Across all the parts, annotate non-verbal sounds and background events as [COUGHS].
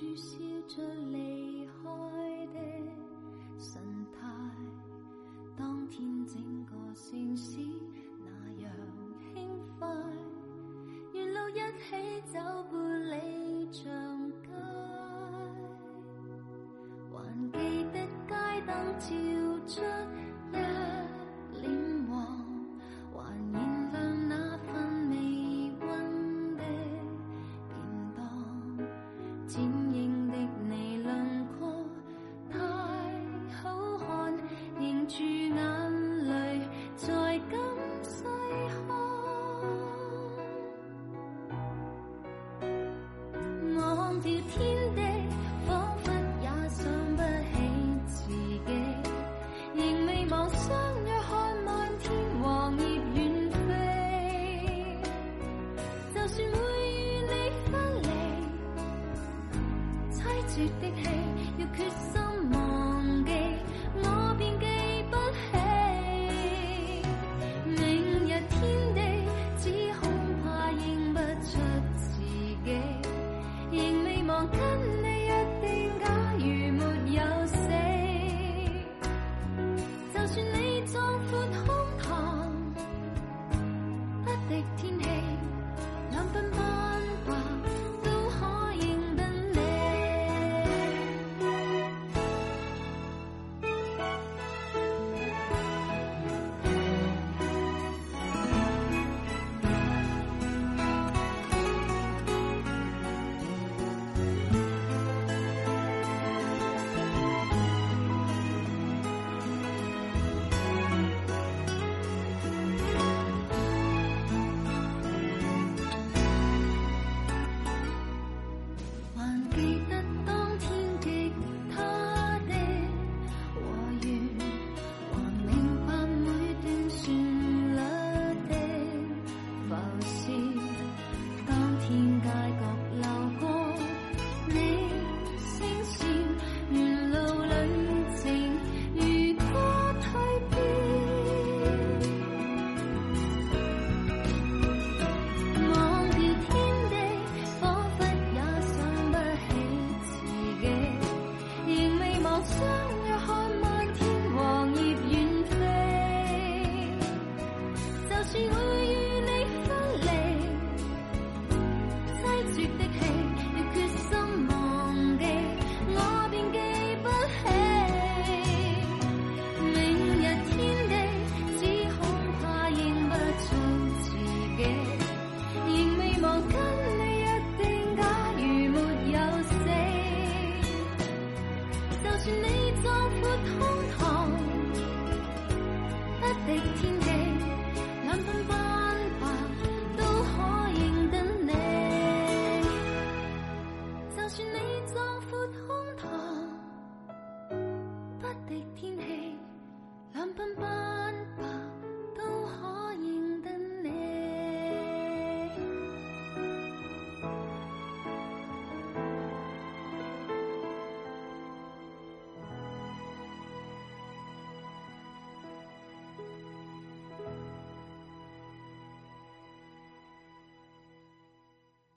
去寫着離開的神態，當天整個城市那樣輕快，沿路一起走。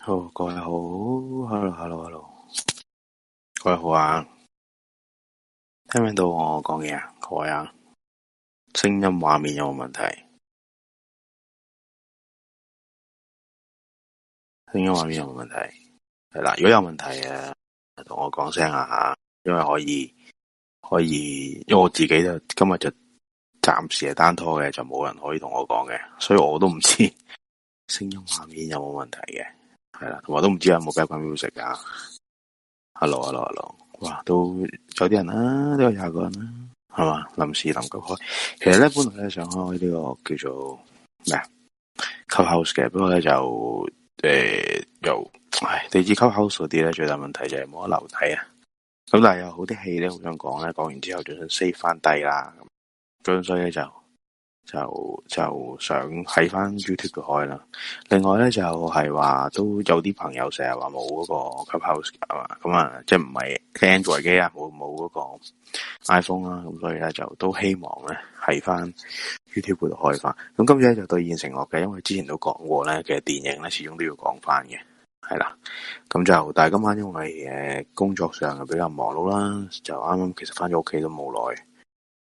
好，各位好，hello hello hello，各位好啊，聽唔聽到我講嘢啊？各位啊，聲音畫面有冇問題？聲音畫面有冇問題？係啦，如果有問題啊，同我講聲啊吓，因為可以可以，因為我自己就今日就暫時係單拖嘅，就冇人可以同我講嘅，所以我都唔知聲音畫面有冇問題嘅。係啦，同埋都唔知有冇 backup music 噶。Hello，Hello，Hello！哇 hello, hello，都有啲人啦，都有廿個人啦，係嘛？臨時臨急開，其實咧本來咧想開呢、這個叫做咩啊 club house 嘅，不過咧就誒又、欸、唉，地址 club house 嗰啲咧最大問題就係冇得留底啊。咁但係有好啲戲咧，好想講咧，講完之後就想 save 翻低啦。咁所以咧就～就就想喺翻 YouTube 度開啦。另外咧就係、是、話都有啲朋友成日話冇嗰個 Clubhouse 啊，咁啊即係唔係 Android 機啊，冇冇嗰個 iPhone 啦，咁所以咧就都希望咧喺翻 YouTube 度開翻。咁今日咧就兌現承諾嘅，因為之前都講過咧，其實電影咧始終都要講翻嘅，係啦。咁就但係今晚因為誒工作上又比較忙碌啦，就啱啱其實翻咗屋企都冇耐。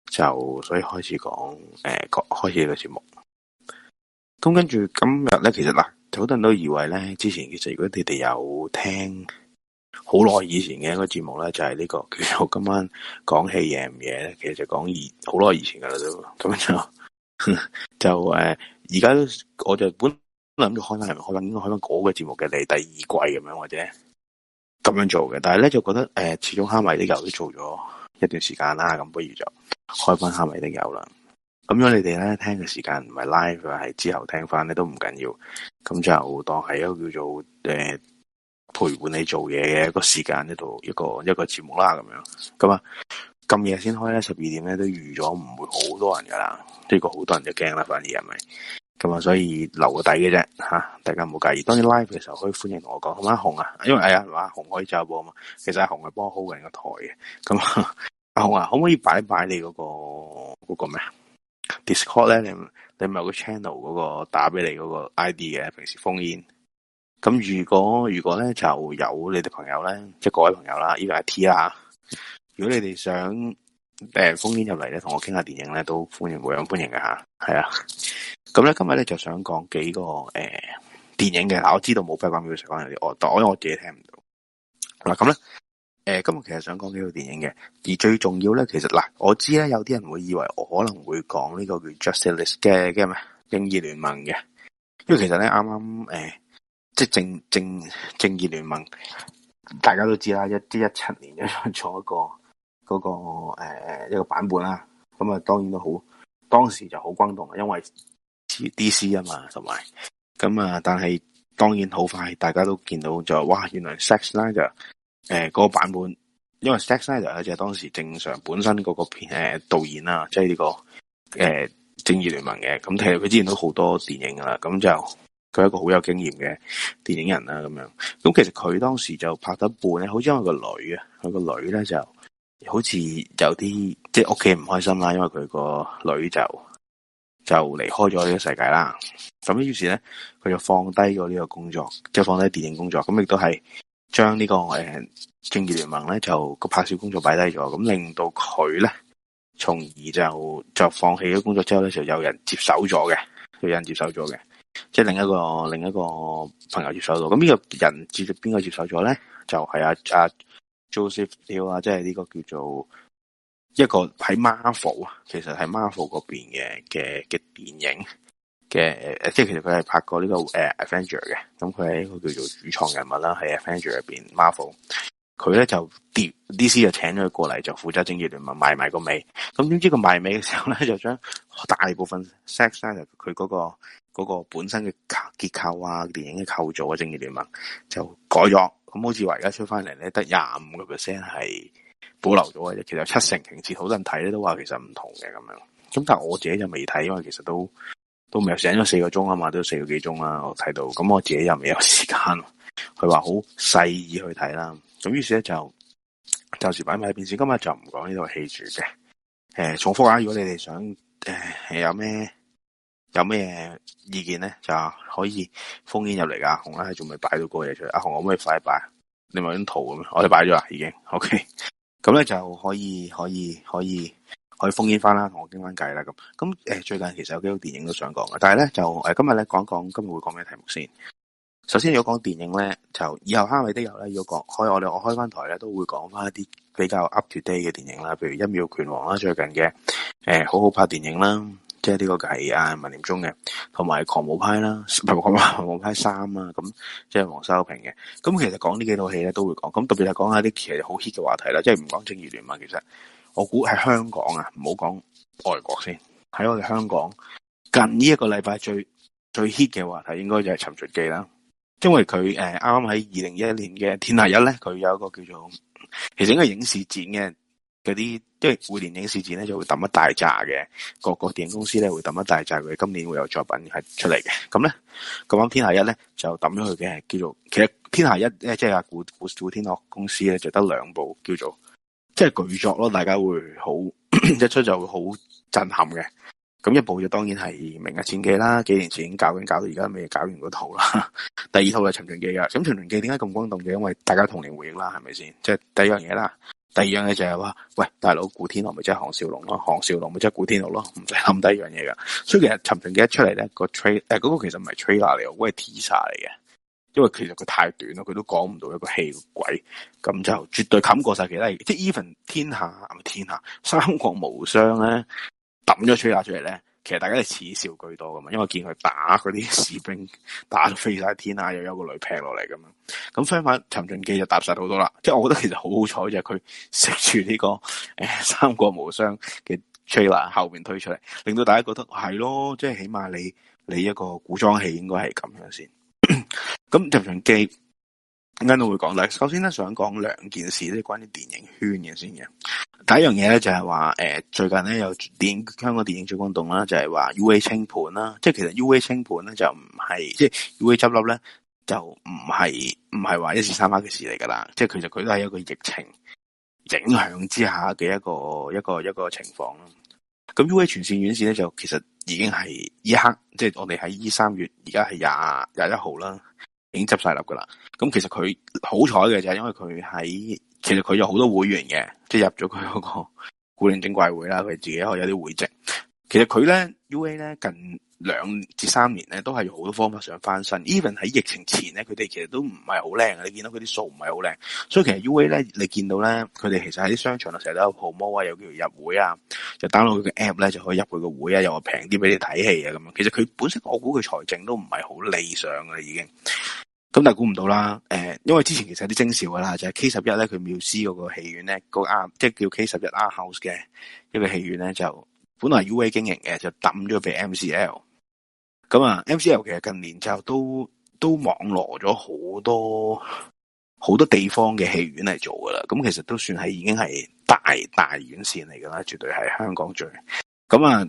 就所以開始講誒、呃，開開始這個節目。咁跟住今日咧，其實嗱，好多人都以為咧，之前其實如果你哋有聽好耐以前嘅一個節目咧，就係、是、呢、這個，叫做今晚講戲嘢唔嘢咧，其實就講二好耐以前噶啦，都咁樣就呵呵就誒，而、呃、家我就本來諗住開翻咪開翻應該開翻嗰個節目嘅嚟，第二季咁樣或者咁樣做嘅。但係咧，就覺得誒、呃，始終蝦米啲油都做咗一段時間啦，咁不如就開翻下咪都有啦。咁樣你哋咧聽嘅時間唔係 live，係之後聽翻咧都唔緊要。咁就當係一個叫做誒、呃、陪伴你做嘢嘅一個時間呢度一個一個節目啦，咁樣。咁啊，咁夜先開咧，十二點咧都預咗唔會好多人噶啦。呢個好多人就驚啦，反而係咪？咁啊、嗯，所以留個底嘅啫，吓，大家唔好介意。當然 live 嘅時候可以歡迎同我講，好、嗯、嘛？紅啊，因為係啊，係、哎、嘛？紅可以做播啊嘛。其實紅係幫好嘅一個台嘅。咁、嗯、啊，紅啊，可唔可以擺一擺你嗰、那個嗰、那個咩 Discord 咧，你你咪有個 channel 嗰個打俾你嗰個 ID 嘅，平時烽煙。咁如果如果咧就有你哋朋友咧，即係各位朋友啦，依、這個係 T 啊。如果你哋想誒、欸、烽煙入嚟咧，同我傾下電影咧，都歡迎，每樣歡迎㗎。吓，係啊。咁咧，今日咧就想講幾個誒、欸、電影嘅。嗱，我知道冇咩講，要成日講嗰啲，我當因為我自己聽唔到。嗱、嗯，咁咧，誒、欸，今日其實想講幾部電影嘅。而最重要咧，其實嗱，我知咧有啲人會以為我可能會講呢個叫《Justice》嘅叫咩《正義聯盟》嘅。因為其實咧，啱啱誒，即正正正義聯盟，大家都知啦，一啲一七年咁樣做一個嗰、那個誒、欸、一個版本啦。咁啊，當然都好，當時就好轟動，因為。D.C. 啊嘛，同埋咁啊，但係當然好快，大家都見到就哇，原來 Zack Snyder、呃》就誒嗰版本，因為 Zack Snyder》咧就係當時正常本身嗰個片誒、呃、導演啦，即係呢個誒、呃、正義聯盟嘅，咁其實佢之前都好多電影啦，咁就佢係一個好有經驗嘅電影人啦，咁樣，咁其實佢當時就拍咗一半咧，好似因為個女啊，佢個女咧就好似有啲即係屋企唔開心啦，因為佢個女就。就離開咗呢個世界啦。咁於是咧，佢就放低咗呢個工作，即係放低電影工作。咁亦都係將呢個誒《正義聯盟》咧，就個拍攝工作擺低咗。咁令到佢咧，從而就就放棄咗工作之後咧，就有人接手咗嘅，就有人接手咗嘅，即係另一個另一個朋友接手咗。咁呢個人接邊個接手咗咧？就係阿阿 Joseph 啊，即係呢個叫做。一個喺 Marvel 啊，其實係 Marvel 嗰邊嘅嘅嘅電影嘅誒，即係其實佢係拍過呢個誒 Avenger 嘅，咁佢係一個叫做主創人物啦，喺 Avenger 入邊 Marvel，佢咧就跌 DC 就請咗佢過嚟，就負責正義聯盟賣埋個尾。咁點知佢賣尾嘅時候咧，就將大部分 sex 呢，列佢嗰個嗰、嗰個本身嘅構結構啊，電影嘅構造啊，正義聯盟就改咗。咁好似話而家出翻嚟咧，得廿五個 percent 係。保留咗啊！其實有七成情次好多人睇咧，都話其實唔同嘅咁樣。咁但係我自己就未睇，因為其實都都未有醒咗四個鐘啊嘛，都四個幾鐘啦。我睇到，咁我自己又未有時間。佢話好細意去睇啦。咁於是咧就暫時擺埋喺電視。今日就唔講呢套戲住嘅。誒、呃，重複下、啊，如果你哋想誒、呃、有咩有咩意見咧，就可以封煙入嚟噶。紅呢，仲未擺到個嘢出嚟。阿紅，阿紅我可唔可以快啲擺？你咪影圖咁我哋擺咗啦，已經。OK。咁咧就可以可以可以可以封獻翻啦，同我傾翻偈啦咁。咁誒、欸，最近其實有幾多電影都想講嘅，但係咧就誒、欸，今日咧講講今日會講咩題目先。首先如果講電影咧，就以後哈位都有咧講。講，開我哋我開翻台咧都會講翻一啲比較 up to date 嘅電影啦，譬如一秒拳王啦，最近嘅誒好好拍電影啦。即係呢個係啊，文念中嘅，同埋狂舞派啦， [LAUGHS] 狂舞派三啊，咁即係黃修平嘅。咁其實講這幾道呢幾套戲咧，都會講。咁特別係講下啲其實好 hit 嘅話題啦，即係唔講《正義聯盟》。其實我估喺香港啊，唔好講外國先。喺我哋香港近呢一個禮拜最最 hit 嘅話題，應該就係、是《尋秦記》啦。因為佢誒啱啱喺二零一一年嘅天下一咧，佢有一個叫做其實應該係影視展嘅。嗰啲即係每年影市展咧，就會抌一大扎嘅。各個電影公司咧，會抌一大紮佢今年會有作品係出嚟嘅。咁咧，咁樣天下一咧就抌咗佢嘅，叫做其實天下一咧即係個古古天樂公司咧就得兩部叫做即係巨作咯，大家會好 [COUGHS] 一出就會好震撼嘅。咁一部就當然係《明日戰記》啦，幾年前已經搞緊，搞到而家未搞完個套啦。 [LAUGHS] 第二套係《尋秦記》啊。咁《尋秦記》點解咁轟動嘅？因為大家童年回憶啦，係咪先？即係第一樣嘢啦。第二樣嘢就係、是、話，喂大佬，古天樂咪即係項少龍咯，項少龍咪即係古天樂咯，唔使諗第一樣嘢噶。所以其實《尋秦記》得出嚟咧，那個 trailer，誒嗰個其實唔係 trailer 嚟喎，嗰個係 teaser 嚟嘅，因為其實佢太短咯，佢都講唔到一個戲鬼，咁就絕對冚過晒其他，即係 even 天下，咪天下三國無雙咧，抌咗 trailer 出嚟咧。其實大家係恥笑居多噶嘛，因為見佢打嗰啲士兵，打到飛晒天下、啊、又有個個女劈落嚟咁樣，咁相反《尋秦記》就踏實好多啦。即係我覺得其實好好彩就係佢食住呢個《誒、欸、三國無雙》嘅 trailer 後面後邊推出嚟，令到大家覺得係咯，即係、就是、起碼你你一個古裝戲應該係咁樣先。咁《尋秦記》點解都會講咧？首先咧，想講兩件事，即係關於電影圈嘅先嘅。第一樣嘢咧就係話，誒、呃，最近咧有電影，香港電影最轟動啦，就係、是、話 U A 清盤啦。即係其實 U A 清盤咧就唔係，即係 U A 執笠咧就唔係唔係話一時三刻嘅事嚟噶啦。即係其實佢都係一個疫情影響之下嘅一個一個一個情況。咁 U A 全線院線咧就其實已經係依刻，即係我哋喺依三月而家係廿廿一號啦。已經執晒笠噶啦，咁其實佢好彩嘅就係，因為佢喺其實佢有好多會員嘅，即係入咗佢嗰個固定整貴會啦，佢自己可以有啲會籍。其實佢咧 UA 咧近兩至三年咧，都係用好多方法想翻身。even 喺疫情前咧，佢哋其實都唔係好靚嘅。你見到佢啲數唔係好靚，所以其實 U A 咧，你見到咧，佢哋其實喺啲商場度成日都有 promo 啊，又叫入會啊，就 download 佢個 app 咧，就可以入佢個會啊，又話平啲俾你睇戲啊咁樣。其實佢本身我估佢財政都唔係好理想噶啦，已經。咁但係估唔到啦，誒、呃，因為之前其實有啲徵兆噶啦，就係、是、K 十一咧，佢妙思嗰個戲院咧，個 R 即係叫 K 十一 Art House 嘅一個戲院咧，就本來 U A 經營嘅，就抌咗俾 M C L。咁啊，MCL 其實近年就都都網羅咗好多好多地方嘅戲院嚟做噶啦，咁其實都算係已經係大大院線嚟噶啦，絕對係香港最。咁啊，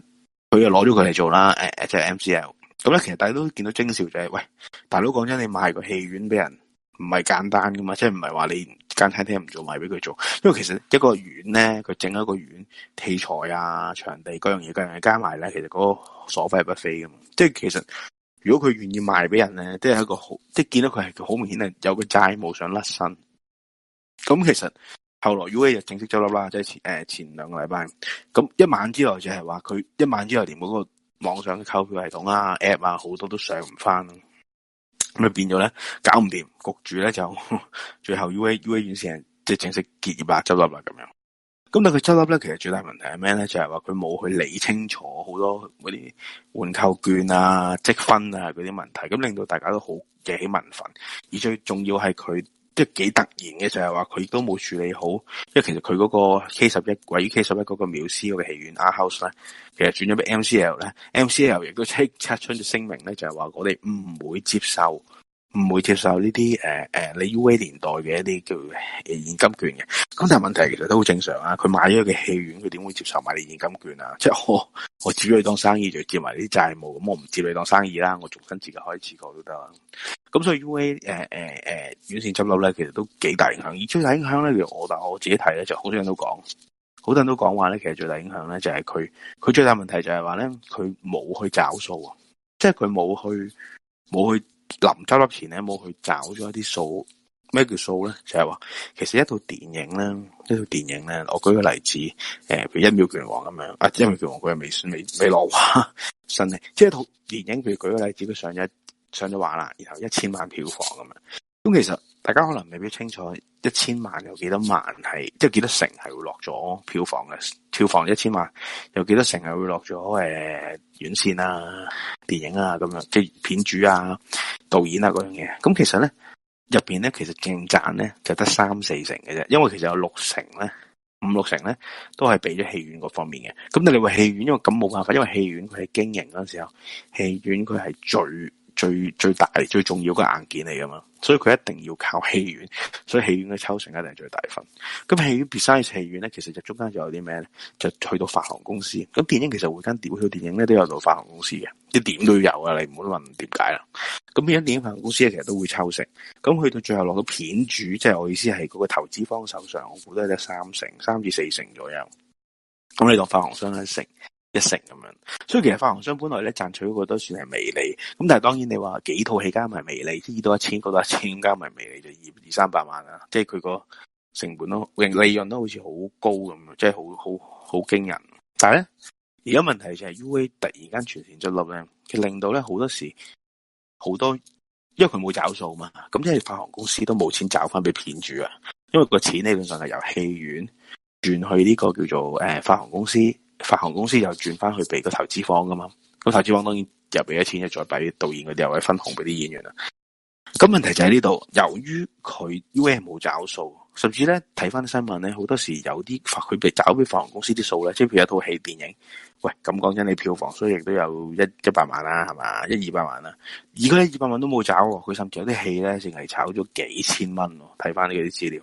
佢又攞咗佢嚟做啦，誒即係 MCL。咁咧，其實大家都見到張小姐，喂，大佬講真，你賣個戲院俾人唔係簡單噶嘛，即係唔係話你。間餐廳唔做賣俾佢做，因為其實一個院咧，佢整一個院器材啊、場地各樣嘢、各樣嘢加埋咧，其實嗰個所費不菲嘛。即係其實如果佢願意賣俾人咧，都係一個好，即係見到佢係好明顯係有個債務想甩身。咁其實後來 U A 就正式執笠啦，即係前誒、呃、前兩個禮拜。咁一晚之內就係話佢一晚之內連嗰個網上嘅購票系統啊、App 啊好多都上唔翻。咁咪變咗咧，搞唔掂，焗住咧就最後 U A U A 院線，即係正式結業啦，執笠啦咁樣。咁但佢執笠咧，其實最大問題係咩咧？就係話佢冇去理清楚好多嗰啲換購券啊、積分啊嗰啲問題，咁令到大家都好激起民憤。而最重要係佢。即係幾突然嘅就係話佢都冇處理好，因為其實佢嗰個 K 十一位於 K 十一嗰個苗師嗰個戲院 R House 咧，其實轉咗俾 MCL 咧，MCL 亦都出出出咗聲明咧，就係話我哋唔會接受。唔會接受呢啲誒誒，你 U A 年代嘅一啲叫誒現金券嘅，咁但係問題其實都好正常啊，佢買咗嘅戲院佢點會接受買啲現金券啊？即係我我主要你當生意就接埋啲債務，咁我唔接你當生意啦，我重新自己開始過都得啦。咁所以 U A 誒誒誒院線執笠咧，其實都幾大影響。而最大影響咧，其實我但我自己睇咧，就好多人都講，好多人都講話咧，其實最大影響咧就係佢佢最大問題就係話咧，佢冇去找數啊，即係佢冇去冇去。臨執笠前咧，冇去找咗一啲數咩叫數咧？就係話，其實一套電影咧，一套電影咧，我舉個例子，誒、呃，譬如一秒拳王咁樣，啊，一秒拳王佢又未未未落畫，順利即係一套電影，佢舉個例子，佢上咗上咗畫啦，然後一千萬票房咁樣。咁其實大家可能未必清楚，一千萬有幾多萬係，即係幾多成係會落咗票房嘅？票房一千萬有幾多成係會落咗誒院線啊、電影啊咁樣，即係片主啊、導演啊嗰樣嘢？咁其實咧入邊咧，其實淨賺咧就得三四成嘅啫，因為其實有六成咧、五六成咧都係俾咗戲院嗰方面嘅。咁你你話戲院，因為咁冇辦法，因為戲院佢喺經營嗰陣時候，戲院佢係最。最最大最重要嘅硬件嚟㗎嘛，所以佢一定要靠戲院，所以戲院嘅抽成一定係最大份。咁，戲院 beside 戲院咧，其實就中間仲有啲咩咧，就去到發行公司。咁電影其實會間屌佢電影咧都有做發行公司嘅啲點都有啊。你唔好問點解啦。咁變咗電影發行公司其實都會抽成。咁去到最後落到片主，即係我意思係嗰個投資方手上，我估都係得三成三至四成左右。咁你當發行商一成。一成咁樣，所以其實發行商本來咧賺取嗰個都算係微利，咁但係當然你話幾套戲加埋微利，即二到一千，嗰度一千加埋微利就二二三百萬啦，即係佢個成本咯，利潤都好似好高咁樣，即係好好好驚人。但係咧，而家問題就係 U A 突然間全線出笠咧，其實令到咧好多時好多，因為佢冇找數嘛，咁即係發行公司都冇錢找翻俾片主啊，因為個錢基本上係由戲院轉去呢個叫做誒發行公司。發行公司又轉翻去俾個投資方噶嘛，咁投資方當然又俾咗錢，一再俾導演佢哋，又會分紅俾啲演員啦。咁問題就喺呢度，由於佢 UA 冇找數，甚至咧睇翻啲新聞咧，好多時有啲佢被找俾發行公司啲數咧，即係譬如一套戲電影，喂咁講真，你票房收益都有一一百萬啦，係嘛，一二百萬啦，而家呢二百萬都冇找，佢甚至有啲戲咧，淨係炒咗幾千蚊咯。睇翻呢嗰啲資料，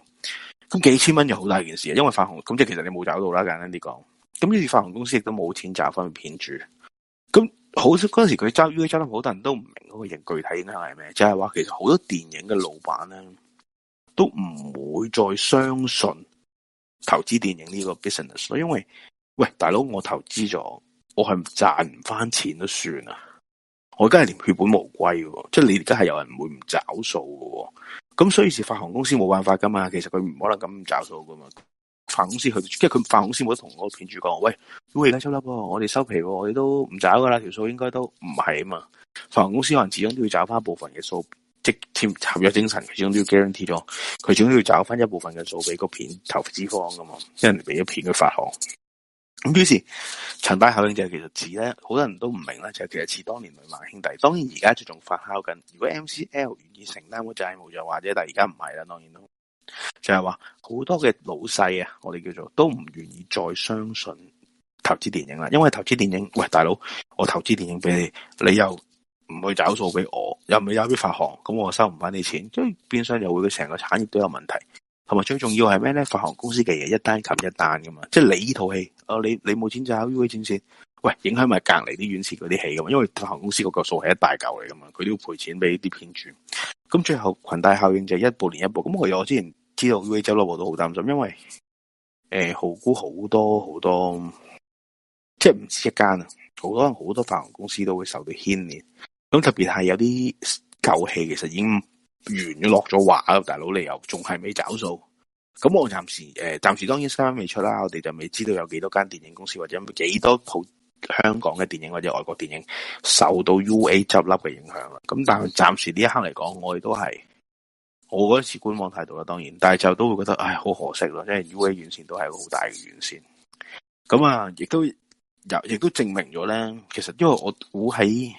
咁幾千蚊就好大件事啊，因為發行咁即係其實你冇找到啦，簡單啲講。咁於是發行公司亦都冇錢找翻片主，咁好，似嗰時佢招，因為招得好多人都唔明嗰個人具體影響係咩，就係話其實好多電影嘅老闆咧，都唔會再相信投資電影呢個 business，因為，喂，大佬我投資咗，我係賺唔翻錢都算啦，我真係連血本無歸嘅，即係你而家係有人唔會唔找數嘅，咁所以是發行公司冇辦法噶嘛，其實佢唔可能咁找數噶嘛。房公司佢，即係佢公司冇得同個片主講，喂，而家收粒，我哋收皮，我哋都唔找噶啦條數應該都唔係啊嘛發行公司可能始終都要找翻一部分嘅數，即係簽合約精神，佢始終都要 guarantee 咗，佢始終都要找翻一部分嘅數俾個片投資方噶嘛，即係俾咗片嘅發行。咁於是，陳百應就係其實似咧，好多人都唔明啦，就其實似當年雷曼兄弟。當然而家仲仲發酵緊，如果 MCL 願意承擔個債務就或者，但係而家唔係啦，當然就係話好多嘅老細啊，我哋叫做都唔願意再相信投資電影啦，因為投資電影，喂大佬，我投資電影俾你，你又唔去找數俾我，又唔係有啲發行，咁我收唔翻啲錢，即係變相又會佢成個產業都有問題，係咪？最重要係咩咧？發行公司嘅嘢一單冚一單噶嘛，即係你呢套戲，誒、啊、你你冇錢就喺 U V 前線，喂影響埋隔籬啲院線嗰啲戲噶嘛，因為發行公司個數係一大嚿嚟噶嘛，佢都要賠錢俾啲片主，咁最後群帶效應就係一部連一部，咁我有我之前。知道 U A 走落我都好擔心，因為誒好估好多好多，即係唔止一間啊，好多好多發行公司都會受到牽連。咁特別係有啲舊戲其實已經完咗落咗畫喇。大佬，你又仲係未找數。咁我暫時、呃、暫時當然新聞未出啦，我哋就未知道有幾多間電影公司或者有幾多套香港嘅電影或者外國電影受到 U A 執笠嘅影響啦。咁但係暫時呢一刻嚟講，我哋都係。我覺得似官方態度啦，當然，但係就都會覺得，唉，好可惜咯，即係 U A 院線都係個好大嘅院線。咁啊，亦都又亦都證明咗咧，其實因為我估喺疫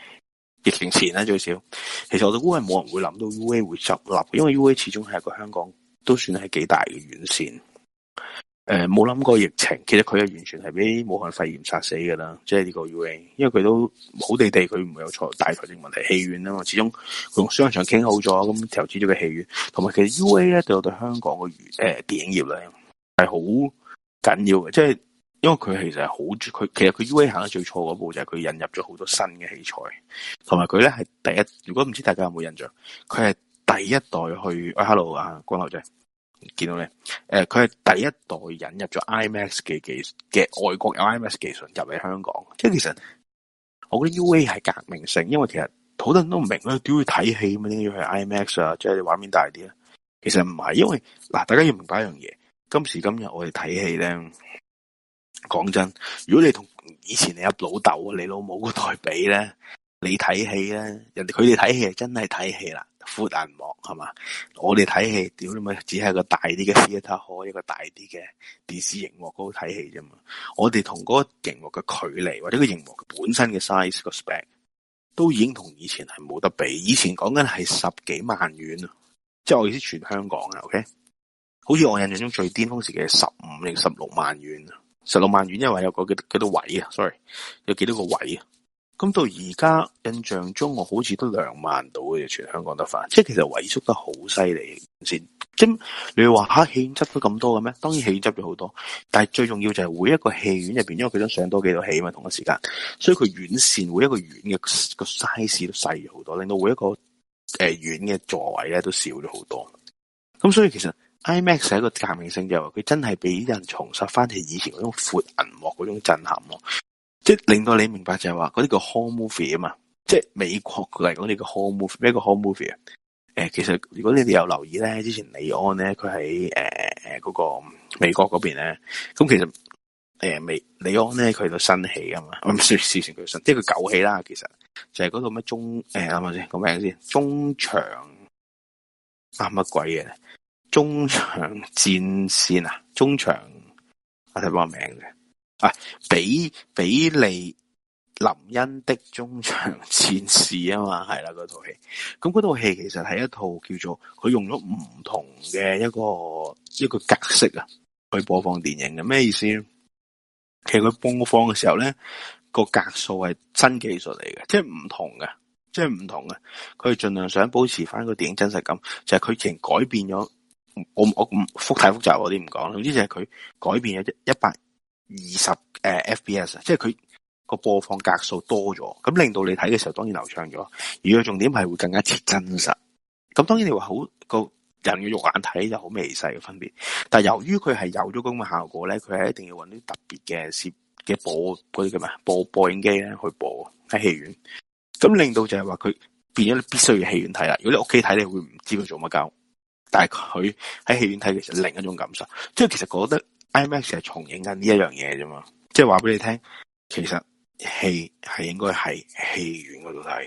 情前咧，最少其實我嘅估係冇人會諗到 U A 會執笠，因為 U A 始終係個香港都算係幾大嘅院線。誒冇諗過疫情，其實佢係完全係俾武漢肺炎殺死㗎啦，即係呢個 UA，因為佢都好地地，佢唔會有財大財政問題。戲院啊嘛，始終佢同商場傾好咗，咁投資咗個戲院。同埋其實 UA 咧對我對香港嘅娛、呃、電影業咧係好緊要嘅，即係因為佢其實係好，佢其實佢 UA 行得最錯嗰步就係佢引入咗好多新嘅器材，同埋佢咧係第一。如果唔知大家有冇印象，佢係第一代去。誒、哎，hello 啊，光見到咧，誒、呃，佢係第一代引入咗 IMAX 嘅技術嘅，外國有 IMAX 技術入嚟香港，即係其實我覺得 UA 係革命性，因為其實好多人都唔明啦，點會睇戲咁，點解要去 IMAX 啊，即係你畫面大啲咧？其實唔係，因為嗱，大家要明白一樣嘢，今時今日我哋睇戲咧，講真，如果你同以前你阿老豆、你老母嗰代比咧，你睇戲咧，人哋佢哋睇戲係真係睇戲啦。闊銀幕係嘛？我哋睇戲屌你咪只係個大啲嘅 theatre hall，一個大啲嘅電視熒幕度睇戲啫嘛。我哋同嗰個熒幕嘅距離，或者個熒幕本身嘅 size 個 spec，都已經同以前係冇得比。以前講緊係十幾萬元，即係我意思全香港啊。OK，好似我印象中最巔峰時期係十五定十六萬元。十六萬元因為有個幾幾多位啊，sorry，有幾多個位啊。咁到而家印象中，我好似都兩萬到嘅，全香港得翻，即係其實萎縮得好犀利先。即你話嚇、啊、戲院執咗咁多嘅咩？當然戲院執咗好多，但係最重要就係每一個戲院入面，因為佢都上多幾套戲啊嘛，同一時間，所以佢院線每一個院嘅 size 都細咗好多，令到每一個誒院嘅、呃、座位咧都少咗好多。咁所以其實 IMAX 係一個革命性就係、話、佢真係俾人重拾翻係以前嗰種闊銀幕嗰種震撼。即係令到你明白就係話，嗰啲叫 home movie 啊嘛，即係美國嚟講，你個 home movie，咩叫 home movie 啊？誒、呃，其實如果你哋有留意咧，之前李安咧，佢喺誒誒嗰個美國嗰邊咧，咁其實誒美、呃、李安咧，佢就新戲啊嘛，唔係、嗯，之前佢新，即係佢舊戲啦。其實就係嗰個咩中誒諗下先，個、呃、名先，中場啱乜鬼嘢？中場戰線啊，中場、啊、我睇下個名嘅。啊，比比利林恩的中場戰士啊嘛，係啦嗰套戲。咁嗰套戲其實係一套叫做佢用咗唔同嘅一個一個格式啊，去播放電影。嘅咩意思？其實佢播放嘅時候咧，個格數係新技術嚟嘅，即係唔同嘅，即係唔同嘅，佢盡量想保持翻個電影真實感，就係佢影改變咗，我我唔複太複雜，嗰啲唔講，總之就係、是、佢改變咗一一百。二十誒 FPS，即係佢個播放格數多咗，咁令到你睇嘅時候當然流暢咗。而個重點係會更加切真實。咁當然你話好個人嘅肉眼睇就好微細嘅分別，但係由於佢係有咗咁嘅效果咧，佢係一定要揾啲特別嘅攝嘅播嗰啲叫咩？播播映機咧去播喺戲院，咁令到就係話佢變咗必須要戲院睇啦。如果你屋企睇，你會唔知佢做乜鳩？但係佢喺戲院睇嘅時候另一種感受，即係其實我覺得。IMAX 係重影緊呢一樣嘢啫嘛，即係話俾你聽，其實戲係應該喺戲院嗰度睇，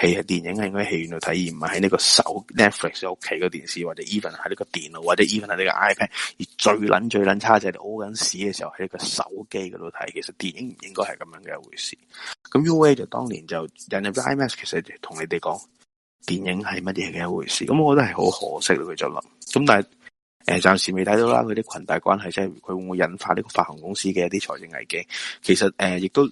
戲係電影係應該喺戲院度睇，而唔係喺呢個手 Netflix 屋企個電視，或者 even 喺呢個電腦，或者 even 喺呢個 iPad。個 Pad, 而最撚最撚差就係，你屙緊屎嘅時候喺呢個手機嗰度睇，其實電影唔應該係咁樣嘅一回事。咁 UA 就當年就引入咗 IMAX，其實同你哋講電影係乜嘢嘅一回事，咁我覺得係好可惜，佢就諗，咁但係。誒、呃，暫時未睇到啦，佢啲裙帶關係即係佢會唔會引發呢個發行公司嘅一啲財政危機？其實誒，亦、呃、都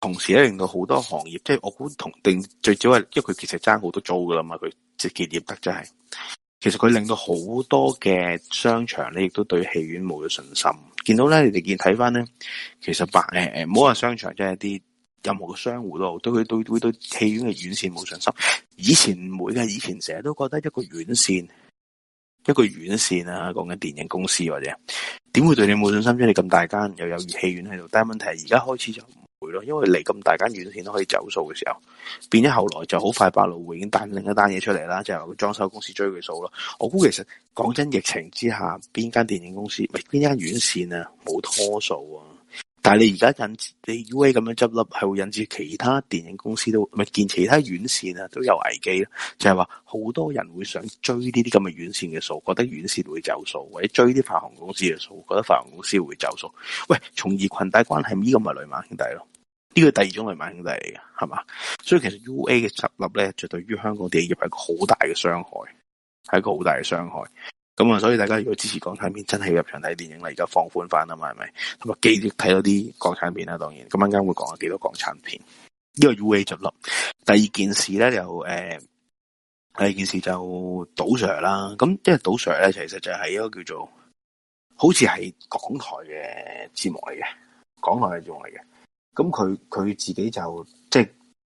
同時咧令到好多行業，即係我估同定最主要係，因為佢其實爭好多租噶啦嘛，佢即係結業得真係。其實佢令到好多嘅商場咧，亦都對戲院冇咗信心。見到咧，你哋見睇翻咧，其實白誒誒，唔好話商場，即係一啲任何嘅商戶都好，對佢對會對，對，對，對戲院嘅院線冇信心。以前唔會嘅，以前成日都覺得一個院線。一個院線啊，講緊電影公司或者點會對你冇信心？將你咁大間又有戲院喺度，但係問題係而家開始就唔會咯，因為嚟咁大間院線都可以走數嘅時候，變咗後來就好快百老匯，已經帶另一單嘢出嚟啦，就係個裝修公司追佢數咯。我估其實講真，疫情之下邊間電影公司唔係邊間院線啊，冇拖數啊。但係你而家引致你 UA 咁樣執笠，係會引致其他電影公司都咪係見其他院線啊都有危機，就係話好多人會想追呢啲咁嘅院線嘅數，覺得院線會走數，或者追啲發行公司嘅數，覺得發行公司會走數。喂，從而群帶關係呢、呢個咪雷曼兄弟咯，呢、呢個係第二種雷曼兄弟嚟嘅，係嘛？所以其實 UA 嘅執笠咧，就對於香港電影業係一個好大嘅傷害，係一個好大嘅傷害。咁啊、嗯，所以大家如果支持港產片，真係要入場睇電影啦！而家放寬翻啊嘛，係咪？咁啊，繼續睇多啲港產片啦。當然，咁陣間會講下幾多港產片。呢個 U A 就立。第二件事咧，就、呃、誒，第二件事就杜 Sir 啦。咁即係杜 Sir 咧，其實就係一個叫做，好似係港台嘅節目嚟嘅，港台嘅節目嚟嘅。咁佢佢自己就即係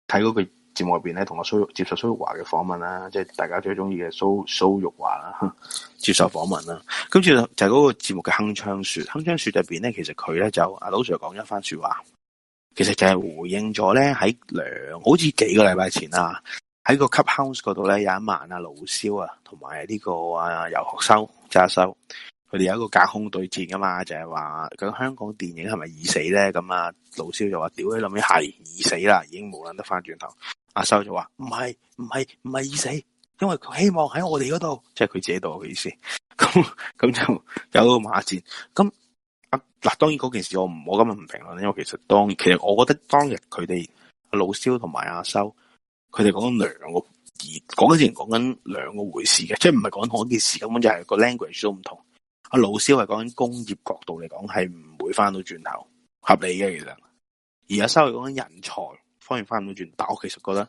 睇嗰個。節目入邊咧，同阿蘇玉接受蘇玉華嘅訪問啦，即係大家最中意嘅蘇蘇玉華啦，嗯、接受訪問啦。跟住就係嗰個節目嘅鏗鏘說鏗鏘說入邊咧，其實佢咧就阿杜 Sir 講咗一番說話，其實就係回應咗咧喺兩好似幾個禮拜前啊，喺個 clubhouse 嗰度咧有一晚啊老蕭啊同埋呢個啊游學修揸修，佢哋有一個隔空對戰噶嘛，就係話佢香港電影係咪已死咧？咁啊老蕭就話，屌你諗咩係已死啦，已經冇諗得翻轉頭。阿修就話唔係唔係，唔係意思，因為佢希望喺我哋嗰度，即係佢自己度嘅意思。咁咁就有個馬戰。咁阿嗱，當然嗰件事我唔我今日唔評論，因為其實當其實我覺得當日佢哋老蕭同埋阿修，佢哋講緊兩個而講緊之前講緊兩個回事嘅，即係唔係講嗰件事，根本就係個 language 都唔同。阿、啊、老蕭係講緊工業角度嚟講係唔會返到轉頭，合理嘅其實。而阿修係講緊人才，方言翻唔到轉，但我其實覺得，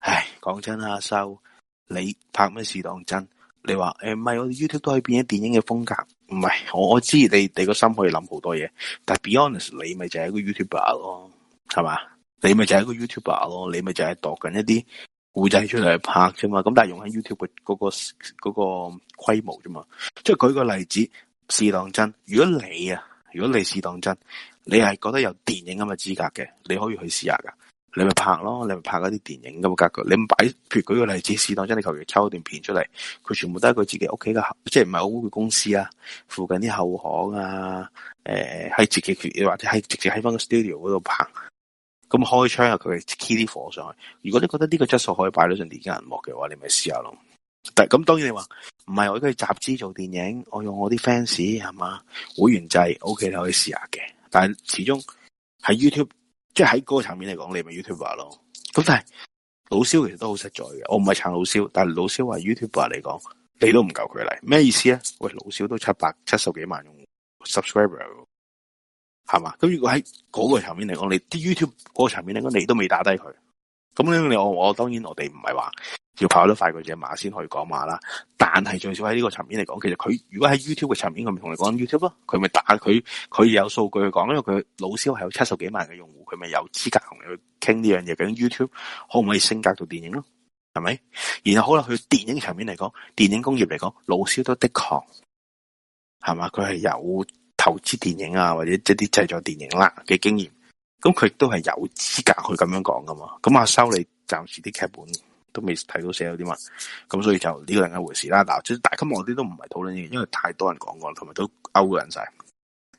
唉，講真啊，阿修，你拍咩試當真？你話誒，唔係我 YouTube 都可以變咗電影嘅風格，唔係我我知你你個心可以諗好多嘢，但係 Be Honest，你咪就係一個 YouTuber 咯，係嘛？你咪就係一個 YouTuber 咯，你咪就係度緊一啲故仔出嚟去拍啫嘛。咁但係用喺 YouTube 嗰個嗰個規模啫嘛。即係舉個例子，試當真，如果你啊，如果你試當真，你係覺得有電影咁嘅資格嘅，你可以去試下噶。你咪拍咯，你咪拍嗰啲電影嘅格局。你咪擺，譬如舉個例子，試當將你求其抽一段片出嚟，佢全部都係佢自己屋企嘅，即係唔係我公司啊，附近啲後巷啊，誒、呃，喺自己，或者喺直接喺翻個 studio 嗰度拍。咁開槍又佢 key 啲火上去。如果你覺得呢個質素可以擺到上電影銀幕嘅話，你咪試下咯。但係咁當然你話唔係我而家集資做電影，我用我啲 fans 係嘛，會員制，OK 你可以試下嘅。但係始終喺 YouTube。即係喺嗰個層面嚟講，你咪 YouTuber 咯。咁但係老蕭其實都好實在嘅，我唔係撐老蕭，但係老蕭話 YouTuber 嚟講，你都唔夠佢嚟。咩意思啊？喂，老蕭都七百七十幾萬用 subscriber，係嘛？咁如果喺嗰個層面嚟講，你啲 YouTube 嗰個層面嚟講，你都未打低佢。咁呢樣你我我當然我哋唔係話。要跑得快佢隻馬先可以講馬啦。但係最少喺呢個層面嚟講，其實佢如果喺 YouTube 嘅層面，佢咪同你講 YouTube 咯。佢咪打佢，佢有數據去講，因為佢老蕭係有七十幾萬嘅用戶，佢咪有資格同你去傾呢樣嘢。究竟 YouTube 可唔可以升格做電影咯？係咪？然後好啦，佢電影層面嚟講，電影工業嚟講，老蕭都的確係嘛？佢係有投資電影啊，或者即啲製作電影啦嘅經驗。咁佢都係有資格去咁樣講噶嘛？咁阿修，你暫時啲劇本，都未睇到寫有啲嘛，咁所以就呢個另一回事啦。嗱，即係大金網啲都唔係討論嘅，因為太多人講過同埋都勾人曬。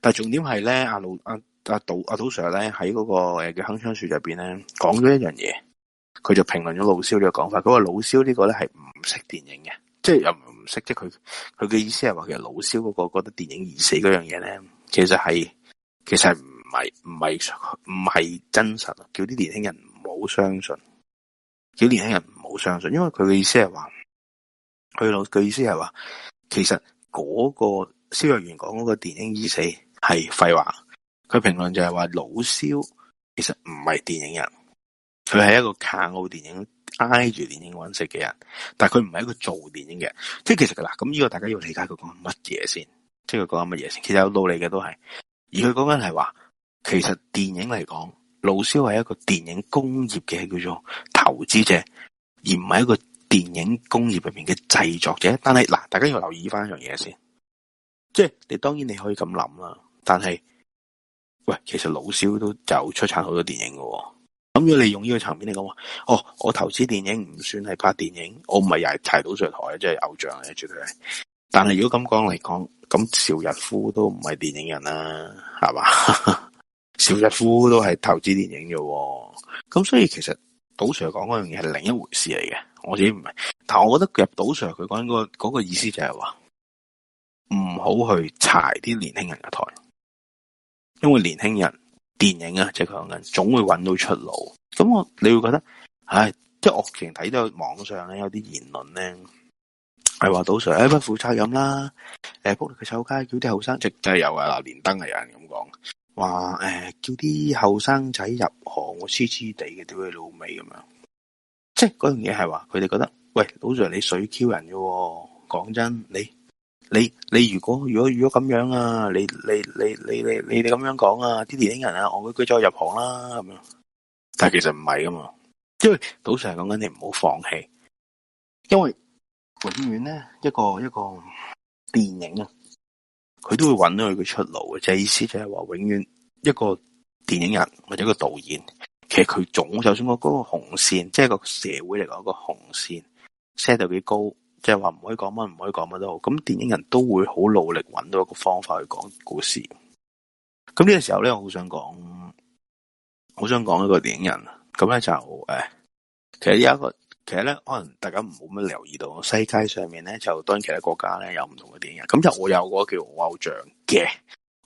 但係重點係咧，阿老阿阿杜阿、啊、杜 Sir 咧喺嗰個誒叫《鏗鏘樹》入邊咧講咗一樣嘢，佢就評論咗老蕭呢個講法。嗰個老蕭呢個咧係唔識電影嘅，即係又唔識，即係佢佢嘅意思係話其實老蕭嗰個覺得電影而死嗰樣嘢咧，其實係其實係唔係唔係唔係真實，叫啲年輕人唔好相信，叫年輕人好相信，因為佢嘅意思係話，佢老佢意思係話，其實嗰個蕭若元講嗰個電影已死係廢話。佢評論就係話，老蕭其實唔係電影人，佢係一個靠電影挨住電影揾食嘅人，但係佢唔係一個做電影嘅，即係其實嗱，咁呢個大家要理解佢講緊乜嘢先即係佢講緊乜嘢先，其實有道理嘅都係。而佢講緊係話，其實電影嚟講，老蕭係一個電影工業嘅叫做投資者。而唔係一個電影工業入面嘅製作者，但係嗱，大家要留意翻一樣嘢先，即係你當然你可以咁諗啦，但係喂，其實老蕭都就出產好多電影嘅，咁如果你用呢個層面嚟講話，哦，我投資電影唔算係拍電影，我唔係又係提到上台，即係偶像嚟，絕對係。但係如果咁講嚟講，咁邵逸夫都唔係電影人啦，係嘛？邵 [LAUGHS] 逸夫都係投資電影嘅，咁所以其實。杜 Sir 講嗰樣嘢係另一回事嚟嘅，我自己唔係。但係我覺得入杜 Sir 佢講嗰嗰個意思就係話，唔好去踩啲年輕人嘅台，因為年輕人電影啊，即係講緊總會揾到出路。咁我你會覺得，唉，即係我之前睇到網上咧有啲言論咧，係話杜 Sir、哎、不負責任啦，誒、哎，剝佢臭街，叫啲後生即係有啊，連登有人咁講。話誒，叫啲後生仔入行，我黐黐地嘅，屌你老味咁樣，即係嗰樣嘢，係話佢哋覺得，「喂，杜 sir 你水 Q 人喎。」講真，你你你如果如果如果咁樣啊，你你你你你你哋咁樣講啊，啲年輕人啊，我會居咗入行啦，咁樣，但係其實唔係噶嘛，因為杜 sir 講緊你唔好放棄，因為永遠咧一個一個電影啊。佢都會揾到佢嘅出路嘅，即係意思就係話永遠一個電影人或者一個導演，其實佢總就算我嗰個紅線，即係個社會嚟講個紅線 set 到幾高，即係話唔可以講乜，唔可以講乜都好。咁電影人都會好努力揾到一個方法去講故事。咁呢個時候咧，我好想講，好想講一個電影人。咁咧就誒、哎，其實有一個。其實咧，可能大家唔冇乜留意到，世界上面咧就當然其他國家咧有唔同嘅電影人。咁就我有個叫我偶像嘅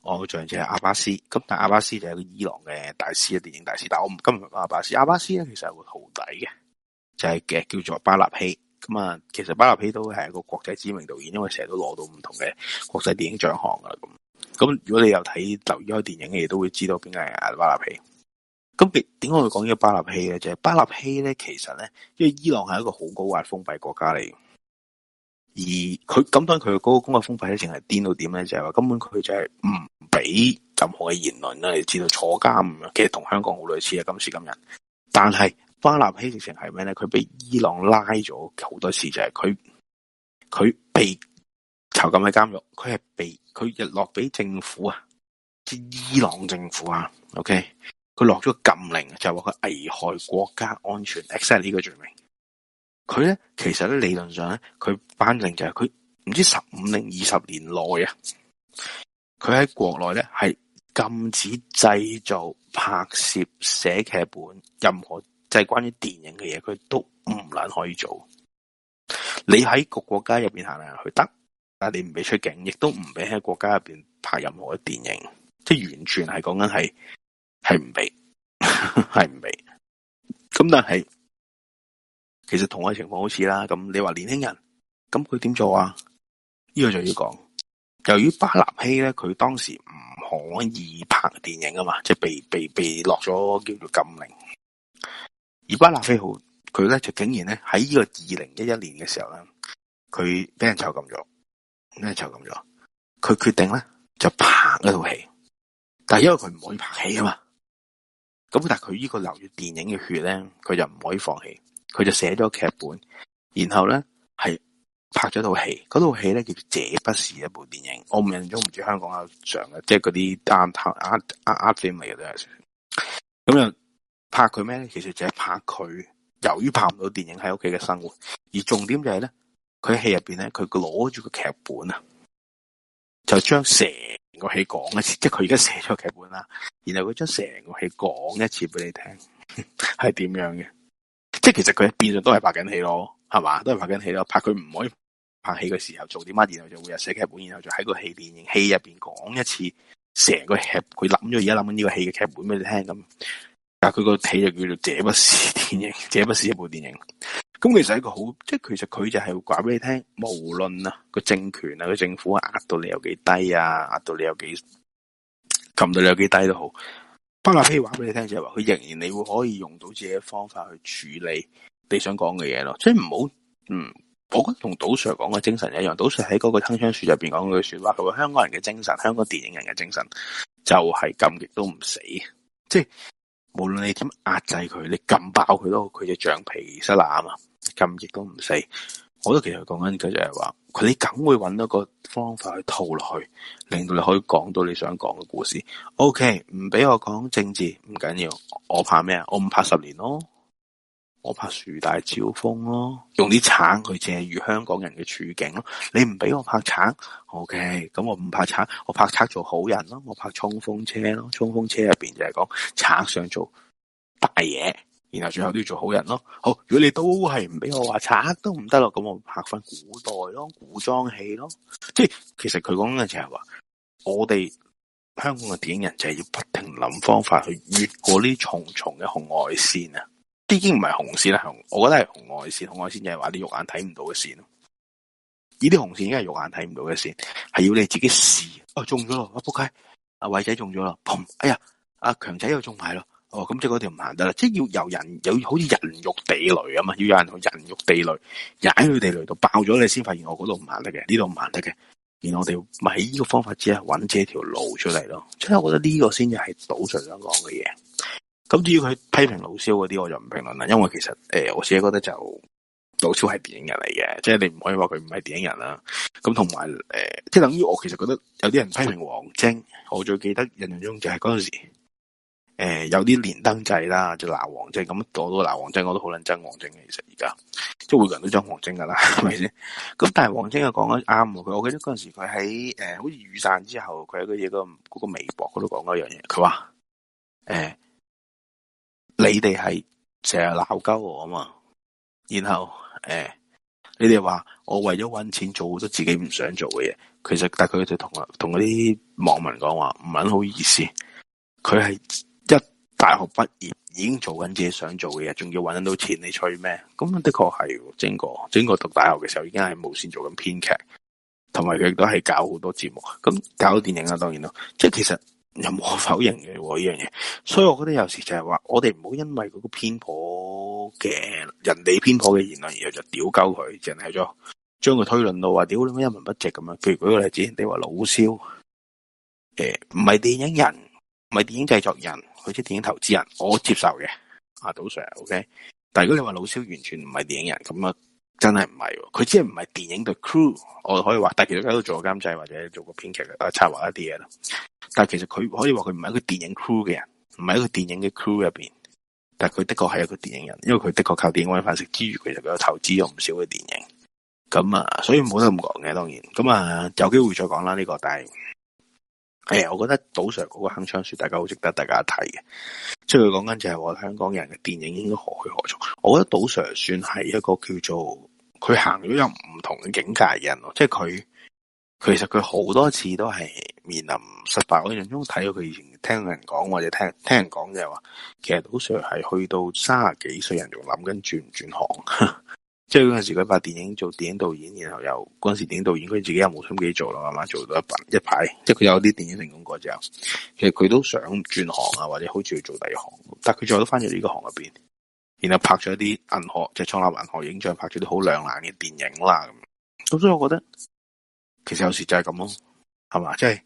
偶像，就係阿巴斯。咁但阿巴斯就係個伊朗嘅大師嘅電影大師。但係我唔今日阿巴斯，阿巴斯咧其實係個徒弟嘅，就係、是、嘅叫做巴納希。咁啊，其實巴納希都係個國際知名導演，因為成日都攞到唔同嘅國際電影獎項㗎喇。咁咁，如果你有睇留意開電影嘅，亦都會知道邊個係阿巴納希。咁點解會講呢個巴納希咧？就係、是、巴納希咧，其實咧，因為伊朗係一個好高壓封閉國家嚟，而佢咁當佢個高壓封閉咧，直情係癲到點咧？就係、是、話根本佢就係唔俾任何嘅言論啦，你知道坐監咁其實同香港好類似啊。今時今日，但係巴納希直情係咩咧？佢俾伊朗拉咗好多次，就係佢佢被囚禁喺監獄，佢係被佢日落俾政府啊，即係伊朗政府啊。OK。佢落咗個禁令，就係話佢危害國家安全，exactly 呢個罪名。佢咧，其實咧理論上咧，佢頒令就係佢唔知十五零二十年內啊，佢喺國內咧係禁止製造、拍攝、寫劇本，任何即係、就是、關於電影嘅嘢，佢都唔捻可以做你各可以。你喺個國家入邊行嚟去得，但你唔俾出境，亦都唔俾喺國家入邊拍任何嘅電影，即係完全係講緊係。係唔俾，係唔俾。咁 [LAUGHS] 但係其實同一情況好似啦。咁你話年輕人，咁佢點做啊？呢個就要講。由於巴拿希咧，佢當時唔可以拍電影啊嘛，即係被被被落咗叫做禁令。而巴拿希豪，佢咧就竟然咧喺呢個二零一一年嘅時候咧，佢俾人囚禁咗，咩囚禁咗？佢決定咧就拍一套戲，但係因為佢唔可以拍戲啊嘛。咁但係佢呢個流住電影嘅血咧，佢就唔可以放棄，佢就寫咗劇本，然後咧係拍咗套戲，嗰套戲咧叫做這不是一部電影，我唔認咗唔知香港有常嘅，即係嗰啲單偷啊啊啊 film 嘅都係。咁樣拍佢咩？其實就係拍佢，由於拍唔到電影喺屋企嘅生活，而重點就係咧，佢喺戲入邊咧，佢攞住個劇本啊，就將寫。個戲講一次，即係佢而家寫咗劇本啦，然後佢將成個戲講一次俾你聽，係點樣嘅？即係其實佢變咗都係拍緊戲咯，係嘛，都係拍緊戲咯。拍佢唔可以拍戲嘅時候做啲乜，然後就會有寫劇本，然後就喺個戲電影戲入邊講一次成個劇，佢諗咗而家諗緊呢個戲嘅劇本俾你聽咁。但係佢個戲就叫做這不是電影，這不是一部電影。咁其實係一個好，即係其實佢就係會話俾你聽，無論啊個政權啊個政府壓到你有幾低啊，壓到你有幾撳到你有幾低都好。不過譬如話俾你聽就係話，佢仍然你會可以用到自己嘅方法去處理你想講嘅嘢咯。即係唔好，嗯，我覺得同杜 Sir 講嘅精神一樣，杜 Sir 喺嗰個鏗鏘樹入邊講嗰句說話，佢話香港人嘅精神，香港電影人嘅精神就係咁極都唔死，即係。無論你點壓制佢，你撳爆佢咯，佢就橡皮失爛啊！撳住都唔死。我都其實講緊佢就係話，佢你梗會搵到個方法去套落去，令到你可以講到你想講嘅故事。OK，唔俾我講政治，唔緊要，我怕咩啊？我唔怕十年咯。我拍樹大招風咯，用啲賊去借喻香港人嘅處境咯。你唔俾我拍賊，OK，咁我唔拍賊，我拍賊做好人咯，我拍衝鋒車咯，衝鋒車入邊就係講賊想做大嘢，然後最後都要做好人咯。好，如果你都係唔俾我話賊都唔得咯，咁我拍翻古代咯，古裝戲咯，即係其實佢講嘅就係話，我哋香港嘅電影人就係要不停諗方法去越過呢重重嘅紅外線啊！啲已經唔係紅線啦，我我覺得係紅外線，紅外線就係話啲肉眼睇唔到嘅線。呢、欸、啲紅線應該係肉眼睇唔到嘅線，係要你自己試。哦，中咗咯，啊撲街，阿偉仔中咗咯，啊啊，砰！哎呀，阿、啊、強仔又中埋咯。哦，咁即係嗰條唔行得啦，即係要有人有好似人肉地雷啊嘛，要有人去人肉地雷，踩佢地雷度爆咗，你先發現我嗰度唔行得嘅，呢度唔行得嘅。然後我哋咪喺呢個方法之下搵呢條路出嚟咯。即係我覺得呢個先至係賭場想講嘅嘢。咁至於佢批評老蕭嗰啲，我就唔評論啦。因為其實誒、呃，我自己覺得就老蕭係電影人嚟嘅，即、就、係、是、你唔可以話佢唔係電影人啦。咁同埋誒，即係等於我其實覺得有啲人批評王晶，我最記得印象中就係嗰陣時，誒、呃、有啲連登制啦，就是、鬧王晶咁，講到鬧王晶，我都好撚憎王晶嘅。其實而家即係每個人都撐王晶噶啦，係咪先？咁但係王晶又講得啱，佢我記得嗰陣時佢喺誒，好似雨傘之後，佢喺個嘢個、那個微博嗰度講嗰樣嘢，佢話誒。你哋係成日鬧交我啊嘛，然後誒、欸，你哋話我為咗搵錢做好多自己唔想做嘅嘢，其實但佢就同啊同嗰啲網民講話唔係好意思，佢係一大學畢業已經做緊自己想做嘅嘢，仲要搵到錢你吹咩？咁啊的確係，整個整個讀大學嘅時候已經係無綫做緊編劇，同埋佢都係搞好多節目，咁搞電影呀。當然啦，即係其實。沒有冇否認嘅呢樣嘢？所以我覺得有時就係話，我哋唔好因為嗰個偏頗嘅人哋偏頗嘅言論而就屌鳩佢，淨係咗將佢推論到話屌你乜一文不值，咁樣。譬如舉個例子，你話老蕭誒唔係電影人，唔係電影製作人，佢似電影投資人，我接受嘅啊，杜 Sir，OK、okay？但如果你話老蕭完全唔係電影人，咁啊真係唔係，佢只係唔係電影嘅 crew，我可以話，但係佢而家都做過監製或者做個編劇啊、呃，策劃一啲嘢咯。但係其實佢可以話佢唔係一個電影 crew 嘅人，唔係一個電影嘅 crew 入邊。但係佢的確係一個電影人，因為佢的確靠電影搵飯食之餘，其實佢有投資咗唔少嘅電影。咁啊，所以冇得咁講嘅，當然。咁啊，有機會再講啦呢個。但係，啊、哎，我覺得杜 Sir 嗰個鏗鏘說，大家好值得大家睇嘅。即係佢講緊就係、是、話香港人嘅電影應該何去何從。我覺得杜 Sir 算係一個叫做佢行咗有唔同嘅境界嘅人咯，即係佢。其實佢好多次都係面臨失敗。我印象中睇到佢以前聽人講，或者聽，聽人講就係話，其實好似係去到三十幾歲人仲諗緊轉唔轉行。即係嗰陣時佢拍電影做電影導演，然後又嗰陣時電影導演佢自己又冇心機做啦，慢慢做到一排，即係佢有啲電影成功過之後，其實佢都想轉行啊，或者好似去做第二行，但係佢最後都翻咗呢個行入邊，然後拍咗一啲銀河，即係創立銀河影像，拍咗啲好亮眼嘅電影啦。咁所以我覺得。其實有時就係咁咯，係嘛？即係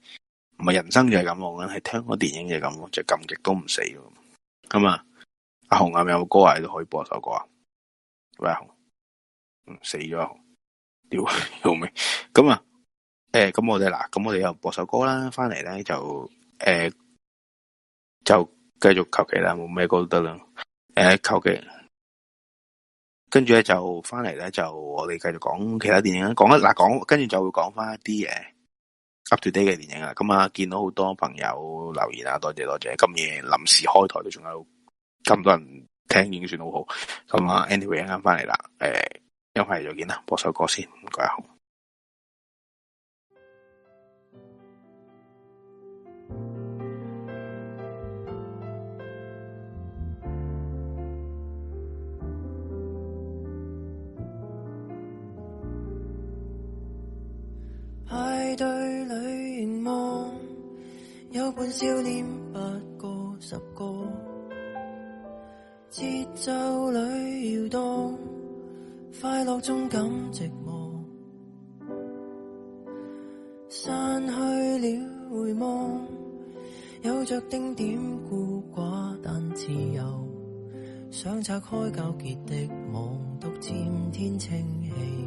唔係人生就係咁我咯，係聽嗰電影就係咁咯，就係咁亦都唔死咯。咁啊，阿紅啊，有歌啊，你都可以播首歌啊。喂，啊、紅，死咗，屌、啊， [LAUGHS] 好未？咁啊，誒、欸，咁我哋嗱，咁我哋又播首歌啦，翻嚟咧就誒、欸，就繼續求其啦，冇咩歌都得啦。誒、欸，求其。跟住咧就翻嚟咧就我哋繼續講其他電影啦，講一嗱講，跟住就會講翻一啲嘢 up to date 嘅電影啊。咁、嗯、啊，見到好多朋友留言啊，多謝多謝，今夜臨時開台都仲有咁多人聽已經算好好。咁、嗯、啊、嗯，anyway 啱翻嚟啦，誒、嗯，一翻嚟再見啦，播首歌先，唔該好。派對裏凝望，有半少年，不過十個。節奏裏搖動，快樂中感寂寞。散去了回望，有着丁點、點孤寡，但自由。想拆開糾結的網，獨佔天清氣。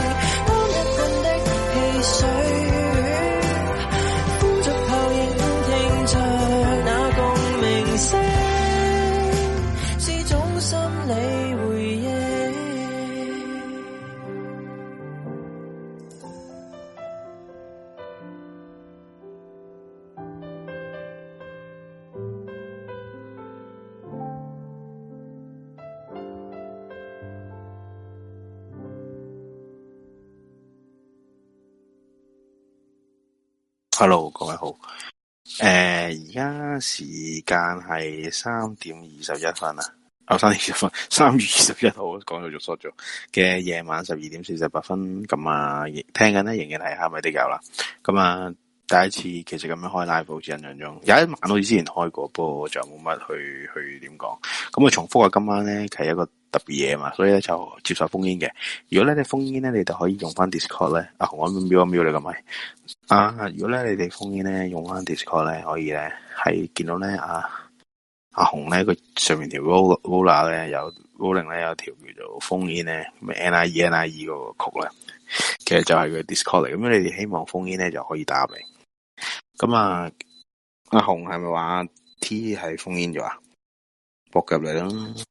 hello，各位好，誒、uh,，而家時間係三點二十一分啊，啊三點二十分，三月二十一號，講到就縮咗嘅夜晚十二點四十八分，咁啊，聽緊咧仍然係蝦米的油啦，咁啊，第一次其實咁樣開 live 好似印象中有一晚好似之前開過，不過就冇乜去去點講，咁啊重複啊，今晚咧其實一個。特別嘢嘛，所以咧就接受封煙嘅。如果咧你封煙咧，你就可以用翻 Discord 咧、啊。阿紅阿瞄一瞄你咁咪？啊，如果咧你哋封煙咧，用翻 Discord 咧，可以咧係見到咧阿阿紅咧佢上面條 Roller Roller、er, 咧有 Rolling 咧有條叫做封煙咧 NIE NIE 個曲咧，其實就係個 Discord 嚟。咁你哋希望封煙咧就可以打嚟。咁啊，阿紅係咪話 T 係封煙咗啊？搏夾嚟咯～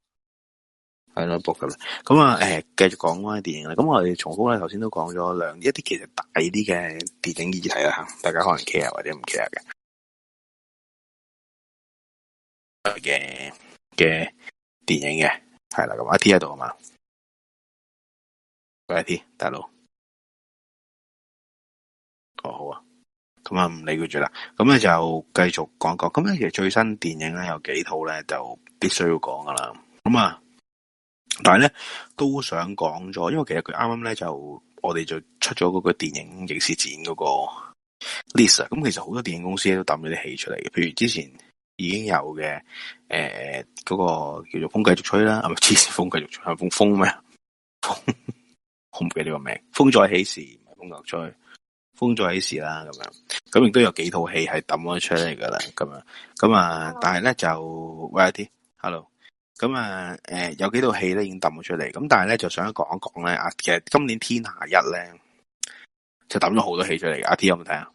咁啊，誒、嗯，繼、嗯、續講返電影啦。咁我哋重複咧，頭先都講咗兩一啲，其實大啲嘅電影議題啦吓，大家可能 care 或者唔 care 嘅嘅嘅電影嘅係啦。咁阿 T 喺度啊嘛，阿 T 大佬，哦好啊，咁啊唔理佢住啦。咁咧就繼續講講咁咧，其實最新電影咧有幾套咧，就必須要講噶啦。咁啊。但係咧都想講咗，因為其實佢啱啱咧就我哋就出咗嗰個電影影視展嗰個 list，咁其實好多電影公司都抌咗啲戲出嚟嘅，譬如之前已經有嘅誒嗰個叫做風繼續吹啦，係咪？黐線風繼續吹，係、啊「風風咩？好唔記得個名字，風再起時風流吹，風再起時啦，咁樣，咁亦都有幾套戲係抌咗出嚟噶啦，咁樣，咁啊，但係咧就喂 i 啲。hello 咁啊，誒、欸，有幾套戲咧已經抌咗出嚟，咁但係咧就想講一講咧，啊，其實今年天下一咧就抌咗好多戲出嚟嘅，阿 T 有冇睇啊？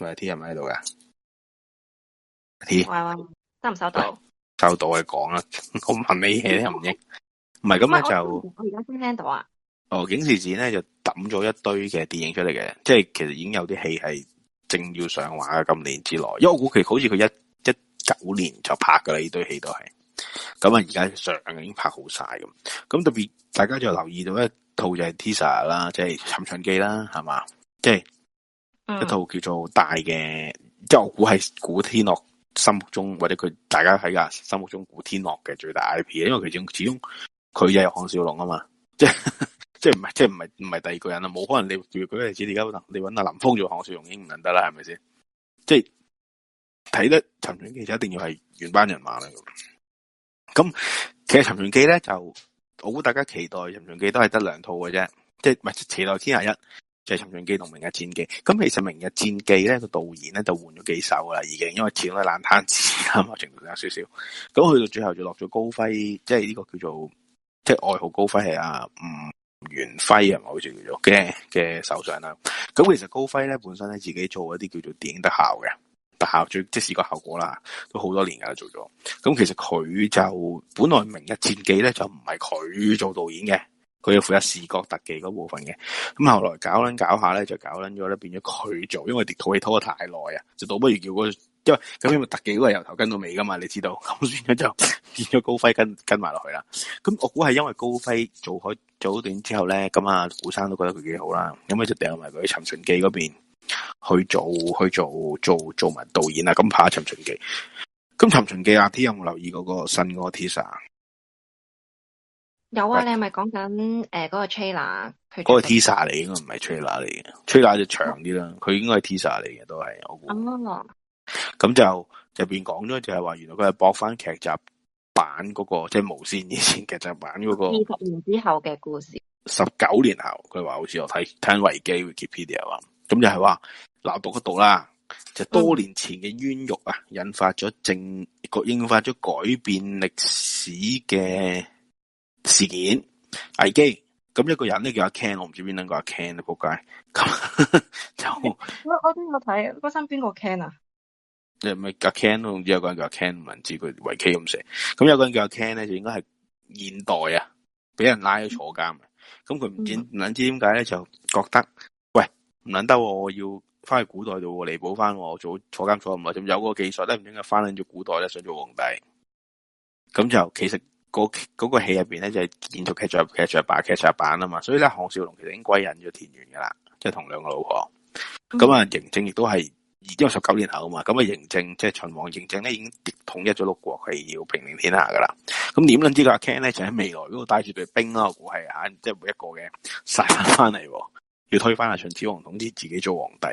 喂，T 係咪喺度嘅？T 喂喂，收唔收到、哦？收到，我講啦麼就，我唔問你嘢咧又唔應，唔係咁咧就我而家先聽到啊。哦，影視展咧就抌咗一堆嘅電影出嚟嘅，即係其實已經有啲戲係正要上畫嘅，今年之內，因為我估其好似佢一。九年就拍噶啦，呢堆戲都係，咁啊而家上已經拍好晒咁，咁特別大家就留意到一套就係 Tisa 啦，即係尋秦記啦，係嘛，即係一套叫做大嘅，嗯、即係我估係古天樂心目中或者佢大家睇㗎，心目中古天樂嘅最大 IP，因為佢中始終佢就係項少龍啊嘛，即係 [LAUGHS] 即係唔係即係唔係唔係第二個人啊，冇可能你要舉例子而家，你搵阿林峰做項少龍已經唔得啦，係咪先？即係。睇得《尋秦記》就一定要係原班人馬啦。咁其實《尋秦記》咧，就我估大家期待《尋秦記》都係得兩套嘅啫，即係唔係？期待天下一就係《尋秦記》同《明日戰記》。咁其實《明日戰記》咧個導演咧就換咗幾手啦，已經因為始終係爛攤子啊嘛， [LAUGHS] 程度有少少。咁去到最後就落咗高飛，即係呢個叫做即係外號高飛係阿吳炫輝啊，我好似叫做嘅嘅手上啦。咁其實高飛咧本身咧自己做一啲叫做電影特效嘅。特效最即係視覺效果啦，都好多年噶啦做咗。咁其實佢就本來《明日戰記》咧就唔係佢做導演嘅，佢要負責視覺特技嗰部分嘅。咁後來搞捻搞下咧就搞捻咗咧，變咗佢做，因為拖戲拖得太耐啊，就倒不如叫個，因為咁因為特技嗰個由頭跟到尾噶嘛，你知道。咁變咗就變咗高輝跟跟埋落去啦。咁我估係因為高輝做開做咗段之後咧，咁啊古生都覺得佢幾好啦，咁佢就掟埋佢《尋秦記》嗰邊。去做去做做做埋導演啦。咁拍《尋秦記》。咁《尋秦記、啊》阿 T 有冇留意嗰個新嗰個 teaser？有啊，哦、你係咪講緊誒嗰個,個 trailer 嗰個 teaser 你應該唔係 trailer 嚟嘅。trailer 就長啲啦，佢、哦、應該係 teaser 嚟嘅都係我估咁。咁、嗯、就入邊講咗，就係話原來佢係播翻劇集版嗰個，即係無線以前劇集版嗰個二十年之後嘅故事。十九年後，佢話好似我睇《聽維基》會 Wikipedia 咁就係話，南島嗰度啦，就是，多年前嘅冤獄啊，引發咗政個引發咗改變歷史嘅事件危機。咁一個人咧叫阿 Ken，我唔知邊兩個阿 Ken 啦，仆街。就我我我睇，嗰身邊個 Ken 啊？你係咪阿 Ken 唔、啊啊、知有個人叫阿 Ken，文字佢維基咁寫。咁有個人叫阿 Ken 咧，就應該係現代啊，俾人拉咗坐監。咁佢唔知唔諗知點解咧，就覺得。唔撚得，我要翻去古代度彌補翻。我做坐監坐唔埋，仲有個技術咧，唔應該翻去做古代咧，想做皇帝。咁就其實嗰個戲入面咧，就係連續 catch up、catch up 版、catch up 版啊嘛。所以咧，項少龍其實已經歸隱咗田園噶啦，即係同兩個老婆。咁啊，嬴政亦都係而家十九年後啊嘛。咁啊，嬴政即係秦王嬴政咧，已經統一咗六國，係要平定天下噶啦。咁點諗知個阿 Ken 咧，就喺未來嗰個帶住對兵我估係嚇，即係每一個嘅殺翻嚟。要推翻阿秦始皇，統治自己做皇帝，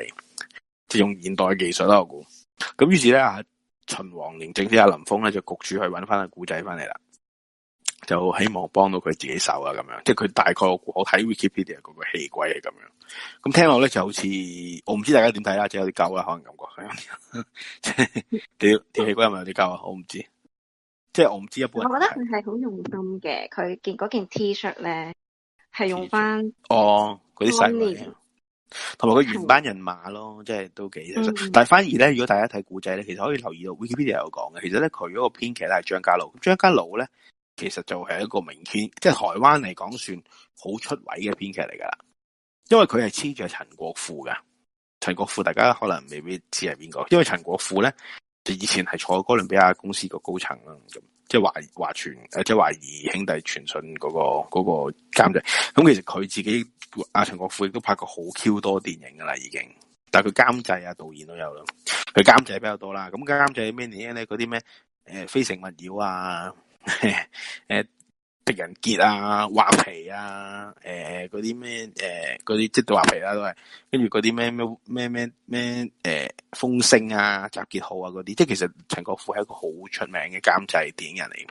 即係用現代技術啦、啊。我估咁，於是咧阿秦王嬴政啲阿林峰咧就焗住去搵翻阿古仔翻嚟啦，就希望幫到佢自己手啊咁樣。即係佢大概我睇 Wikipedia 嗰個戲鬼係咁樣。咁聽落咧就好似我唔知大家點睇啦，即係有啲舊啦可能感覺係，即係啲啲戲鬼係咪有啲舊啊？我唔知，即係我唔知。一般我覺得佢係好用心嘅，佢件嗰件 T shirt t 咧係用翻哦。嗰啲實力，同埋個原班人馬咯，即係都幾其實。但係反而咧，如果大家睇古仔咧，其實可以留意到，Wikipedia 有講嘅。其實咧，佢嗰個編劇咧係張家璐，張家璐咧其實就係一個名編劇，即係台灣嚟講算好出位嘅編劇嚟噶啦。因為佢係黐住陳陳國富噶，陳國富大家可能未必知係邊個。因為陳國富咧，就以前係坐哥倫比亞公司個高層啦，咁即係華華傳，誒即係華誼兄弟傳信嗰個嗰個監製。咁其實佢自己。阿陳國富亦都拍過好 Q 多電影噶啦，已經，但係佢監製啊、導演都有啦。佢監製比較多啦，咁監製咩嘢咧？嗰啲咩？誒、呃，非誠勿擾啊，誒、 [LAUGHS] 呃，狄仁傑啊，畫皮啊，誒、呃，嗰啲咩？誒、呃，啲即係畫皮啦、啊，都係，跟住嗰啲咩咩咩咩咩？誒、呃，風聲啊，集結號啊，嗰啲，即係其實陳國富係一個好出名嘅監製電影人嚟。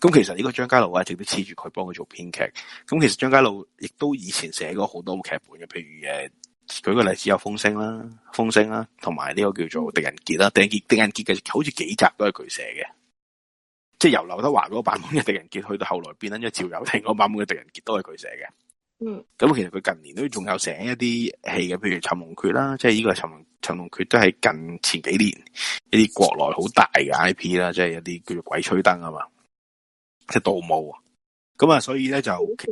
咁其實呢個張家魯啊，一直都黐住佢幫佢做編劇。咁其實張家魯亦都以前寫過好多劇本嘅，譬如誒，舉個例子有風聲《風聲》啦，《風聲》啦，同埋呢個叫做《狄仁傑》啦，《狄仁傑》《狄仁傑》《狄仁傑》嘅好似幾集都係佢寫嘅，即係由劉德華嗰版本嘅《狄仁傑》去到後來變翻咗趙又廷嗰版本嘅《狄仁傑》，都係佢寫嘅。嗯，咁其實佢近年都仲有寫一啲戲嘅，譬如《尋龍訣》啦，即係呢個係《尋尋龍訣》，都係近前幾年一啲國內好大嘅 I P 啦，即係一啲叫做鬼吹燈啊嘛。即係盜墓啊！咁啊，所以咧就佢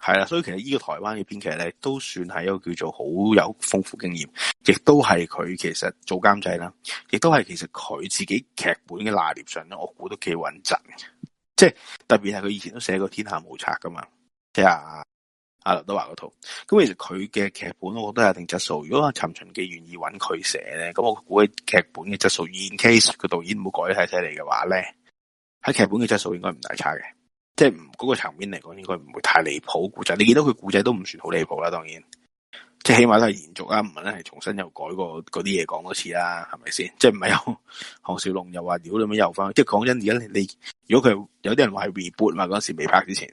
係啦，所以其實依個台灣嘅編劇咧，都算係一個叫做好有豐富經驗，亦都係佢其實做監製啦，亦都係其實佢自己劇本嘅拿捏上咧，我估都幾穩陣嘅。即係特別係佢以前都寫過《天下無賊》噶嘛，即係阿劉德華嗰套。咁其實佢嘅劇本，我覺得有一定質素。如果阿尋秦記願意揾佢寫咧，咁我估喺劇本嘅質素，in case 個導演唔好改得太犀利嘅話咧。喺劇本嘅質素應該唔大差嘅，即係唔嗰個層面嚟講，應該唔會太離譜古仔。你見到佢古仔都唔算好離譜啦，當然，即係起碼都係延續啊唔係咧係重新又改過嗰啲嘢講多次啦，係咪先？即係唔係有項少龍又話屌你咪又翻？即係講真，而家你,你如果佢有啲人話係 reboot 嘛，嗰時未拍之前，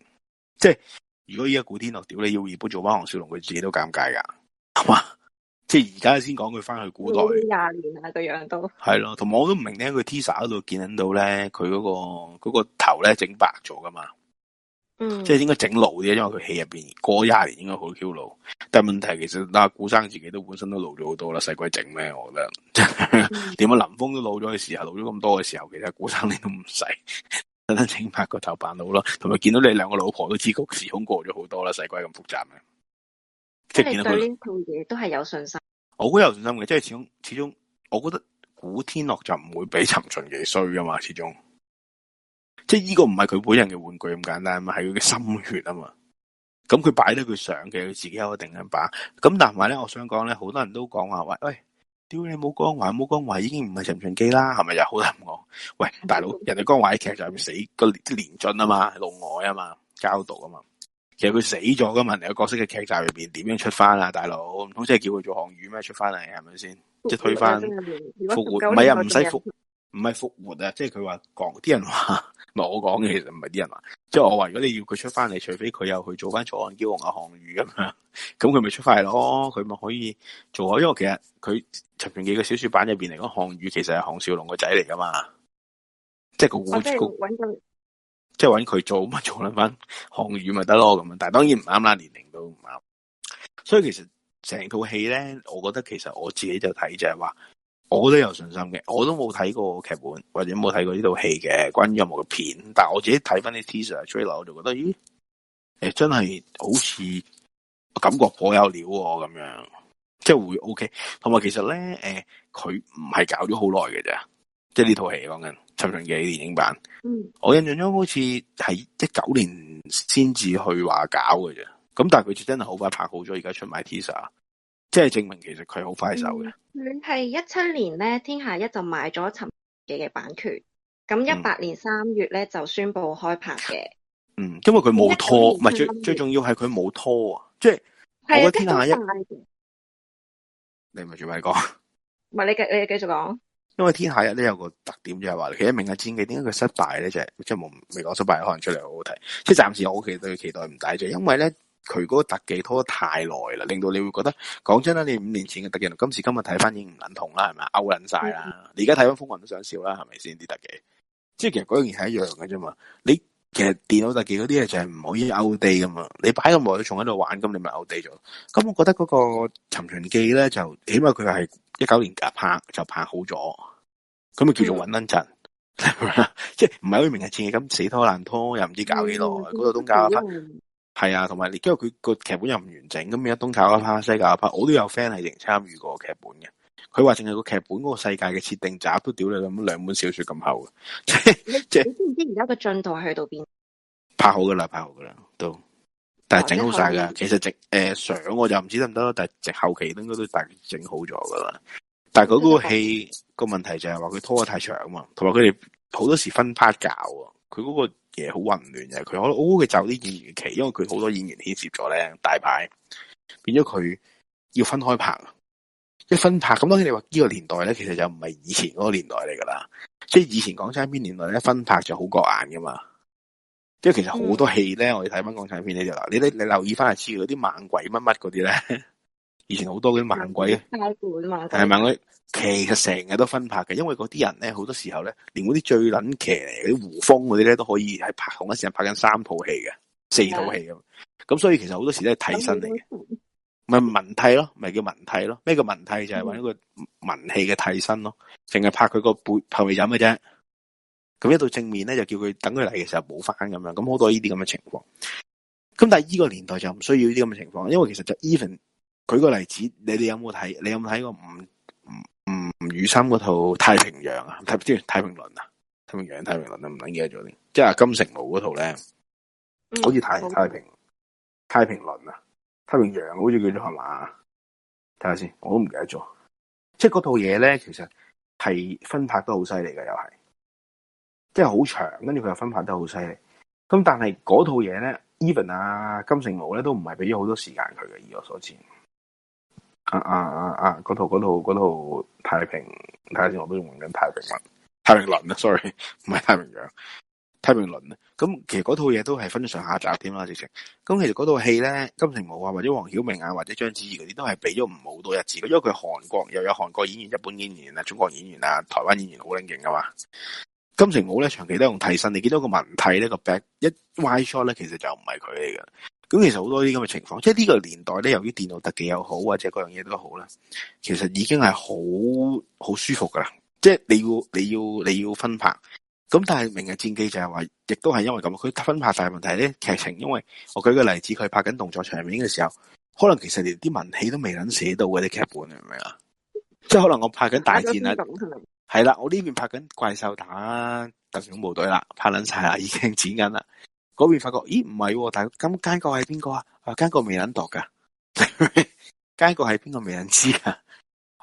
即係如果依家古天樂屌你要 reboot 做翻項少龍，佢自己都尷尬噶，係嘛？即係而家先講佢翻去古代廿年啊，個樣都係咯，同埋我都唔明咧，佢 Tisa 嗰度見到咧佢嗰個嗰、嗰個、頭咧整白咗噶嘛？嗯，即係應該整老啲，因為佢戲入邊過廿年應該好 Q 老。但係問題是其實嗱、啊，古生自己都本身都老咗好多啦，細鬼整咩？我覺得點解、嗯、 [LAUGHS] 林峯都老咗嘅時候老咗咁多嘅時候，其實古生你都唔使，等等整白個頭扮老咯。同埋見到你兩個老婆都知個時空過咗好多啦，細鬼咁複雜咩？即係對呢套嘢都係有信心，我好有信心嘅。即係始終始終，始終我覺得古天樂就唔會俾尋秦記衰啊嘛，始終，即係呢個唔係佢本人嘅玩具咁簡單啊嘛，係佢嘅心血啊嘛，咁佢擺喺佢上嘅，佢自己有一定嘅把，咁但係咧，我想講咧，好多人都講話喂，屌你冇江華冇江華，已經唔係尋秦記啦，係咪又好多人講？喂，大佬， [LAUGHS] 人哋講話喺劇就死個連晉啊嘛，老外啊嘛，教導啊嘛。其實佢死咗噶嘛？個角色嘅劇集入邊點樣出翻啊？大佬，唔通即係叫佢做項羽咩？出翻嚟係咪先？即係推翻復活？唔係啊，唔使復，唔係復活啊！即係佢話講，啲人話唔係我講嘅，其實唔係啲人話。即係我話，如果你要佢出翻嚟，除非佢又去做翻楚漢驕雄，叫做項羽咁樣，咁佢咪出翻嚟咯？佢咪可以做？因為其實佢尋秦記嘅小說版入邊嚟講項羽，其實係項少龍個仔嚟噶嘛？即係即係揾佢做乜做啦？翻韓語咪得咯咁樣，但係當然唔啱啦，年齡都唔啱。所以其實成套戲咧，我覺得其實我自己就睇就係話，我都有信心嘅。我都冇睇過劇本或者冇睇過呢套戲嘅關於任何嘅片，但我自己睇翻啲 teaser trailer，我就覺得咦，誒、欸、真係好似感覺頗有料咁、啊、樣，即係會 ok。同埋其實咧，誒佢唔係搞咗好耐嘅啫，即係呢套戲講緊。尋秦記電影版，嗯，我印象中好似喺一九年先至去話搞嘅啫，咁但係佢真係好快拍好咗，而家出埋 teaser，即係證明其實佢好快手嘅。係一七年咧，天下一就買咗尋秦記嘅版權，咁一八年三月咧就宣布開拍嘅。嗯，因為佢冇拖，唔係最最重要係佢冇拖啊，即係。係啊，天下一。是你唔係仲未講？唔係你繼你繼續講。因為天下一咧有一個特點就係話，其實明日戰記點解佢失敗咧就即係冇未講失敗，可能出嚟，好好睇，即係暫時我其實對佢期待唔大啫。因為咧佢嗰個特技拖太得太耐啦，令到你會覺得講真啦，你五年前嘅特技，今時今日睇翻已經唔撚同啦，係咪 out 撚晒啦？你而家睇翻風雲都想笑啦，係咪先啲特技？即係其實嗰樣嘢係一樣嘅啫嘛。你其實電腦特技嗰啲嘢就係唔可以 out 地咁嘛。你擺個模型蟲喺度玩，咁你咪 out 地咗。咁我覺得嗰個尋秦記咧就起碼佢係。哎一九年拍就拍好咗，咁咪叫做穩穩陣，嗯、 [LAUGHS] 即係唔係好似明日戰咁死拖爛拖又唔知搞幾耐，嗰度、嗯嗯、東搞下拍，係為啊，同埋亦因為佢個劇本又唔完整，咁而家東搞下拍西搞下拍，我都有 friend 係參與過劇本嘅，佢話淨係個劇本嗰個世界嘅設定集都屌你咁兩本小說咁厚嘅，即係你知唔知而家個進度去到邊？拍好噶啦，拍好噶啦，都。但係整好晒噶，面其實直誒上、呃、我就唔知得唔得，但係直後期應該都大整好咗噶啦。但係佢嗰個戲個面問題就係話佢拖得太長啊，同埋佢哋好多時分拍搞啊，佢嗰個嘢好混亂嘅，佢可能好好嘅就啲演員期，因為佢好多演員牽涉咗咧大牌，變咗佢要分開拍，一分拍咁當然你話呢個年代咧，其實就唔係以前嗰個年代嚟噶啦，即係以前港產片年代咧分拍就好過眼噶嘛。即係其實好多戲咧，我哋睇返港產片你就啦，你你、嗯嗯嗯、你留意翻下，似嗰啲猛鬼乜乜嗰啲咧，以前好多嗰啲猛鬼，太館猛鬼，係猛鬼，其實成日都分拍嘅，因為嗰啲人咧，好多時候咧，連嗰啲最捻騎嚟，嗰啲胡楓嗰啲咧，都可以喺拍同一時間拍緊三套戲嘅，四套戲咁，咁、嗯、所以其實好多時都係替身嚟嘅，咪、嗯、文替咯，咪叫文替咯，咩叫文替就係揾一個文戲嘅替身咯，淨係拍佢個背後邊飲嘅啫。咁一到正面咧，就叫佢等佢嚟嘅時候補翻咁樣，咁好多呢啲咁嘅情況。咁但係呢個年代就唔需要呢啲咁嘅情況，因為其實就 even 舉個例子，你哋有冇睇？你有冇睇過吳吳吳宇森嗰套太平洋、啊太太平啊《太平洋》啊？《太平》《太平輪》啊，《太平洋》《嗯、太平輪》啊？唔記得咗先，即係金城武嗰套咧，好似《太太平太平輪》啊，《太平洋》好似叫做係嘛、啊？睇下先，我都唔記得咗。即係嗰套嘢咧，其實係分拍得好犀利嘅，又係。即係好長，跟住佢又分發得好犀利。咁但係嗰套嘢咧，even 啊，金城武咧都唔係俾咗好多時間佢嘅，以我所知。啊啊啊啊！嗰套嗰套嗰套太平，看看太平，我都用緊太平輪。太平輪啊，sorry，唔係太平洋，太平輪啊。咁其實嗰套嘢都係分上下集添啦，直情。咁其實嗰套戲咧，金城武啊，或者黃曉明啊，或者章子怡嗰啲，都係俾咗唔好多日子。因為佢韓國又有韓國演員、日本演員啊、中國演員啊、台灣演員好撚勁噶嘛。金城武咧長期都用替身，你見到個文替、那個、呢個 back 一 Y shot 咧，其實就唔係佢嚟嘅。咁其實好多啲咁嘅情況，即係呢個年代咧，由於電腦特技又好，或者各樣嘢都好啦，其實已經係好好舒服噶啦。即係你要你要你要分拍，咁但係明日戰記就係話，亦都係因為咁，佢分拍大問題咧，劇情。因為我舉個例子，佢拍緊動作場面嘅時候，可能其實連啲文戲都未諗寫到嘅。啲劇本，係咪啊？即係可能我拍緊大戰啊。係啦，我呢邊拍緊怪獸打特警部隊啦，拍捻晒啦，已經剪緊啦。嗰邊發覺，咦唔係、哦，但咁奸角係邊個啊？啊奸角 [LAUGHS] 未捻度噶，奸角係邊個未捻知㗎？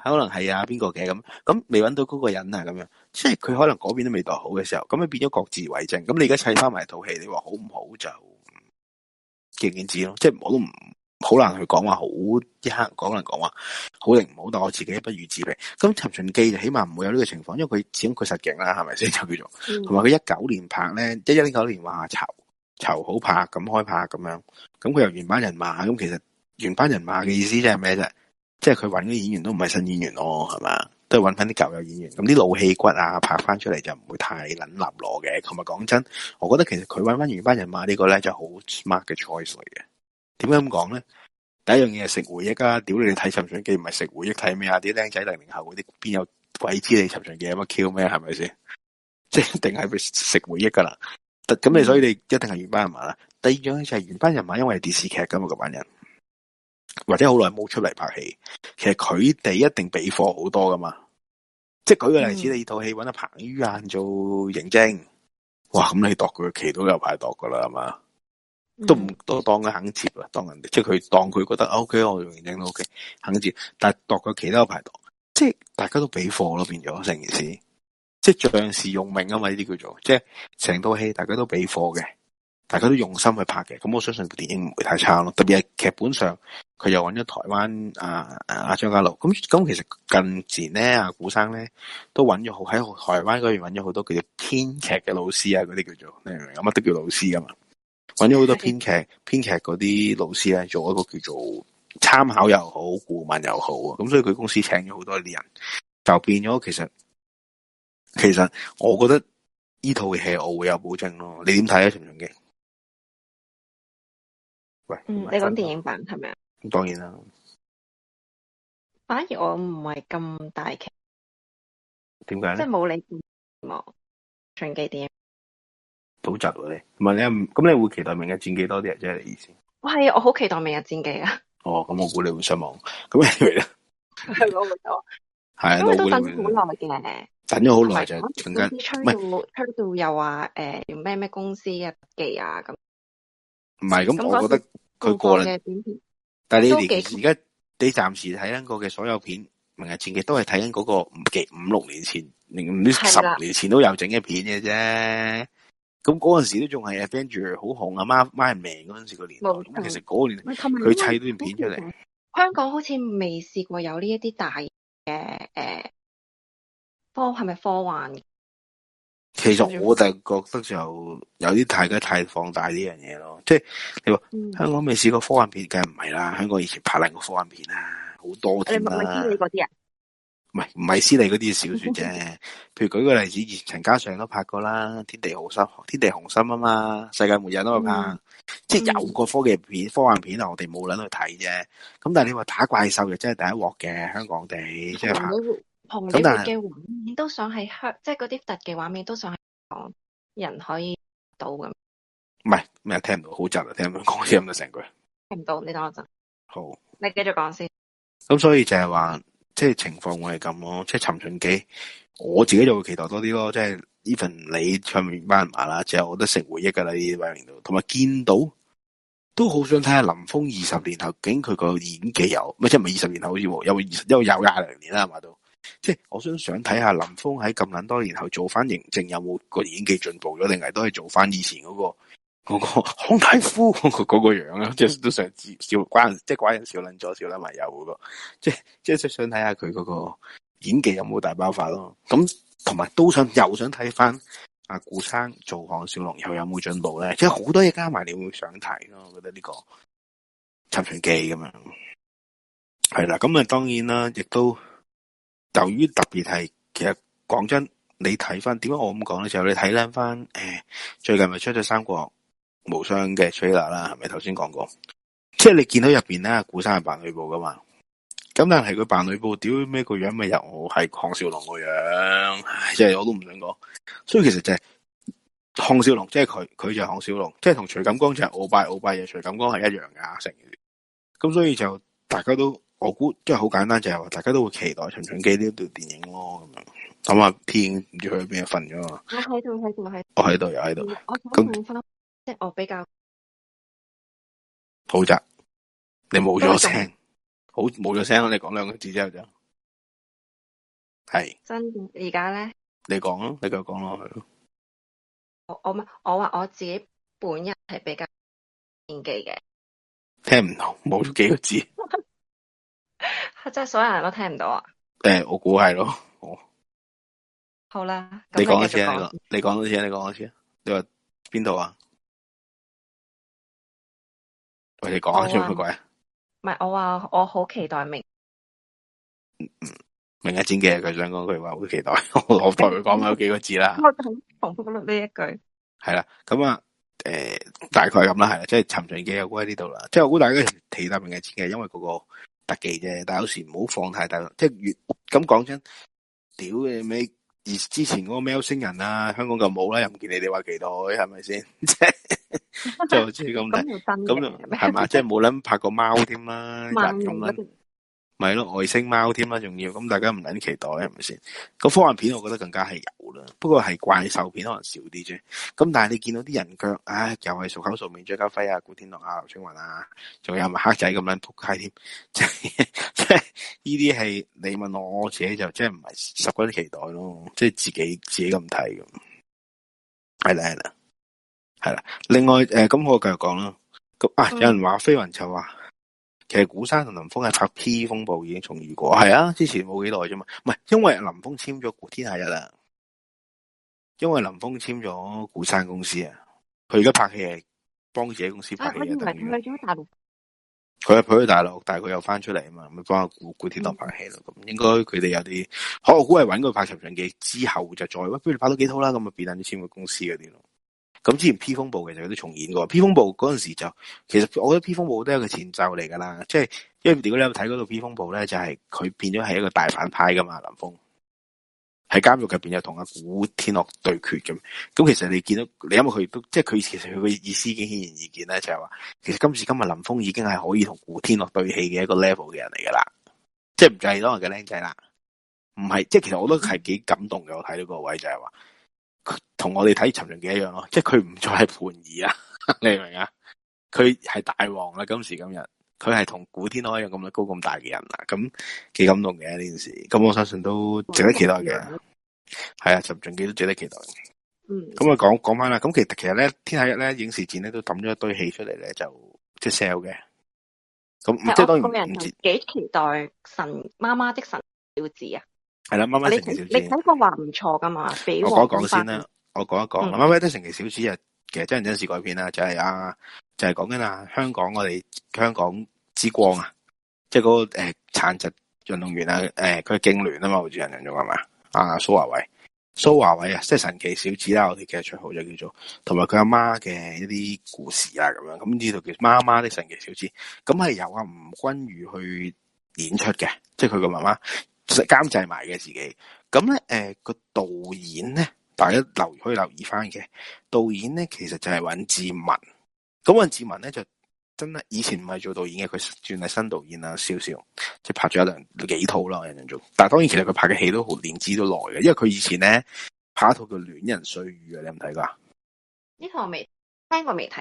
可能係啊邊個嘅咁，咁未揾到嗰個人啊咁樣，即係佢可能嗰邊都未度好嘅時候，咁咪變咗各自為政。咁你而家砌翻埋套戲，你話好唔好就見仁見智咯。即係唔好。唔。好難去講話，好一刻講難講話，好定唔好，但我自己不如自評。咁《尋秦記》就起碼唔會有呢個情況，因為佢始終佢實勁啦，係咪先就叫做？同埋佢一九年拍咧，一一九年話籌籌好拍咁開拍咁樣，咁佢又原班人馬。咁其實原班人馬嘅意思即係咩啫？即係佢揾嘅演員都唔係新演員咯，係嘛？都係揾翻啲舊有演員，咁啲老戲骨啊，拍翻出嚟就唔會太冷立攞嘅。同埋講真，我覺得其實佢揾翻原班人馬呢個咧就好、是、smart 嘅 choice 嚟嘅。點解咁講咧？第一樣嘢係食回憶噶！屌你哋睇尋常嘢唔係食回憶睇咩啊？啲僆仔零零後嗰啲邊有鬼知你尋秦記有乜 Q 咩？係咪先？即係一定係食回憶噶啦。咁你所以你一定係原班人馬啦。第二樣就係原班人馬，因為電視劇咁嘛。個班人，或者好耐冇出嚟拍戲，其實佢哋一定俾貨好多噶嘛。即係舉個例子，你套戲揾阿彭于晏做影晶，哇！咁你度佢嘅期都有排度噶啦，係嘛？都唔都當佢肯接啦，當人即係佢當佢覺得 OK，我認真都 OK，肯接。但係度佢其他排檔，即係大家都俾貨咯，變咗成件事。即係將士用命啊嘛，呢啲叫做。即係成套戲大家都俾貨嘅，大家都用心去拍嘅。咁我相信部電影唔會太差咯。特別係劇本上，佢又揾咗台灣啊，啊張家魯。咁咁其實近前咧，阿古生咧都揾咗好喺台灣嗰邊揾咗好多叫做編劇嘅老師啊，嗰啲叫做。你明唔明啊？乜都叫老師㗎嘛？揾咗好多編劇，編劇嗰啲老師呢，做一個叫做參考又好，顧問又好啊，咁所以佢公司請咗好多啲人，就變咗其實，其實我覺得呢套戲我會有保證咯，你點睇啊？尋秦記嘅喂，嗯，你講電影版係咪啊？當然啦，反而我唔係咁大劇，點解即係冇你期望，尋秦記電影。補集喎你，唔係你咁，你會期待明日戰記多啲啊？即係你意思，我係啊，我好期待明日戰記啊。哦，咁我估你會失望。咁，係咯，係咯，係啊，都等咗好耐嘅，等咗好耐就瞬間吹到吹到又話誒用咩咩公司啊記啊咁，唔係咁，我覺得佢過啦。但係你而家你暫時睇緊個嘅所有片，明日戰記都係睇緊嗰個五幾五六年前，十年前都有整嘅片嘅啫。咁嗰陣時都仲係《Avengers》好紅啊，孖係人命嗰陣時年代錯個年，咁其實嗰年佢砌段片出嚟，香港好似未試過有呢一啲大嘅誒、欸、科係咪科幻？其實我就覺得就有啲太家太放大呢樣嘢咯，即係你話香港未試過科幻片，梗係唔係啦。香港以前拍爛個科幻片啦，好多添啦。你咪咪知你嗰啲啊？唔係唔係，師弟嗰啲小說啫，譬如舉個例子，陳嘉上都拍過啦，天地心《天地雄心》《天地雄心》啊嘛，《世界末日》都拍，嗯、即係有個科技片，嗯、科幻片啊，我哋冇諗去睇啫。咁但係你話打怪獸又真係第一鑊嘅香港地，即係紅拍。咁但嘅是畫面都想喺香，即係嗰啲特技畫面都想喺香港人可以到咁。唔係咩？聽唔到好雜啊！聽唔講咁唔成句。聽唔到，你等我陣。好。你繼續講先。咁所以就係話。即係情況會，我係咁咯。即係尋秦記，我自己就會期待多啲咯。即係呢份你唱畀班人話啦，就我都成回憶噶啦，呢位領同埋見到，都好想睇下林峯二十年後，竟佢個演技有咪，即係唔係二十年後，好似有二十有廿零年啦嘛都。即係我想想睇下林峯喺咁撚多年後做翻嬴政有冇個演技進步咗，定係都係做翻以前嗰個。個康好夫嗰個樣啊，即係 [LAUGHS] [LAUGHS] 都想笑關，即係寡人少，捻咗少啦。埋右、那個，即係即係想睇下佢嗰個演技有冇大爆發咯。咁同埋都想又想睇翻阿古生做項少龍又有冇進步咧？即係好多嘢加埋，你會想睇咯。我覺得呢、這個《尋秦記》咁樣係啦。咁啊，當然啦，亦都由於特別係，其實講真，你睇翻點解我咁講咧？就你睇翻翻誒，最近咪出咗《三國》。無雙嘅 trailer 啦，係咪頭先講過？即係你見到入邊咧，古生係扮呂布噶嘛？咁但係佢扮呂布屌咩個樣咪又我係項少龍個樣，即係我都唔想講。所以其實就係、是、項少龍，即係佢，佢就係項少龍，即係同徐錦江就係鰲拜，鰲拜嘅徐錦江係一樣噶。成語咁，所以就大家都我估即係好簡單，就係、是、話大家都會期待《尋秦記》呢部電影咯。咁樣，咁啊，片唔知去邊瞓咗啊？我喺度，喺度，喺我喺度，又喺度。我尋晚瞓。那即係我比較好雜，你冇咗聲，就是、好冇咗聲，你講兩個字之後就係真而家咧。你講咯，你繼續講落去咯。我我唔係我話我自己本人係比較年紀嘅，聽唔到冇咗幾個字， [LAUGHS] [LAUGHS] 即係所有人都聽唔到啊！誒、欸，我估係咯，好啦好，你講一次，你講多次，你講多次，你話邊度啊？我哋講啊，做乜鬼？唔係我話，我好期待明，嗯嗯，明日戰記佢想講句話好期待，我同佢講咗幾個字啦。我同好重複呢一句。係啦，咁啊，誒、呃，大概咁啦，係啦，即係尋秦記又歸呢度啦。即係好大家期待明日戰記，因為嗰個特技啫。但係有時唔好放太大，即係越咁講真，屌你咩？而之前嗰個喵星人啊，香港就冇啦，又唔見你哋話期待，係咪先？即 [LAUGHS] 係就好似咁，咁係嘛，即係冇諗拍個貓添啦、啊，人咁諗。咪咯，外星貓添啦，仲要咁大家唔捻期待，係咪先？個科幻片我覺得更加係有啦，不過係怪獸片可能少啲啫。咁但係你見到啲人腳，唉、哎，又係熟口熟面，張家輝啊、古天樂啊、劉青雲啊，仲有埋黑仔咁樣扑街添，即係即係呢啲係你問我，我自己就即係唔係十分期待咯，即、就、係、是、自己自己咁睇咁。係啦係啦，係啦。另外誒，咁、呃、我繼續講啦。咁啊，嗯、有人話飛雲就話。其實古山同林峰係拍《P 風暴》已經重遇過，係啊，之前冇幾耐啫嘛，唔係因為林峰簽咗《古天下一啊。因為林峰簽咗古，古山公司啊，佢而家拍戲係幫自己公司拍嘅。啊，佢唔係佢去咗大陸。但係佢又翻出嚟啊嘛，咪幫古古天樂拍戲咯。咁、嗯、應該佢哋有啲可能估係揾佢拍《尋秦記》，之後就再喂、哎，不如拍多幾套啦，咁啊變翻啲簽個公司嗰啲咯。咁之前披風暴其實有啲重演過，披風暴嗰陣時就其實我覺得披風暴都係一個前奏嚟噶啦，即係因為如果你有睇嗰個披風暴咧，就係、是、佢變咗係一個大反派噶嘛，林峰喺監獄入邊又同阿古天樂對決咁，咁其實你見到你因為佢都即係佢其實佢嘅意思嘅顯然易見咧就係、是、話，其實今時今日林峰已經係可以同古天樂對戲嘅一個 level 嘅人嚟噶啦，即係唔計嗰人嘅僆仔啦，唔係即係其實我都係幾感動嘅，我睇到嗰個位就係話。同我哋睇尋秦記一樣咯，即係佢唔再係叛兒啊，你明唔明啊？佢係大王啦，今時今日，佢係同古天樂一樣咁高咁大嘅人啦，咁幾感動嘅呢件事，咁我相信都值得期待嘅，係、哦嗯、啊，尋秦記都值得期待。嘅咁啊，講講翻啦，咁其實其實咧，天下一咧，影視展咧都抌咗一堆戲出嚟咧，就即係 sell 嘅。咁我即係當然唔幾期待神媽媽的神奇小子啊！係啦，媽媽的神奇小子，你睇個話唔錯噶嘛？俾我講先啦，我講一講。媽媽的神奇小子啊，其實真人真事改編啦，就係啊，就係講緊啊香港我哋香港之光啊，即係嗰個誒殘疾運動員啊，誒佢痙攣啊嘛，好似人人咗係嘛啊蘇華偉，蘇華偉啊，即係神奇小子啦，我哋其實最好就叫做，同埋佢阿媽嘅一啲故事啊，咁樣咁呢度叫媽媽的神奇小子，咁係由阿、啊、吳君如去演出嘅，即係佢個媽媽。實監製埋嘅自己，咁咧誒個導演咧，大家留可以留意翻嘅導演咧，其實就係尹志文。咁尹志文咧就真係以前唔係做導演嘅，佢轉係新導演啦，少少即係拍咗一兩幾套啦我印象中。但係當然，其實佢拍嘅戲都好年資都耐嘅，因為佢以前咧拍一套叫《戀人絮語》啊，你有冇睇過？呢套未聽過未睇？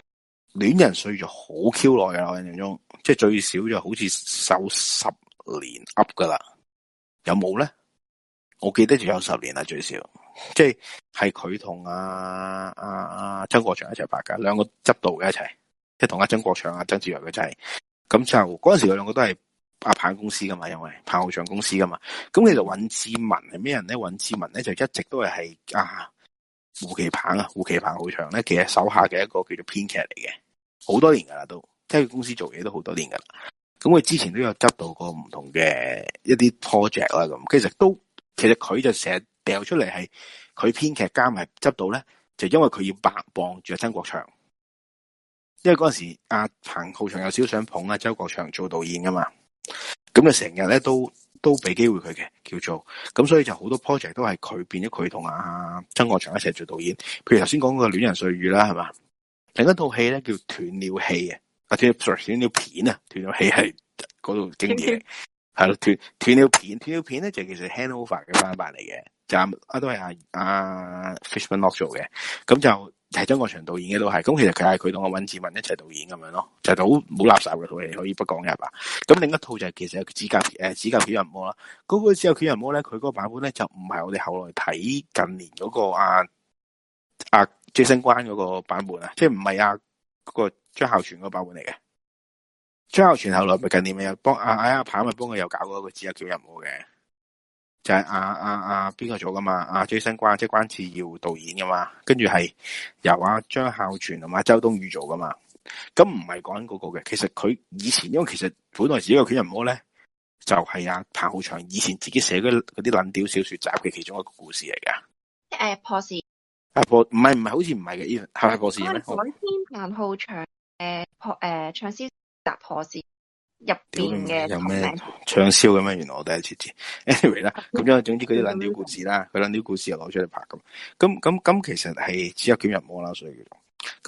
戀人絮語》好 Q 耐啊，我印象中即係最少就好似收十年 up 噶啦。有冇咧？我記得仲有十年啦，最少，即係係佢同阿阿阿曾國祥一齊拍噶，兩個執導嘅一齊，即係同阿曾國祥啊、曾志偉嘅一齊。咁就嗰陣時佢兩個都係阿棒公司噶嘛，因為棒好長公司噶嘛。咁其實尹志文係咩人咧？尹志文咧就一直都係係啊胡其棒啊胡其棒好長咧嘅手下嘅一個叫做編劇嚟嘅，好多年噶啦都即喺佢公司做嘢都好多年噶啦。咁佢之前都有執到過唔同嘅一啲 project 啦，咁其實都其實佢就成日掉出嚟係佢編劇監係執到咧，就因為佢要白幫住阿曾國祥，因為嗰陣時阿、啊、彭浩翔有少少想捧阿、啊、周國祥做導演噶嘛，咁啊成日咧都都俾機會佢嘅，叫做，咁所以就好多 project 都係佢變咗佢同阿曾國祥一齊做導演，譬如頭先講個戀人絮語啦，係嘛，另一套戲咧叫斷了氣啊。啊，添，斷片， [LAUGHS] 片，片、就是、啊，斷咗戲係嗰度經典嘅，係咯，斷斷料片，斷料片咧就是的是其實 handover 嘅翻版嚟嘅，就阿都係阿阿 Fishman Lock 做嘅，咁就係張國祥導演嘅都係，咁其實佢係佢同阿尹志文一齊導演咁樣咯，就好、是、冇垃圾嘅，可以不講入啦。咁另一套就係其實指甲《指甲》誒《指甲》《小人魔》啦，嗰個《指甲》《小人魔呢》咧、啊，佢、啊、嗰個版本咧就唔係我哋後來睇近年嗰個啊阿最新關嗰個版本啊，即係唔係啊。那個張孝全嗰版本嚟嘅，張孝全後來咪近年冇，幫阿阿阿彭咪幫佢又搞嗰個《指客》叫任務嘅，就係阿阿阿邊個做噶嘛，阿、啊、周生關即係關智耀導演噶嘛，跟住係由阿、啊、張孝全同埋周冬雨做噶嘛，咁唔係講緊嗰個嘅，其實佢以前因為其實本來自己個卷任務咧，就係、是、阿、啊、彭浩翔以前自己寫嗰啲冷調小說集嘅其中一個故事嚟噶，誒，破阿婆唔係唔係，好似唔係嘅，係咪過時？喺《反天銀號》場誒牆，破誒牆，暢銷突破史入邊嘅。有咩暢銷咁樣，原來我第一次知。Anyway 啦，咁樣總之嗰啲爛料故事啦，佢爛料故事又攞出嚟拍咁，咁咁咁，其實係只有幾人魔啦，所以叫做。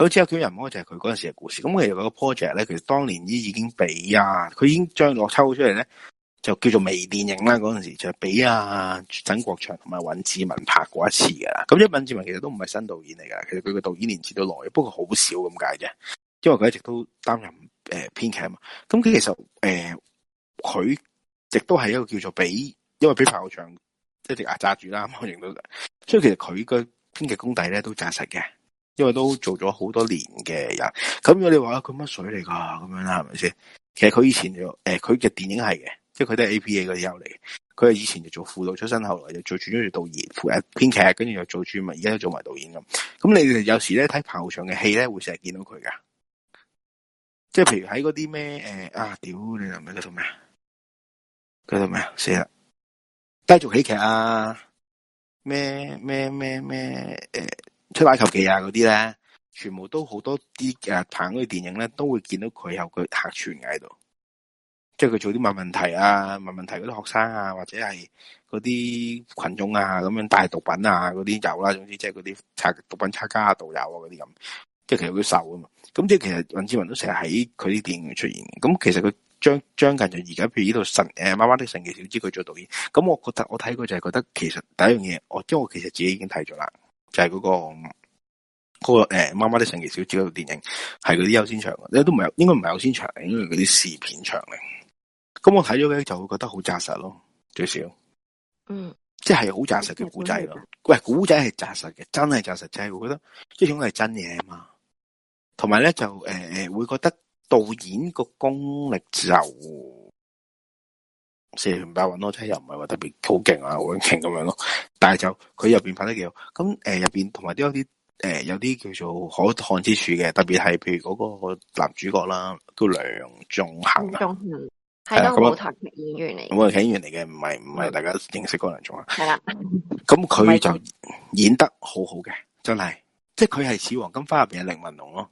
咁只有幾人魔就係佢嗰陣時嘅故事。咁其實個 project 咧，其實當年已經、啊、已經俾啊，佢已經將落抽出嚟咧。就叫做微電影啦，嗰陣時就俾啊，曾國祥同埋尹志文拍過一次噶啦。咁因尹志文其實都唔係新導演嚟噶，其實佢個導演年資都耐，不過好少咁解啫。因為佢一直都擔任誒編劇啊嘛。咁佢其實誒佢亦都係一個叫做俾，因為俾曾國祥一直壓揸住啦，咁樣型到。所以其實佢個編劇功底咧都紮實嘅，因為都做咗好多年嘅人。咁如果你話佢乜水嚟噶？咁樣啦，係咪先？其實佢以前就誒佢嘅電影係嘅。即係佢都係 A P A 嗰啲友嚟，佢係以前就做輔導出身，後來又做轉咗做，做導演、編劇，跟住又做轉埋，而家都做埋導演咁。咁你哋有時咧睇彭浩翔嘅戲咧，會成日見到佢噶。即係譬如喺嗰啲咩誒啊，屌你又唔喺度咩嗰佢咩啊？死啦！低俗喜劇啊，咩咩咩咩誒，出埃及記啊嗰啲咧，全部都好多啲誒，彭嗰啲電影咧，都會見到佢有佢客串喺度。即係佢做啲問問題啊，問問題嗰啲學生啊，或者係嗰啲群眾啊，咁樣帶毒品啊，嗰啲有啦、啊，總之即係嗰啲拆毒品拆家道友啊，嗰啲咁，即係其實佢瘦啊嘛。咁即係其實尹志文都成日喺佢啲電影出現。咁其實佢將將近就而家，譬如呢度神誒《媽媽的神奇小子》，佢做導演。咁我覺得我睇佢就係覺得，其實第一樣嘢，我即係我其實自己已經睇咗啦，就係、是、嗰、那個嗰、那個誒《媽、欸、媽的神奇小子》嗰個電影，係嗰啲優先場嘅，都唔係應該唔係優先場嚟，因為嗰啲試片場嚟。咁我睇咗咧，就會覺得好扎實咯，最少，嗯，即係好扎實嘅古仔咯。喂，古仔係扎實嘅，真係扎實，就係、是、我覺得呢種係真嘢啊嘛。同埋咧，就誒誒、呃，會覺得導演個功力就四平八穩咯，即係又唔係話特別好勁啊，好勁咁樣咯。但係就佢入邊拍得幾好，咁誒入邊同埋都有啲誒、呃、有啲叫做可看之處嘅，特別係譬如嗰個男主角啦，個梁仲恒。係咁啊！演員嚟，我係演員嚟嘅，唔係唔係大家認識嗰兩種啊。係啦的，咁佢就演得好好嘅，真係，即係佢係似黃金花入邊嘅凌文龍咯。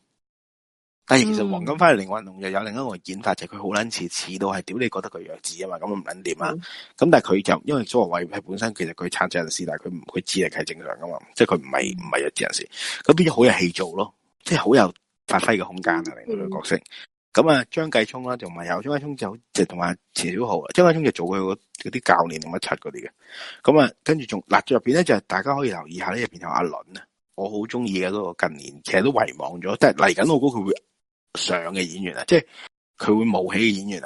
但係其實黃金花嘅凌文龍又有另一個演法，嗯、就係佢好撚似，似到係屌你，覺得佢弱智啊嘛，咁唔撚掂啊？咁、嗯、但係佢就因為周華偉係本身其實佢殘障人士，但係佢唔佢智力係正常噶嘛，即係佢唔係唔係弱智人士，咁變咗好有戲做咯，即係好有發揮嘅空間啊！令到佢嘅角色。嗯嗯咁啊，張繼聰啦、啊，同埋有張繼聰就好同埋陳小豪啊，張繼聰就做佢嗰啲教練同埋七嗰啲嘅。咁啊，跟住仲咗入邊咧就大家可以留意下呢入邊有阿倫啊，我好中意嘅嗰個近年其實都遺忘咗，即係嚟緊我估佢會上嘅演員啊，即係佢會冒起嘅演員、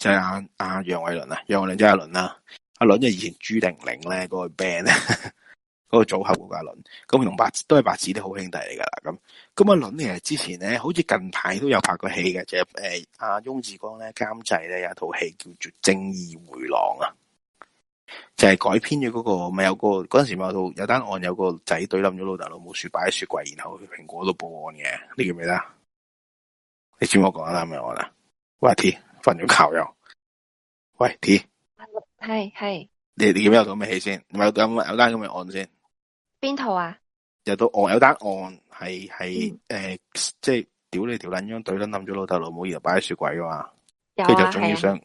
就是、啊，就係阿阿楊偉倫啊，楊偉倫即係阿倫啦，阿倫就以前朱凌凌咧嗰個 band 咧。嗰個組合家輪，咁同白都係白子啲好兄弟嚟噶啦，咁咁阿倫其實之前咧，好似近排都有拍過戲嘅，就係誒阿翁志光咧監製咧有一套戲叫做《正義迴廊》啊，就係、是、改編咗嗰個咪有個嗰陣時咪有套有單案，有個仔堆冧咗老豆老母，沒在雪擺喺雪櫃，然後去蘋果度報案嘅，你記唔記得？你轉我講啦，咩案啊？喂，T 瞓咗覺又？喂，T 係係，你你記唔記得有套咩戲先？咪咁有單咁嘅案先？邊套啊？到有單案係係誒，即係屌你條撚張隊，捻冧咗老豆老母然後擺喺雪櫃噶嘛？跟住、啊、就仲要上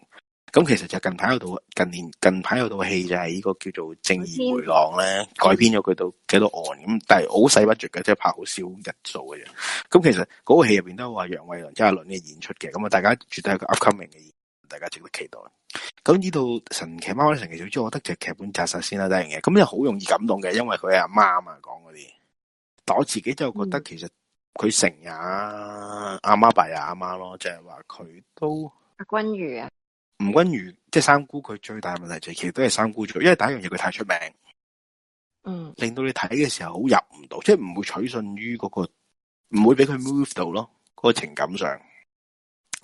咁，啊、其實就近排有套近年近排有套戲就係呢個叫做《正義迴廊》咧、嗯，改編咗佢到幾多案咁，但係好細不絕嘅，即係拍好少人數嘅啫。咁其實嗰個戲入邊都話楊偉倫、周亞倫嘅演出嘅，咁啊，大家絕對係個 upcoming 嘅。大家值得期待。咁呢度神奇貓神奇小豬，我覺得就劇本紮實先啦、啊，第一樣嘢咁又好容易感動嘅，因為佢係阿媽啊，講嗰啲。但係我自己就覺得，其實佢成日阿媽扮阿媽咯，就係話佢都阿君如啊，吳君如，即係三姑。佢最大問題就其實都係三姑做，因為第一樣嘢佢太出名，嗯，令到你睇嘅時候好入唔到，即係唔會取信於嗰個，唔會俾佢 move 到咯，嗰個情感上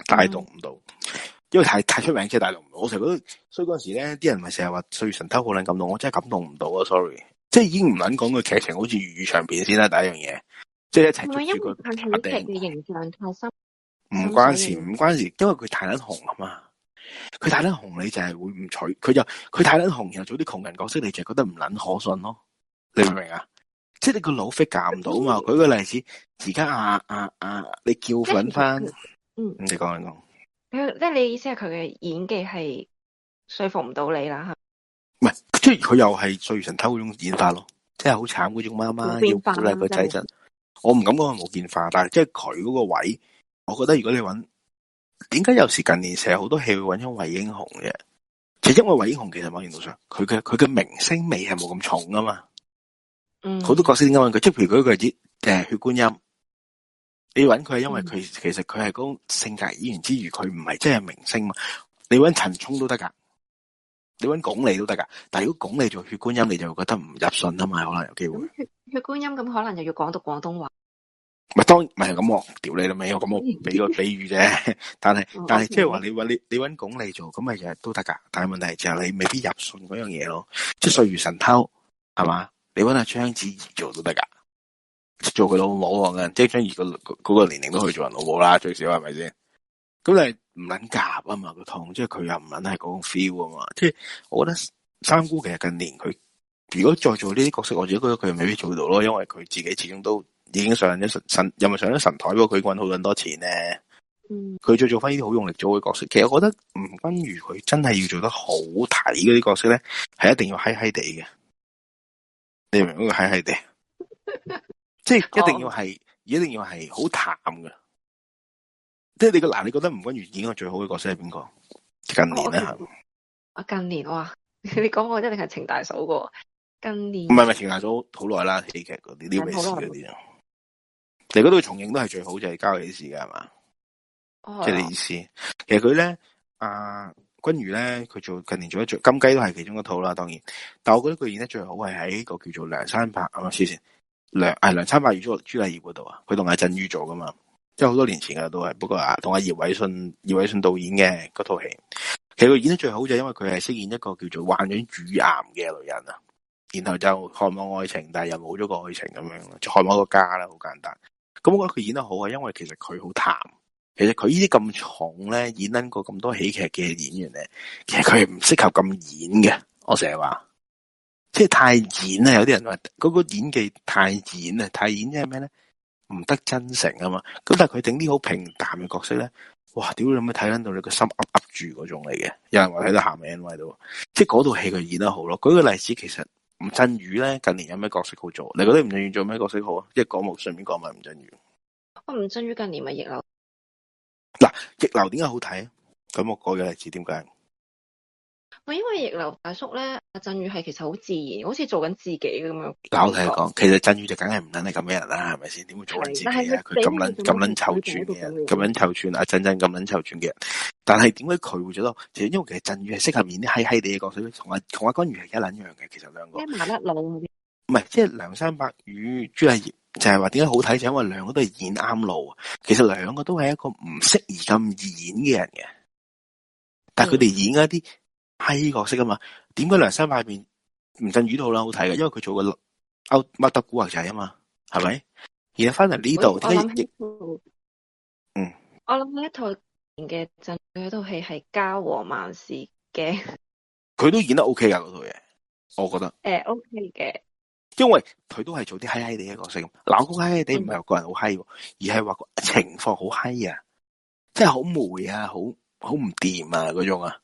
帶動唔到。嗯因為太太出名，即係大陸，我成日都，所以嗰陣時咧，啲人咪成日話歲月神偷好捻感動，我真係感動唔到啊！Sorry，即係已經唔捻講個劇情，好似粵語長片先啦。第一樣嘢，即係一齊。唔係因為佢嘅形象太深，唔關事，唔關事，因為佢太捻紅啊嘛。佢太捻紅，你就係會唔取佢就佢太捻紅，然後做啲窮人角色，你就覺得唔捻可信咯。你明唔明啊？即係你個腦 fit 夾唔到啊嘛。舉個例子，而家啊啊啊，你叫粉翻，嗯，你講緊講。即係你的意思係佢嘅演技係說服唔到你啦吓？唔係，即係佢又係碎如塵土嗰種演法咯，即係好慘嗰種媽媽、啊、要鼓勵個仔侄。的我唔敢講係冇變化，但係即係佢嗰個位，我覺得如果你揾，點解有時近年成日好多戲會揾咗惠英紅嘅？就因爲惠英紅其實某程度上佢嘅佢嘅明星味係冇咁重啊嘛。嗯，好多角色點解揾佢？即係譬如嗰個隻誒血觀音。你揾佢係因為佢其實佢係嗰性格演員之餘，佢唔係即係明星嘛？你揾陳沖都得噶，你揾鞏俐都得噶。但係如果鞏俐做血觀音，你就會覺得唔入信啊嘛？可能有機會血。血觀音咁可能又要講到廣東話，咪係當然唔係咁喎。屌你啦，咪咁我俾個比喻啫。但係、 [LAUGHS] 哦、但係即係話你揾你你揾鞏俐做咁咪，就係都得噶。但係問題就係你未必入信嗰樣嘢咯。即係歲月神偷係嘛？你揾阿章子怡做都得噶。做佢老母嘅，即係張而個年齡都去做人老母啦，最少係咪先？咁你唔撚夾啊嘛，佢痛，即係佢又唔撚係嗰種 feel 啊嘛。即係我覺得三姑其實近年佢如果再做呢啲角色，我自己覺得佢未必做到咯，因為佢自己始終都已經上咗神神，又咪上咗神台喎，佢搵好撚多錢咧。佢、嗯、再做翻呢啲好用力做嘅角色，其實我覺得吳君如佢真係要做得好睇嗰啲角色咧，係一定要嗨嗨地嘅。你明唔明？嗨嗨地。 [LAUGHS] 即係一定要係，而、oh. 一定要係好淡㗎。即係你個嗱，你覺得吳君如演個最好嘅角色係邊個？近年咧啊，近年哇，你講我一定係程大嫂嘅。近年唔係咪程大嫂，好耐啦，喜劇嗰啲啲咩嗰啲。你嗰度重映都係最好，就係、是《家有喜事》嘅係嘛？哦，即係意思。其實佢咧，阿、呃、君如咧，佢做近年做一最金雞都係其中一套啦。當然，但我覺得佢演得最好係喺個叫做《梁山伯》啊嘛、oh. 嗯，是唔梁係梁山伯與朱朱麗葉嗰度啊，佢同阿鎮宇做噶嘛，即係好多年前啊都係，不過啊同阿葉偉信葉偉信導演嘅嗰套戲，其實佢演得最好就係因為佢係飾演一個叫做患咗乳癌嘅女人啊，然後就渴望愛情，但係又冇咗個愛情咁樣，就渴望一個家啦，好簡單。咁我覺得佢演得好啊，因為其實佢好淡，其實佢呢啲咁重咧演撚過咁多喜劇嘅演員咧，其實佢係唔適合咁演嘅，我成日話。即係太演啦，有啲人話嗰個演技太演啦，太演即係咩咧？唔得真誠啊嘛。咁但係佢整啲好平淡嘅角色咧，哇！屌你咩睇返到你個心噏噏住嗰種嚟嘅。有人話睇到咸 Y 度即係嗰套戲佢演得好咯。舉個例子，其實吳鎮宇咧近年有咩角色好做？你覺得吳鎮宇做咩角色好啊？即係講冇順便講埋吳鎮宇。我吳鎮宇近年咪逆流？嗱，逆流點解好睇啊？咁我舉個例子，點解？因為逆流大叔咧，阿振宇係其實好自然，好似做緊自己咁樣。嗱，我睇講，其實振宇就梗係唔捻係咁嘅人啦，係咪先？點會做緊自己啊？係佢咁捻咁捻醜串嘅人，咁捻醜串阿振振咁撚醜串嘅人，但係點解佢會做到其實、就是、因為其實振宇係適合演啲嗨嗨嘅角色，同阿同阿君如係一捻樣嘅。其實兩個一馬一啲，唔係即係梁山伯與朱麗葉，就係話點解好睇？就因為兩個都係演啱路。其實兩個都係一個唔適宜咁演嘅人嘅，但係佢哋演一啲。閪角色啊嘛，點解梁山塊面吳鎮宇都好撚好睇嘅？因為佢做個歐麥特古惑仔啊嘛，係咪？然後翻嚟呢度，欸、我諗呢套，嗯，我諗呢一套嘅，佢嗰套戲係家和萬事嘅。佢、嗯、都演得 OK 噶嗰套嘢，我覺得。誒、欸、OK 嘅，因為佢都係做啲嗨嗨地嘅角色，鬧高嗨嗨地唔係話個人好嗨，而係話個情況好嗨啊，即係好霉啊，好好唔掂啊嗰種啊。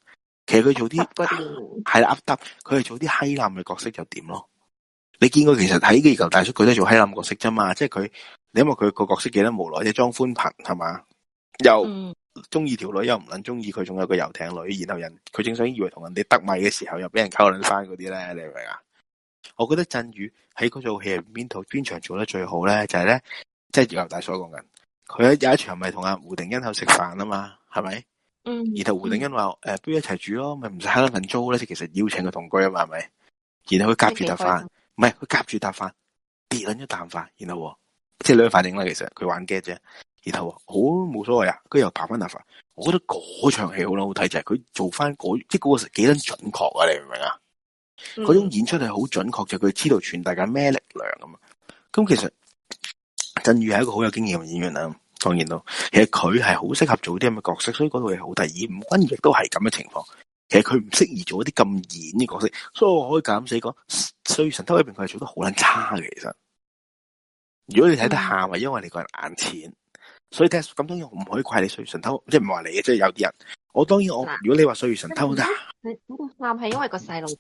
其實佢做啲係啦，搭佢係做啲閪爛嘅角色就點咯。你見過其實喺《逆流大叔》佢都做閪爛角色啫嘛？即係佢，你因為佢個角色幾得無奈，即係裝寬頻係嘛？又中意條女，又唔捻中意佢，仲有個遊艇女，然後人佢正想以為同人哋得米嘅時候，又俾人溝捻翻嗰啲咧。你明唔明啊？我覺得鎮宇喺嗰套戲邊套邊場做得最好咧，就係、是、咧，即、就、係、是《逆流大叔》講緊，佢有一場咪同阿胡定欣口食飯啊嘛，係咪？嗯然後胡定欣話：誒、嗯呃，不如一齊住咯，咪唔使慳一份租咧。即其實邀請佢同居啊嘛，係咪？然後佢夾住搭飯，唔係佢夾住搭飯跌撚咗啖飯。然後即係兩反應啦，其實佢玩嘅啫。然後好冇所謂啊，佢又爬翻搭飯。我覺得嗰場戲好啦，好睇，就係、是、佢做翻即係嗰個幾撚準確啊，你明唔明啊？嗰、嗯、種演出係好準確，就佢、是、知道傳達緊咩力量咁啊。咁其實鄭雨係一個好有經驗嘅演員啊。當然囉，其實佢係好適合做啲咁嘅角色，所以嗰套嘢好得意。吳君如亦都係咁嘅情況，其實佢唔適宜做一啲咁演嘅角色，所以我可以咁死講，歲月神偷嗰邊佢係做得好撚差嘅。其實，如果你睇得下，咪因為你個人眼淺，所以睇咁多種，當然唔可以怪你。歲月神偷即係唔係話你嘅，即係有啲人。我當然我，我如果你話歲月神偷得，啦、嗯，喊係因為個細路。嗯嗯嗯嗯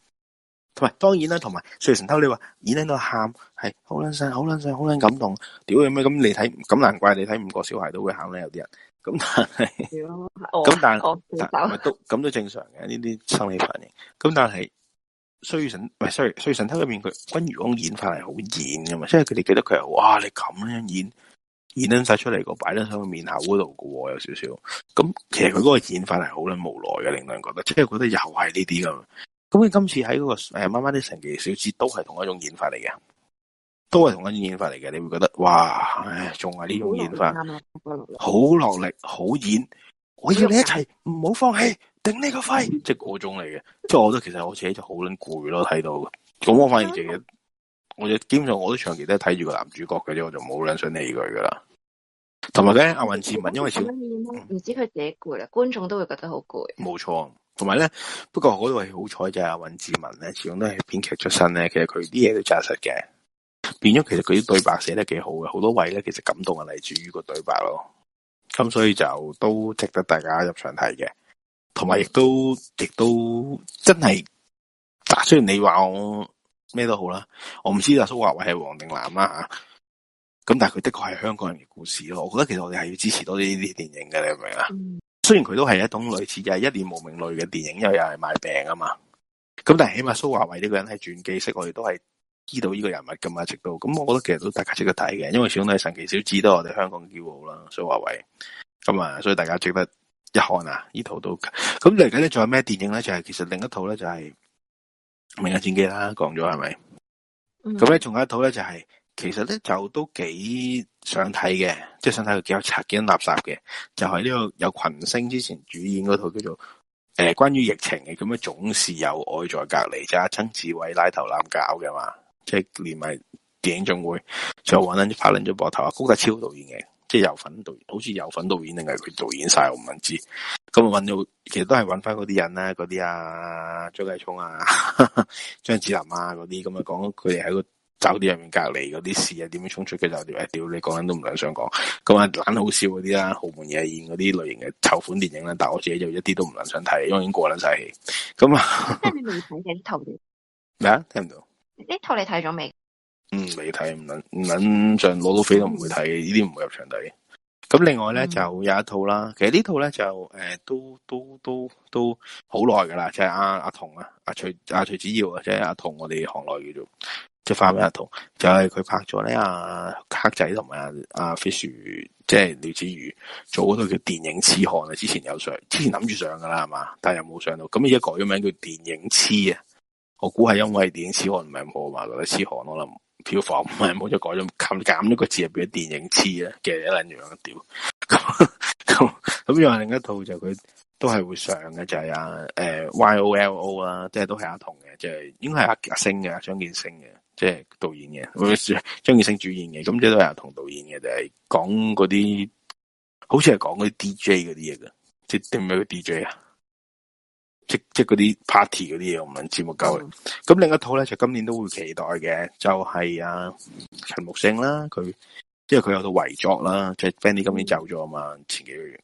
同埋，當然啦，同埋《歲月神偷你你》你話演到喊，係好撚晒，好撚晒，好撚感動，屌嘅咩？咁你睇，咁難怪你睇五個小孩都會喊咧，有啲人。咁但係，咁我 [LAUGHS] 但我但都咁都正常嘅呢啲生理反應。咁但係《歲月神》唔係《歲月神偷面》入面佢君如光演法係好演噶嘛？即係佢哋記得佢係哇，你咁樣演演得晒出嚟個擺喺個面口嗰度噶，有少少。咁其實佢嗰個演法係好撚無奈嘅，令人覺得，即係覺得又係呢啲咁。咁你今次喺嗰、那個誒《媽、哎、媽的神奇小子》都係同一種演法嚟嘅，都係同一種演法嚟嘅。你會覺得哇，仲係呢種演法，好落力，力，好演。我要你一齊唔好放棄，頂你個肺、就是，即係嗰種嚟嘅。即係我覺得其實我自己就好撚攰咯，睇到。咁我反而自己，我就基本上我都長期都係睇住個男主角嘅啫，我就冇撚想理佢噶啦。同埋咧，阿雲志文因為唔、嗯嗯、知佢自己攰啦，觀眾都會覺得好攰。冇錯。同埋咧，不過我嗰位好彩就係尹志文咧，始終都係編劇出身咧，其實佢啲嘢都紮實嘅，變咗其實佢啲對白寫得幾好嘅，好多位咧其實感動係嚟自於個對白咯，咁所以就都值得大家入場睇嘅，同埋亦都亦都真係，嗱雖然你話我咩都好啦，我唔知阿蘇華偉係黃定藍啦，吓，咁、啊、但係佢的確係香港人嘅故事咯，我覺得其實我哋係要支持多啲呢啲電影嘅，你明唔明啊？嗯雖然佢都係一種類似又係一念無明類嘅電影，因為又又係賣病啊嘛，咁但係起碼蘇樺偉呢個人係傳記式，我哋都係知道呢個人物咁啊，直到咁，我覺得其實都大家值得睇嘅，因為小女神奇小子都我哋香港驕傲啦，蘇樺偉咁啊，所以大家值得一看啊！呢套都咁嚟緊咧，仲有咩電影咧？就係其實另一套咧，就係《明日戰記》啦，講咗係咪？咁咧，仲有一套咧，就係。其實咧就都幾想睇嘅，即係想睇佢幾有拆幾多垃圾嘅，就係、是、呢個有群星之前主演嗰套叫做誒、呃、關於疫情嘅，咁樣總是有愛在隔離，就曾志偉拉頭纜，搞嘅嘛，即係連埋電影總會再搵緊咗拍捻咗膊頭啊，高家超導演嘅，即係有份導演，好似有份導演定係佢導演晒？我唔知，咁啊搵到其實都係搵翻嗰啲人啦、啊，嗰啲啊張繼聰啊 [LAUGHS] 張智霖啊嗰啲，咁啊講佢哋喺個。酒店入面隔離嗰啲事啊，點樣衝出嘅酒店、哎、屌，屌你講緊都唔想講。咁啊，懶好笑嗰啲啦，豪門夜宴嗰啲類型嘅籌款電影啦，但係我自己就一啲都唔撚想睇，因為已經過撚晒氣。咁啊，即係你未睇嘅啲套碟咩啊？聽唔到呢套你睇咗未？嗯，未睇，唔捻唔捻上攞到飛都唔會睇，嘅，呢啲唔會入場睇。咁另外咧、嗯、就有一套啦，其實呢套咧就誒、欸，都都都都好耐噶啦，即、就、係、是、阿阿童啊，阿徐阿徐子耀啊，即、就、係、是、阿童我哋行內叫做。即係化阿童，就係、是、佢拍咗咧阿黑仔同埋阿 fish，即係廖子妤做嗰套叫《電影痴漢》啊。之前有上，之前諗住上噶啦，係嘛，但係又冇上到。咁而家改咗名叫《電影痴》啊。我估係因為《電影痴漢》唔係好嘛，《得痴漢》我諗票房唔係好，就改咗減減咗個字，入變嘅「電影痴》啊，嘅一捻樣啊屌咁咁。咁又係另一套，就佢、是、都係會上嘅，就係啊誒 YOLO 啦，即係都係阿童嘅，就係應該係阿星嘅張建星嘅。即係導演嘅，張藝星主演嘅，咁即係都有同導演嘅，就係講嗰啲，好似係講嗰啲 DJ 嗰啲嘢嘅，即係唔係個 DJ 啊，即即係嗰啲 party 嗰啲嘢，我唔係節目夠。咁、嗯、另一套咧就是、今年都會期待嘅，就係、是、啊陳木勝啦，佢即係佢有套遺作啦，即、就、係、是、Benny 今年走咗啊嘛，前幾個月，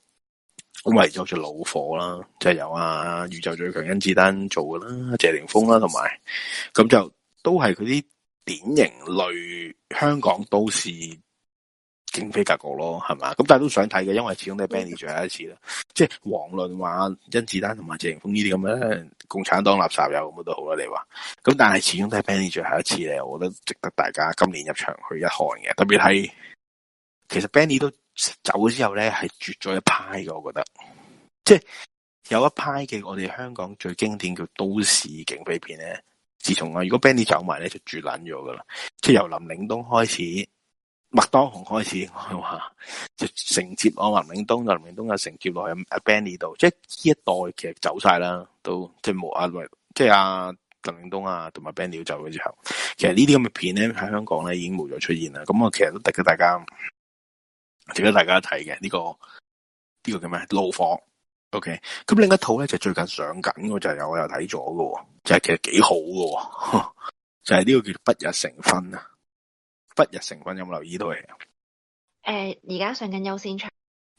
咁遺作就老火啦，就係、是、有啊宇宙最強甄子丹做噶啦，謝霆鋒啦，同埋咁就都係佢啲。典型類香港都市警匪格局咯，係嘛？咁但係都想睇嘅，因為始終都係 Benny 最後一次啦。嗯、即係無論話甄子丹同埋謝霆鋒呢啲咁樣，共產黨垃圾有咁都好啦。你話咁，但係始終都係 Benny 最後一次咧，我覺得值得大家今年入場去一看嘅。特別係其實 Benny 都走咗之後咧，係絕咗一派嘅。我覺得即係有一派嘅我哋香港最經典叫都市警匪片咧。自從啊，如果 Benny 走埋咧，就住撚咗噶啦。即係由林嶺東開始，麥當雄開始，我話就承接我林嶺東，林嶺東啊承接落去阿 Benny 度，即係呢一代其實走晒啦，都即係冇啊，即係阿林嶺東啊，同埋 Benny 走咗之後，其實呢啲咁嘅片咧喺香港咧已經冇再出現啦。咁啊，其實都得嘅，大家值得大家睇嘅呢個呢、呢個叫咩？怒火。OK，咁另一套咧就是、最近上緊嗰就有我又睇咗嘅，就係、是、其實幾好喎，就係、是、呢個叫做不日成婚啊，不日成婚有冇留意到嘅？誒、呃，而家上緊優先場，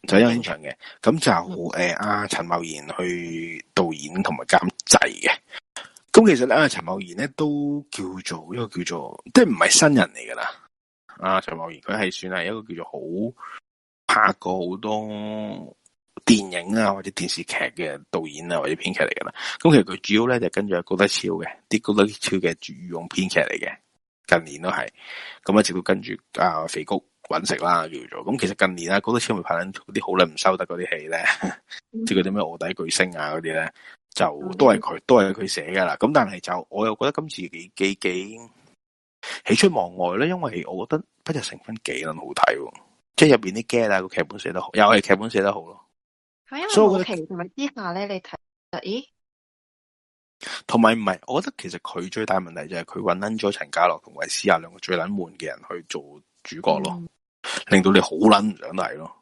上優先就係優先場嘅。咁就誒阿陳茂賢去導演同埋監製嘅。咁其實咧阿陳茂賢咧都叫做一個叫做即係唔係新人嚟噶啦。阿、啊、陳茂賢佢係算係一個叫做好拍過好多。電影啊，或者電視劇嘅導演啊，或者編劇嚟噶啦。咁其實佢主要咧就是、跟住高德超嘅啲高德超嘅御用編劇嚟嘅，近年都係咁啊，直到跟住阿肥谷搵食啦叫做。咁其實近年啊，高德超咪拍緊啲好耐唔收得嗰啲戲咧，即係嗰啲咩臥底巨星啊嗰啲咧，就都係佢，嗯、都係佢寫噶啦。咁但係就我又覺得今次幾幾幾喜出望外咧，因為我覺得《不日成婚》幾咁好睇，即係入邊啲 get 啊，個劇本寫得好，又係劇本寫得好咯。係因為好奇同埋之下咧，你睇就咦？同埋唔係，我覺得其實佢最大問題就係佢搵捻咗陳家樂同衛詩雅兩個最捻悶嘅人去做主角咯，嗯、令到你好捻唔想睇咯。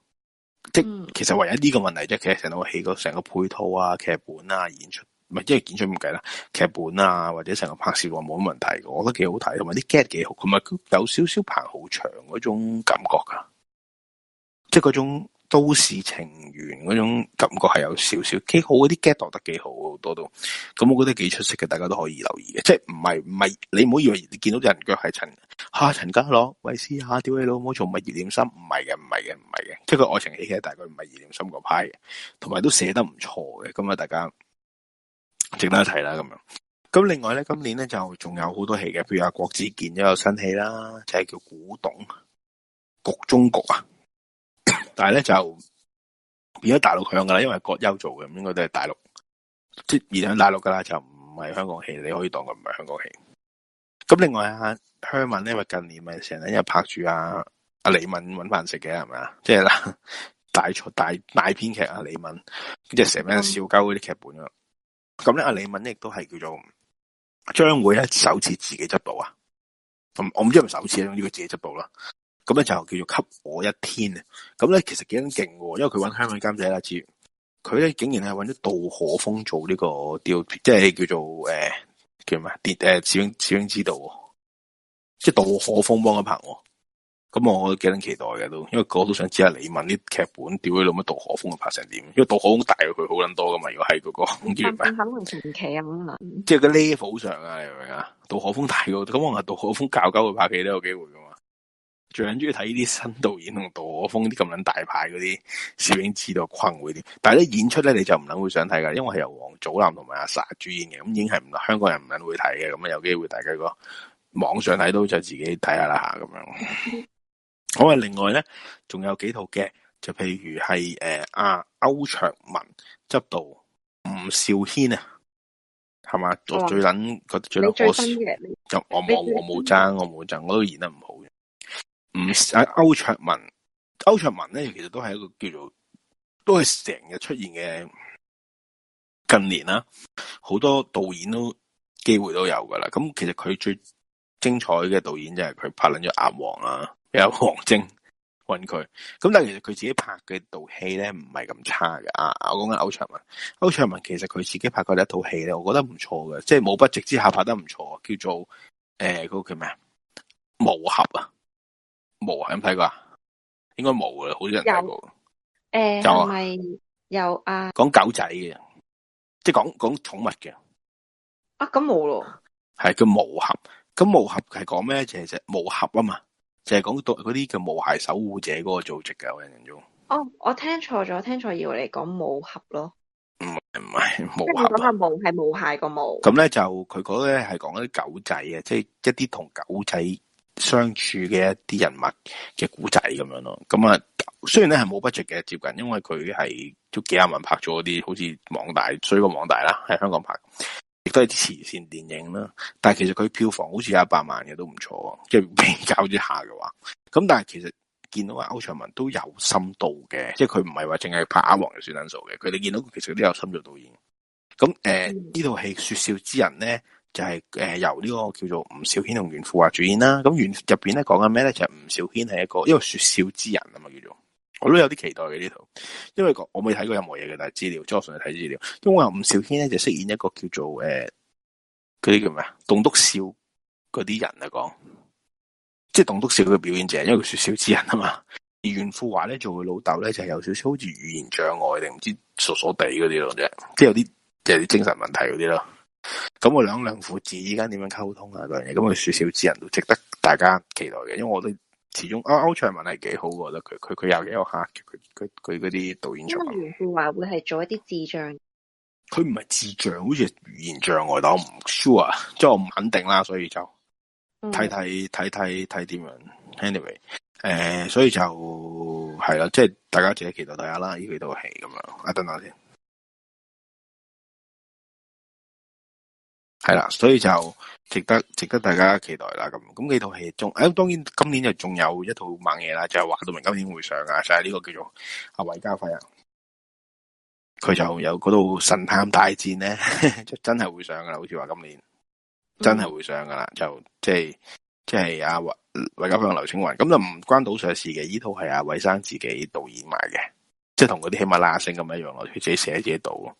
嗯、即其實唯一呢個問題啫。其實成套戲個成個配套啊、劇本啊、演出唔係即係演出唔計啦，劇本啊或者成個拍攝我冇乜問題，我覺得幾好睇，同埋啲 get 幾好，同埋有,有少少排好長嗰種感覺噶，即係嗰種。都市情緣嗰種感覺係有少少幾好，嗰啲 get 得幾好好多都，咁我覺得都幾出色嘅，大家都可以留意嘅。即係唔係唔係，你唔好以為你見到啲人腳係陳吓陳家洛，喂試吓屌你老母做乜二點三？唔係嘅，唔係嘅，唔係嘅，即係個愛情戲嘅，大概唔係二點三嗰派嘅，同埋都寫得唔錯嘅。咁啊，大家值得一睇啦，咁樣。咁另外咧，今年咧就仲有好多戲嘅，譬如阿、啊、郭子健都有一個新戲啦，就係叫古董局中局啊。但係咧就變咗大陸向噶啦，因為葛優做嘅，咁應該都係大陸即係而響大陸噶啦，就唔係香港戲，你可以當佢唔係香港戲。咁另外阿 Herman 咧，因為近年咪成日因為拍住啊阿李敏揾飯食嘅係咪啊？即係啦，大出大大編劇阿李敏，即係成日咩笑鳩嗰啲劇本咯。咁咧阿李敏亦都係叫做將會咧首次自己執導啊！咁我唔知係咪首次咧，呢個自己執導啦。咁咧就叫做給我一天啊！咁咧其實幾勁喎，因為佢搵香港監製至知佢咧竟然係搵咗杜可風做呢、這個調、呃呃，即係叫做誒叫咩？調誒，攝影指導喎，即係杜可風幫佢拍。咁我幾等期待嘅都，因為我都想知下李敏啲劇本調咗落乜？杜可風拍成點？因為杜可風大過佢好捻多噶嘛，如果係嗰個。暫定喺前期咁啦。 [LAUGHS] 即係個 level 上啊，你明唔明啊？杜可風大過，咁我杜可風教搞佢拍戲都有機會最中意睇呢啲新導演同杜可風啲咁捻大牌嗰啲攝影指導框會啲，但係咧演出咧你就唔捻會想睇噶，因為係由黃祖藍同埋阿 sa 主演嘅，咁已經係唔香港人唔捻會睇嘅，咁啊有機會大家個網上睇到就自己睇下啦吓咁樣。 [LAUGHS] 好啊，另外咧仲有幾套嘅，就譬如係誒阿歐卓文執導吳少軒啊，係嘛？我最捻最我，新就我冇我冇爭，我冇爭，我都演得唔好。唔歐、嗯、卓文，歐卓文咧，其實都係一個叫做，都係成日出現嘅，近年啦、啊，好多導演都機會都有噶啦。咁、嗯、其實佢最精彩嘅導演就係佢拍緊咗《鴨王》啊，有王晶搵佢。咁、嗯、但係其實佢自己拍嘅一部戲咧，唔係咁差㗎。啊。我講緊歐卓文，歐卓文其實佢自己拍過一套戲咧，我覺得唔錯嘅，即係冇筆直之下拍得唔錯，叫做誒嗰、呃那個叫咩啊，《武俠》啊。冇啊，咁睇過應該冇嘅，好少人睇過。有呃、就係有啊？講狗仔嘅，即係講講寵物嘅。啊，咁冇咯。係叫無合，咁無合係講咩？就係隻無合啊嘛，就係講到嗰啲叫無骸守護者嗰個組織嘅，我印象中。哦，我聽錯咗，聽錯以為你講無合咯。唔係唔係無合。咁啊，無係無骸個無。咁咧就佢嗰咧係講一啲狗仔啊，即係一啲同狗仔，相處嘅一啲人物嘅古仔咁樣咯，咁啊雖然咧係冇 budget 嘅接近，因為佢係都幾廿萬拍咗啲，好似網大，衰個網大啦，喺香港拍，亦都係慈善電影啦。但係其實佢票房好似有一百萬嘅都唔錯啊，即係比較之下嘅話。咁但係其實見到阿歐長文都有深度嘅，即係佢唔係話淨係拍阿黃嘅算等數嘅。佢哋見到佢其實都有深度導演。咁誒，呢套戲說笑之人咧。呢就係誒，由呢個叫做吳小軒同袁富華主演啦。咁袁入邊咧講緊咩咧？就係、是、吳小軒係一個一個說笑之人啊嘛，叫做我都有啲期待嘅呢套，因為我未睇過任何嘢嘅，但係資料再上去睇資料。因為吳小軒咧就飾演一個叫做誒嗰啲叫咩啊，棟篤、就是、笑嗰啲人嚟講，即係棟篤笑嘅表演者，因為佢說笑之人啊嘛。而袁富華咧做佢老豆咧，就係、是、有少少好似語言障礙定唔知傻傻地嗰啲咯啫，即、就、係、是、有啲即係啲精神問題嗰啲咯。咁我兩兩父子依家點樣溝通啊？嗰樣嘢，咁佢說少之人都值得大家期待嘅，因為我都始終歐歐卓文係幾好，我覺得佢佢佢有幾有客佢佢佢嗰啲導演做。因為袁富華會係做一啲智障，佢唔係智障，好似語言障礙，但我唔 sure 啊，即係我唔肯定啦，所以就睇睇睇睇睇點樣？Anyway，誒、呃，所以就係啦，即係、就是、大家自己期待睇下啦，呢幾套戲咁樣。啊，等下先。係啦，所以就值得值得大家期待啦。咁咁幾套戲仲，誒、哎，當然今年就仲有一套猛嘢啦，就話到明今年會上噶、啊，就係、是、呢個叫做阿韋家輝啊，佢就有嗰套《神探大戰》呢咧， [LAUGHS] 真係會上噶啦，好似話今年真係會上噶啦，就即係即係阿韋家輝同劉青雲，咁就唔關賭上市嘅，呢套係阿韋生自己導演埋嘅。即係同嗰啲喜馬拉雅星咁一樣咯，佢自己寫自己導咯，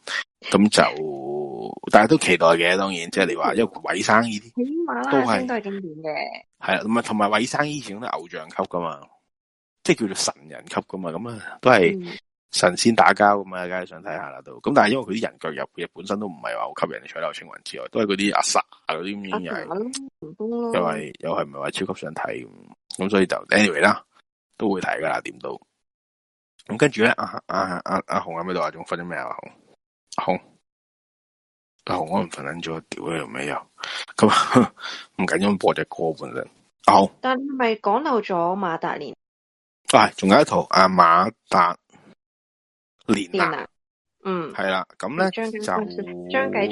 咁就大家都期待嘅，當然即係你話因為韋生呢啲，起碼都係都係經典嘅，係咁啊同埋韋生以前都偶像級噶嘛，即係叫做神人級噶嘛，咁啊都係神仙打交咁啊，梗係想睇下啦都，咁但係因為佢啲人腳入嘅本身都唔係話好吸引人，除咗劉青雲之外，都係嗰啲阿 Sa 嗰啲咁樣嘢咯，唔通、啊啊啊、又係又唔係話超級想睇咁，咁所以就 anyway 啦，都會睇噶啦，點都。咁跟住咧，阿阿阿阿紅喺度？阿仲瞓咗咩啊？紅，阿紅我唔瞓緊咗，屌佢老咩又咁唔緊要播隻歌本啦。好，但係咪講漏咗馬達蓮？啊，仲、啊啊啊啊啊啊啊啊、有一套阿、啊、馬達蓮、啊、嗯，係啦，咁咧就張繼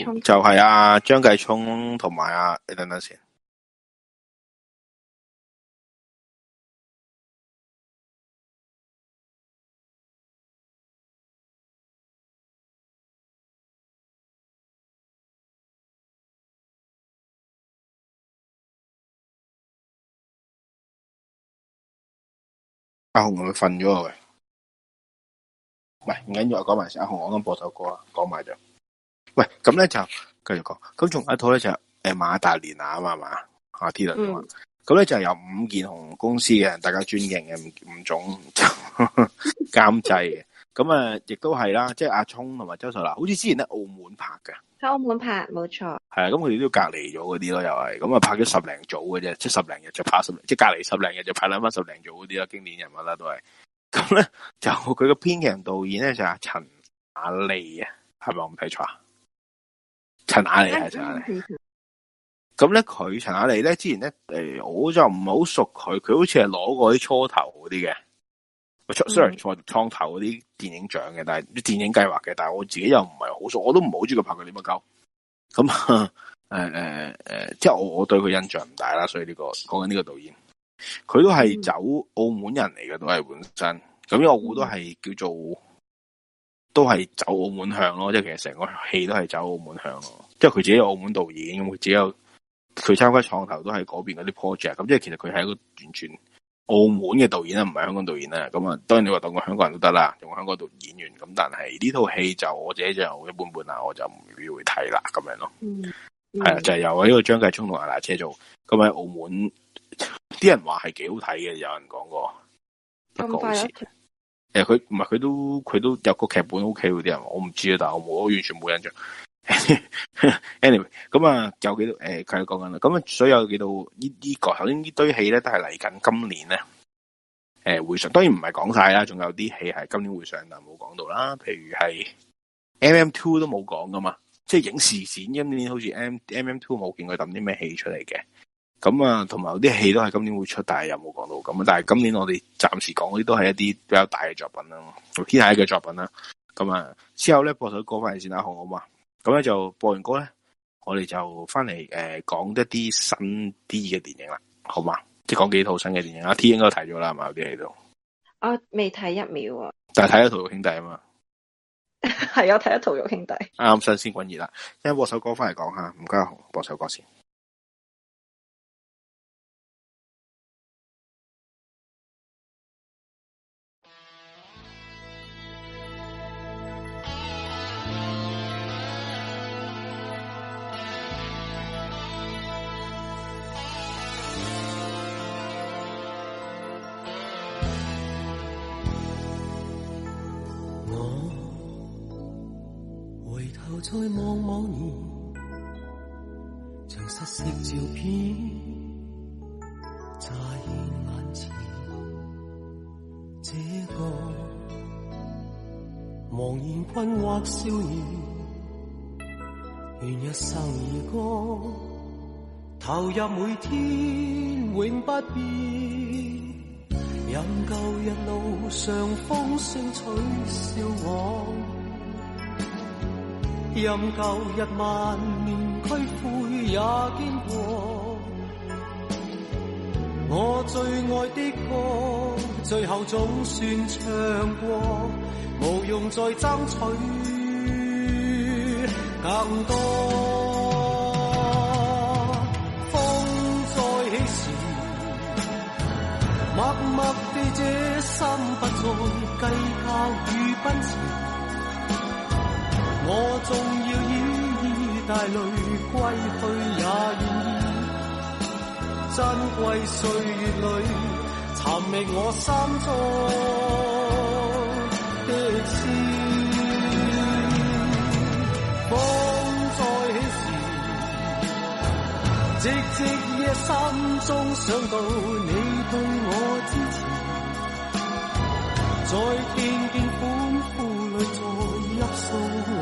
聰就係阿張繼聰同埋阿，你等等先。阿雄，我瞓咗啊，喂，唔係緊要，我講埋先。阿雄，我啱播首歌啊，講埋就，喂，咁咧就繼續講。咁仲一套咧就誒、欸、馬大連啊嘛嘛，阿天倫嘛。咁、啊、咧、嗯、就由五件紅公司嘅大家尊敬嘅五吳總監製嘅。 [LAUGHS] 的 [LAUGHS] 咁啊，亦都係啦，即係阿聰同埋周秀娜，好似之前喺澳門拍嘅。喺澳門拍，冇錯。係啊，咁佢哋都隔離咗嗰啲咯，又係。咁啊，拍咗十零組嘅啫，即係十零日就拍十，即係隔離十零日就拍兩翻十零組嗰啲啦，經典人物啦都係。咁咧就佢個編劇人導演咧就阿陳雅莉啊，係咪我唔睇錯啊？陳雅莉係陳雅莉。咁咧， [LAUGHS] 佢陳雅莉咧，之前咧誒，我就唔係好熟佢，佢好似係攞過啲初頭嗰啲嘅。雖然在創投嗰啲電影獎嘅，但係啲電影計劃嘅，但係我自己又唔係好熟，我都唔好中意拍佢啲乜鳩咁，誒誒誒，即係我我對佢印象唔大啦，所以呢個講緊呢個導演，佢都係走澳門人嚟嘅，都係本身咁，我估都係叫做都係走澳門向咯，即係其實成個戲都係走澳門向咯，即係佢自己澳門導演咁，佢只有佢參加創投都係嗰邊嗰啲 project，咁即係其實佢係一個完全。澳門嘅導演啊，唔係香港導演啦，咁啊，當然你話當個香港人都得啦，用香港導演員，咁但係呢套戲就我自己就一般般啦，我就唔會睇啦，咁樣咯。嗯，係啊，就係、是、由呢個張繼聰同阿娜車做，咁喺澳門，啲人話係幾好睇嘅，有人講過，不過好似，誒、啊，佢唔係佢都佢都有個劇本屋企啲人，我唔知啊，但係我冇，我完全冇印象。 [LAUGHS] anyway，咁啊有幾多誒佢講緊啦，咁、呃、啊所以有幾多、這個、呢呢個頭先呢堆戲咧都係嚟緊今年咧誒、呃、會上，當然唔係講晒啦，仲有啲戲係今年會上但冇講到啦，譬如係 M M Two 都冇講噶嘛，即係影視展今年好似 M M M Two 冇見佢抌啲咩戲出嚟嘅，咁啊同埋有啲戲都係今年會出，但係又冇講到咁啊。但係今年我哋暫時講嗰啲都係一啲比較大嘅作品啦，咁天下一嘅作品啦，咁啊之後咧播首歌翻嚟先啦，好唔好嘛？咁咧就播完歌咧，我哋就翻嚟誒講一啲新啲嘅電影啦，好嘛？即係講幾套新嘅電影啊！T 應該睇咗啦，係嘛，有啲喺度。我未睇一秒啊！但係睇咗《屠肉兄弟》啊嘛，係 [LAUGHS] 我睇咗《屠肉兄弟》 [LAUGHS] 啱啱新鮮滾熱啦，一播首歌翻嚟講下，唔該播首歌先。再望往年，像失色照片，乍現眼前。這個茫然困惑少年，願一生以歌投入每天，永不變。任舊日路上風聲取笑我。任舊日萬念俱灰也經過，我最愛的歌，最後總算唱過，無用再爭取更多。風再起時，默默地這心不再計較與奔馳。我縱要依依帶淚歸去也願意，珍貴歲月裏尋覓我心中的詩。風再起時，寂寂夜深中想到你對我支持，在聽見歡呼裏再一訴。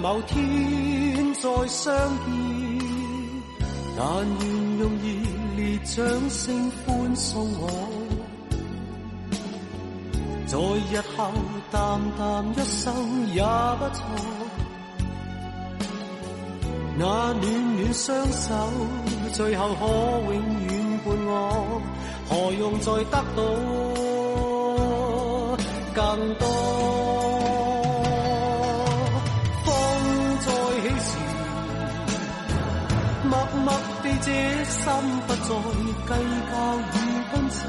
某天再相見，但願用熱烈掌聲歡送我，在日後淡淡一生也不錯。那暖暖雙手最後可永遠伴我，何用再得到更多？這心不再計較與奔馳，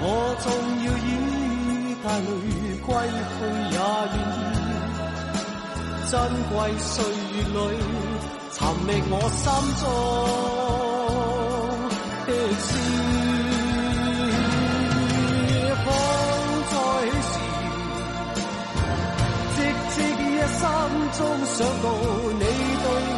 我縱要以大淚歸去也願意。珍貴歲月裏，尋覓我心中的詩。風再起時，寂寂夜深中想到你對。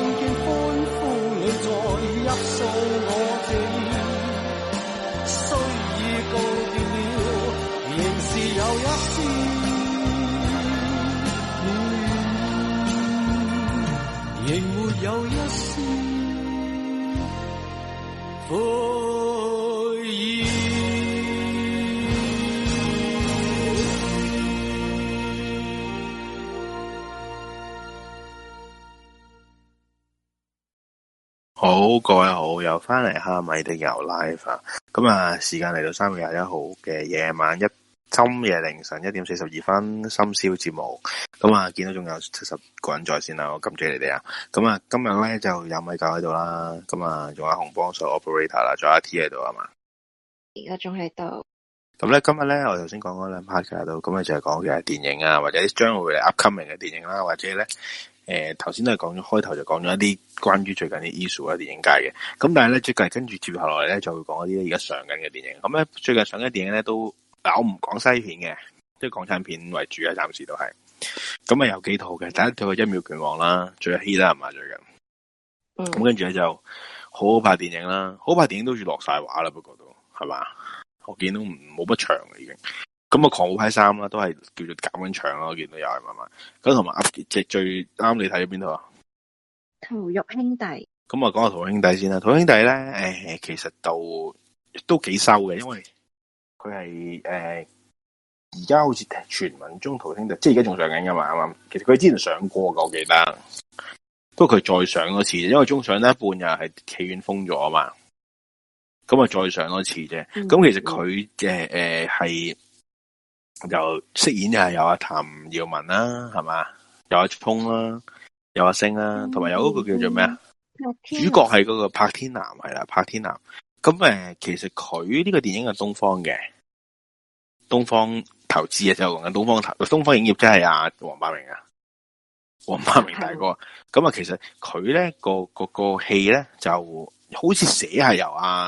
好，各位好，又翻嚟蝦米的油 live。咁啊，時間嚟到三月廿一號嘅夜晚一深夜凌晨一點四十二分，深宵節目。咁啊，見到仲有七十個人在線，啦，我感謝你哋啊。咁啊，今日咧就有米九喺度啦，咁啊，仲有紅幫手 operator 啦，仲有阿 T 喺度啊嘛。而家仲喺度。咁咧，今日咧，我頭先講嗰兩 part 喺度，咁啊，就係講嘅電影啊，或者啲將會嚟 upcoming 嘅電影啦，或者咧。誒，頭先都係講咗，開頭就講咗一啲關於最近啲 issue 啊，電影界嘅。咁但係咧，最近跟住接下落嚟咧就會講一啲而家上緊嘅電影。咁、嗯、咧最近上緊嘅電影咧都，嗱，我唔講西片嘅，即係港產片為主啊，暫時都係。咁啊，有幾套嘅，第一套嘅一秒拳王啦，最 heat 啦嘛最近。咁跟住咧就好好拍電影啦，好好拍電影都要落晒畫啦，不過都係嘛。我見到唔冇乜場啦已經。咁啊，狂舞派3啦，都係叫做減緊場咯，見到有，係咪嘛？咁同埋即係最啱你睇咗邊套啊？《逃獄兄弟》咁啊，講下《逃、呃、兄弟》先啦，《逃兄弟》咧，誒，其實就都幾收嘅，因為佢係誒而家好似傳聞中《逃兄弟》，即係而家仲上緊噶嘛，其實佢之前上過，我記得，不過佢再上嗰次，因為中上呢一半又係企院封咗啊嘛。咁啊，再上多次啫。咁、嗯、其實佢嘅誒係。嗯呃就飾演就係有阿、啊、譚耀文啦、啊，係嘛？有阿聰啦，有阿、啊、星啦、啊，同埋有嗰個叫做咩啊？主角係嗰個柏天男係啦，柏天男咁誒。其實佢呢個電影係東方嘅，東方投資嘅，就同、是、緊東方投東方影業，即係阿黃百明啊，黃百明大哥。咁啊的、嗯，其實佢咧個個個戲咧就好似寫係由阿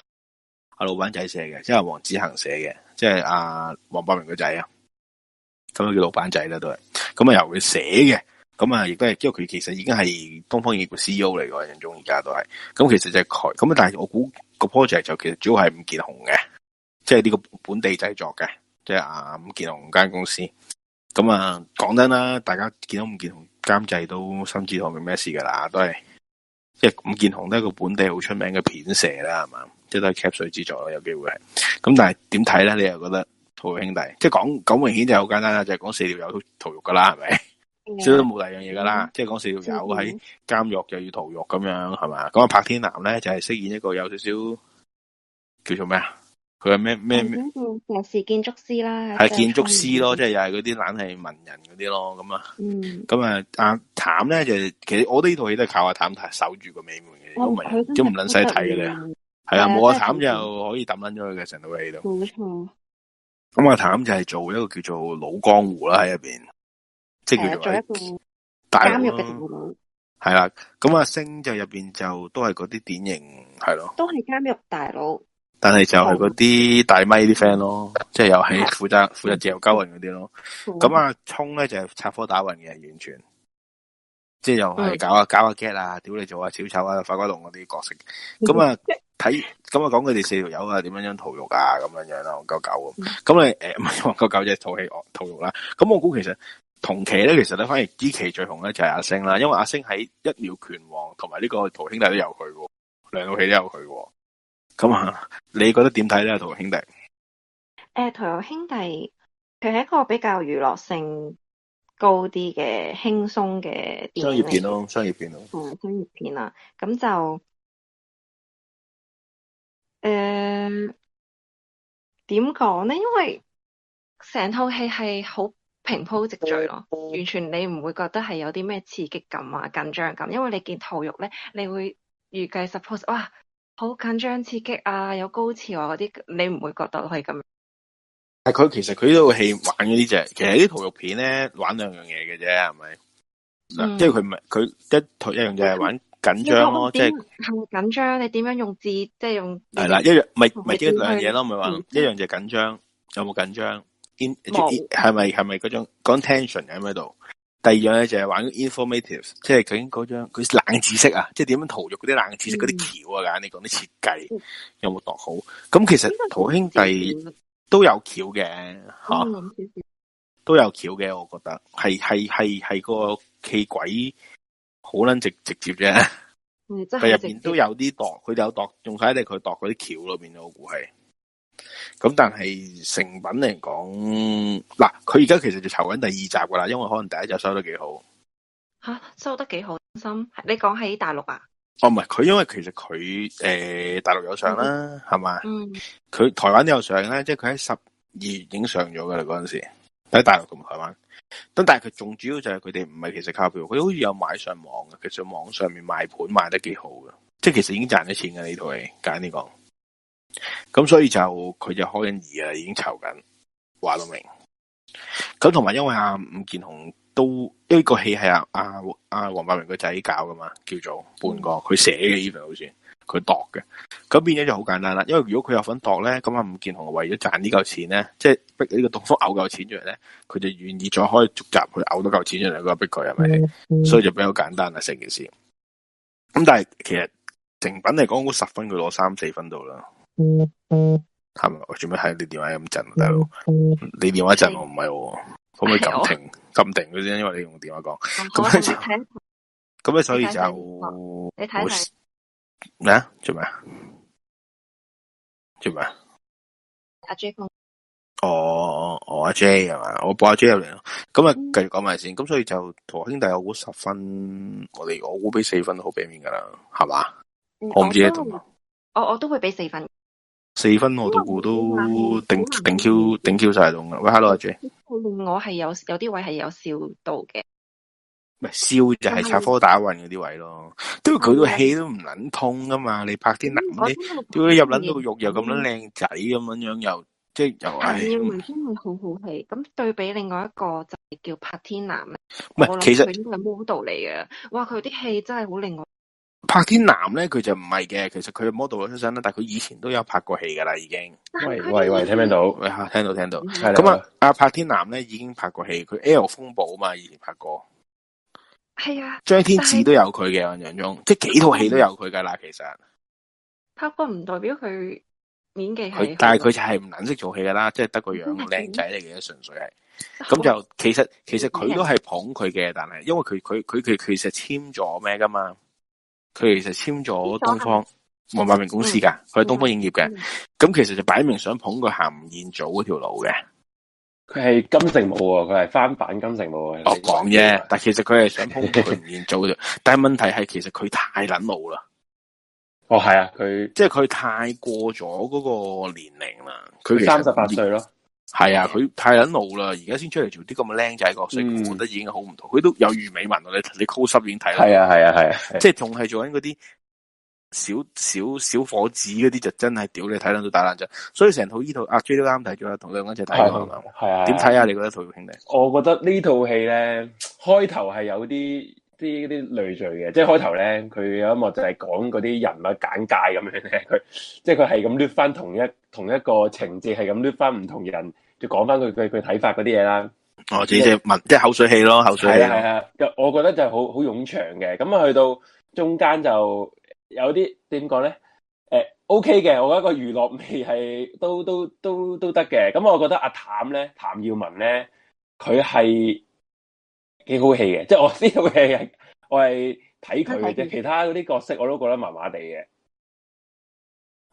阿老闆仔寫嘅，即係黃子恒寫嘅，即係阿黃百明個仔啊。啊咁佢叫老闆仔啦都係，咁啊由佢寫嘅，咁啊亦都係，因為佢其實已經係東方影業嘅 C E O 嚟嘅任總而家都係，咁其實就係、是、佢，咁但係我估個 project 就其實主要係伍健雄嘅，即係呢個本地製作嘅，即、就、係、是、啊伍健雄間公司，咁啊講真啦，大家見到伍健雄監製都心知肚明咩事噶啦，都係，即係伍健雄都係一個本地好出名嘅片社啦，係嘛，即係都係 cap 水製作啦，有機會係，咁但係點睇咧？你又覺得？兄弟，即係講咁明顯就好簡單啦，就係講四條友逃獄噶啦，係咪？所以都冇第二樣嘢噶啦，即係講四條友喺監獄就要逃獄咁樣，係嘛？咁阿柏天南咧就係飾演一個有少少叫做咩啊？佢係咩咩咩？又是建築師啦，係建築師咯，即係又係嗰啲懶係文人嗰啲咯，咁啊，咁啊阿譚咧就其實我哋呢套戲都係靠阿譚守住個美滿嘅，都唔撚使睇嘅啦，係啊，冇阿譚就可以抌撚咗佢嘅成套戲度。冇錯。咁啊，譚就係做一個叫做老江湖啦，喺入邊，即係做一個監獄嘅大佬。係啦，咁啊，星就入邊就都係嗰啲典型係咯，都係監獄大佬。但係就係嗰啲大咪啲 friend 咯，即係又係負責負 [LAUGHS] 責自由交運嗰啲咯。咁啊， [LAUGHS] 聰咧就係、是、插科打諢嘅，完全即係又係搞啊搞啊 get 啊，屌 [LAUGHS] 你做啊小丑啊法哥龍嗰啲角色。咁 [LAUGHS] 啊。睇咁啊，講佢哋四條友啊，點樣樣屠肉啊，咁樣樣啦，你欸、九九咁。你誒，唔係九九狗狗只屠氣屠肉啦。咁我估其實同期咧，其實咧反而呢期最紅咧就係阿星啦，因為阿星喺一秒拳王同埋呢個屠兄弟都有佢，兩套戲都有佢。咁啊，你覺得點睇咧？屠兄弟？誒，屠兄弟佢係一個比較娛樂性高啲嘅輕鬆嘅商業片咯、喔，商業片咯、喔嗯，係商業片啦。咁就。誒，點講咧？因為成套戲係好平鋪直敘咯，完全你唔會覺得係有啲咩刺激感啊、緊張感？因為你見兔肉咧，你會預計 suppose 哇，好緊張刺激啊，有高潮啊嗰啲，你唔會覺得係咁？但佢其實佢呢套戲玩嘅呢只，其實啲兔肉片咧玩兩樣嘢嘅啫，係咪？嗱、mm，hmm. 即係佢唔係佢一兔一樣就係玩。Mm hmm. 緊張咯，即係係緊張。你點樣用字？即、就、係、是、用係啦，一樣咪咪呢兩樣嘢咯，咪話、嗯、一樣就緊張。有冇緊張？係咪係咪嗰種講 tension 喺度？第二樣咧就係玩 informative，即係竟嗰張佢冷知識啊，即係點樣屠肉嗰啲冷知識嗰啲橋啊？噶，你講啲設計有冇度好？咁其實屠兄弟都有橋嘅，吓、嗯啊、都有橋嘅。我覺得係係係係個企鬼。好撚直直接啫，佢入邊都有啲度，佢有度，仲使地佢度嗰啲橋裏面邊，我估係咁，但係成品嚟講，嗱，佢而家其實就籌緊第二集噶啦，因為可能第一集收得幾好。吓，收得幾好心？你講喺大陸啊？哦，唔係，佢因為其實佢誒、呃，大陸有上啦，係嘛？嗯，佢台灣都有上咧，即係佢喺十二月已經上咗噶啦，嗰陣時喺大陸同台灣。咁但係佢仲主要就係佢哋唔係其實靠票，佢好似有買上網嘅，其實網上面賣盤賣得幾好嘅，即係其實已經賺咗錢嘅呢套嚟，簡啲講，咁、這個、所以就佢就開緊二啊，已經籌緊，話到明。咁同埋因為阿伍健雄都因為呢個戲係阿阿阿黃百鳴個仔搞噶嘛，叫做半個，佢、嗯、寫嘅 even 好似。佢度嘅，咁變咗就好簡單啦。因為如果佢有份度咧，咁阿吳健雄為咗賺呢嚿錢咧，即係逼呢個毒福嘔嚿錢出嚟咧，佢就願意再開續集去嘔多嚿錢出嚟，咁逼佢係咪？所以就比較簡單啦，成件事。咁但係其實成品嚟講，都十分佢攞三四分度啦。係咪？做咩？喺你電話咁震，大佬，你電話震我唔係，可唔可以撳停？撳停嗰啲，因為你用電話講。咁咧，咁咧，所以就你睇。嗱，做咩、啊？做咩？阿、啊啊啊、J 講，哦哦阿 J 啊嘛，我播阿、啊、J 入嚟咯，咁啊繼續講埋先，咁所以就同兄弟我估十分，我哋我估俾四分都好俾面噶啦，係嘛、嗯？我唔知喺度，我我都會俾四分，四分我到估都頂頂 Q 頂 Q 晒咗噶，喂，Hello 阿、啊、J，我係有有啲位係有笑到嘅。咪笑就係插科打運嗰啲位咯，氣都佢個戲都唔捻通噶嘛。你柏天男，嗯嗯嗯嗯、你如果入捻到個肉、嗯、又咁捻靚仔咁樣樣，又即係又係。楊明真係好好戲，咁對比另外一個就係叫柏天男。唔係實、嗯，其實佢係 model 嚟嘅。哇，佢啲戲真係好令我。柏天男咧，佢就唔係嘅。其實佢 model 出身啦，但係佢以前都有拍過戲噶啦，已經。喂喂喂，聽唔聽到？喂，聽到聽到。咁啊，阿柏天男咧已經拍過戲，佢 L 風暴啊嘛，以前拍過。係啊，張天志都有佢嘅印象中，是即係幾套戲都有佢噶啦。其實拍過唔代表佢演技，佢但係佢就係唔識做戲噶啦，即係得個樣靚仔嚟嘅，純粹係。咁、哦、就其實其實佢都係捧佢嘅，但係因為佢佢佢佢其實簽咗咩噶嘛，佢其實簽咗東方黃的百鳴公司噶，佢係的東方影業嘅。咁的其實就擺明想捧佢行吳彥祖嗰條路嘅。佢係金城武啊！佢係翻版金城武啊！我講啫，但係其實佢係想通過吳彥祖啫。但係問題係，其實佢太捻老啦。哦，係啊，佢即係佢太過咗嗰個年齡啦。佢三十八歲咯，係啊，佢太捻老啦。而家先出嚟做啲咁嘅靚仔角色，我覺得已經好唔同。佢都有余美文啊，你你去十點睇啦。係啊，係啊，係啊，即係仲係做緊嗰啲。小小小伙子嗰啲就真係屌你睇到都打爛仗，所以成套呢套阿 J 都啱睇咗啦，同兩個人就打。係啊，點睇啊？你覺得套兄弟？我覺得呢套戲咧，開頭係有啲啲嗰啲累贅嘅，即係開頭咧，佢有一幕就係講嗰啲人物簡介咁樣嘅，佢即係佢係咁捋翻同一同一個情節，係咁捋翻唔同人，就講翻佢佢佢睇法嗰啲嘢啦。哦，就是就是、即係文即係口水戲咯，口水戲。係啊，我覺得就好好冗長嘅，咁啊去到中間就。有啲點講咧？誒，O K 嘅，我覺得個娛樂味係都都都都得嘅。咁我覺得阿譚咧，譚耀文咧，佢係幾好戲嘅。即係我呢套戲，我係睇佢嘅啫，其他嗰啲角色我都覺得麻麻地嘅。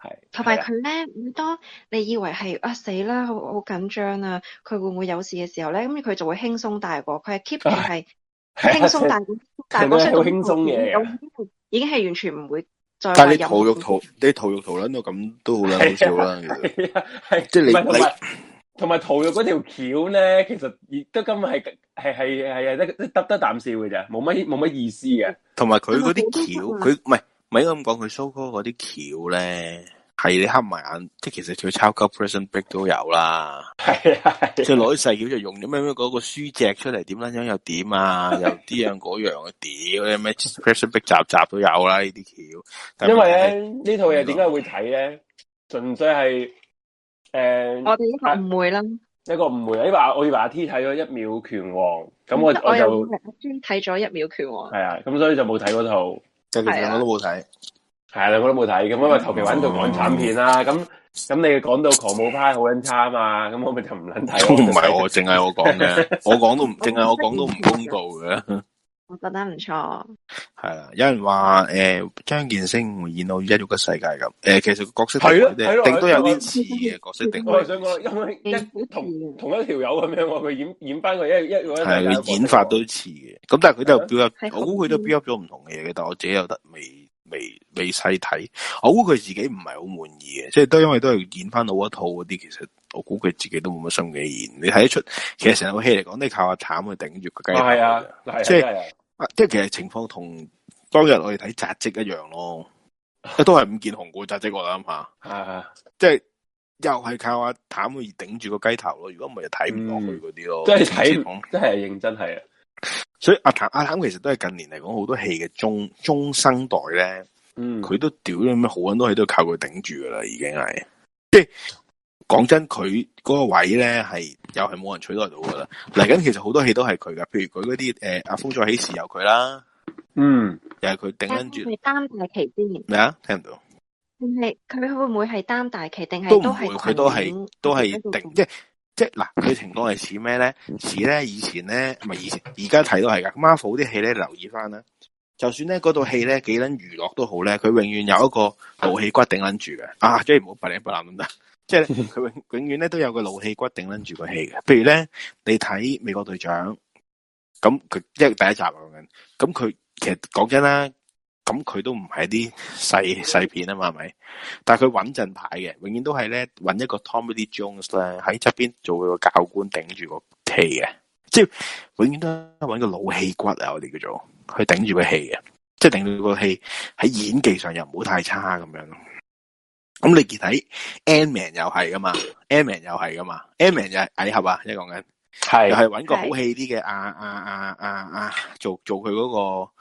係。同埋佢咧，咁當你以為係啊死啦，好好緊張啊，佢、啊、會唔會有事嘅時候咧，咁佢就會輕鬆大過。佢係 keep 住係輕鬆大過，哎、呀輕鬆大過好輕鬆嘅。已經係完全唔會再。但係你陶玉陶，你陶玉陶捻到咁都好捻好笑啦。係，即係你是你同埋陶玉嗰條橋咧，其實也亦都根本係係係係得得啖笑嘅咋，冇乜冇乜意思嘅。同埋佢嗰啲橋，佢唔係咪咁講佢蘇哥嗰啲橋咧。係你黑埋眼，即係其實佢超級 Present Big 都有啦。係啊，即係攞啲細橋就用咗咩咩嗰個書脊出嚟，點樣樣又點啊，又啲樣嗰樣啊，屌咩 Present Big 集集都有啦呢啲橋。因為咧呢套嘢點解會睇咧？純粹係誒，我哋一個誤會啦，一個誤會。你話我以為阿 T 睇咗一秒拳王，咁我、嗯、我就專睇咗一秒拳王。係啊，咁所以就冇睇嗰套，其實我都冇睇。係啦，我都冇睇，咁因為求其揾到港產片啦。咁咁、嗯、你講到狂舞派好捻差啊嘛，咁我咪就唔捻睇。都唔係我，淨係我講嘅， [LAUGHS] 我講都淨係我講都唔公道嘅。我覺得唔錯。係啦，有人話誒張建升演到《一億個世界》咁、呃，誒其實角色係咯，定都有啲似嘅角色定位。我想講因為同同一條友咁樣，我佢演演翻個一陸一個。係佢演法都似嘅，咁了但係佢就表出好，佢的都表出咗唔同嘅嘢嘅，但我自己有得未未未細睇，我估佢自己唔係好滿意嘅，即係都因為都係演翻老一套嗰啲，其實我估佢自己都冇乜心機演，你睇得出，其實成套戲嚟講，都係靠阿譚去頂住個雞頭，係啊，即係啊，啊即係、啊啊、其實情況同當日我哋睇扎積一樣咯，都係唔見紅股扎積，我諗下，係係，即係又係靠阿譚去頂住個雞頭咯，如果唔係就睇唔落去嗰啲咯，即係睇，即、就、係、是、認真係啊。所以阿譚阿譚其實都係近年嚟講好多戲嘅中中生代咧，嗯，佢都屌咗咩好多戲都靠佢頂住噶啦，已經係即係講真，佢嗰個位咧係又係冇人取代到噶啦。嚟緊其實好多戲都係佢噶，譬如佢嗰啲誒阿風再起時有佢啦，嗯，又係佢頂緊住擔大旗之年咩啊？聽唔到，係佢會唔會係擔大旗？定係都唔會，佢都係都係頂即係。就是即嗱，佢情況係似咩咧？似咧以前咧，唔係以前而家睇都係㗎。Marvel 啲戲咧，留意翻啦。就算咧嗰套戲咧幾撚娛樂都好咧，佢永遠有一個怒氣骨頂撚住嘅。啊，即係唔好白領白男咁得，即係佢永永遠咧都有個怒氣骨頂撚住個戲嘅。譬如咧，你睇美國隊長，咁佢即係第一集嚟嘅。咁佢其實講真啦。咁佢、嗯、都唔係啲細細片啊嘛，係咪？但係佢穩陣派嘅，永遠都係咧揾一個 Tommy Lee Jones 咧喺側邊做佢個教官，頂住個戲嘅，即係永遠都揾個老戲骨啊！我哋叫做，去頂住個戲嘅，即係頂住個戲喺演技上又唔好太差咁樣咯。咁、嗯、你見睇《Ant Man》又係噶嘛， [LAUGHS] 《Ant Man》又係噶嘛， [LAUGHS] 《Ant Man、就是》又係矮盒啊！即係講緊，係又係揾個好戲啲嘅啊啊啊啊做做佢嗰個。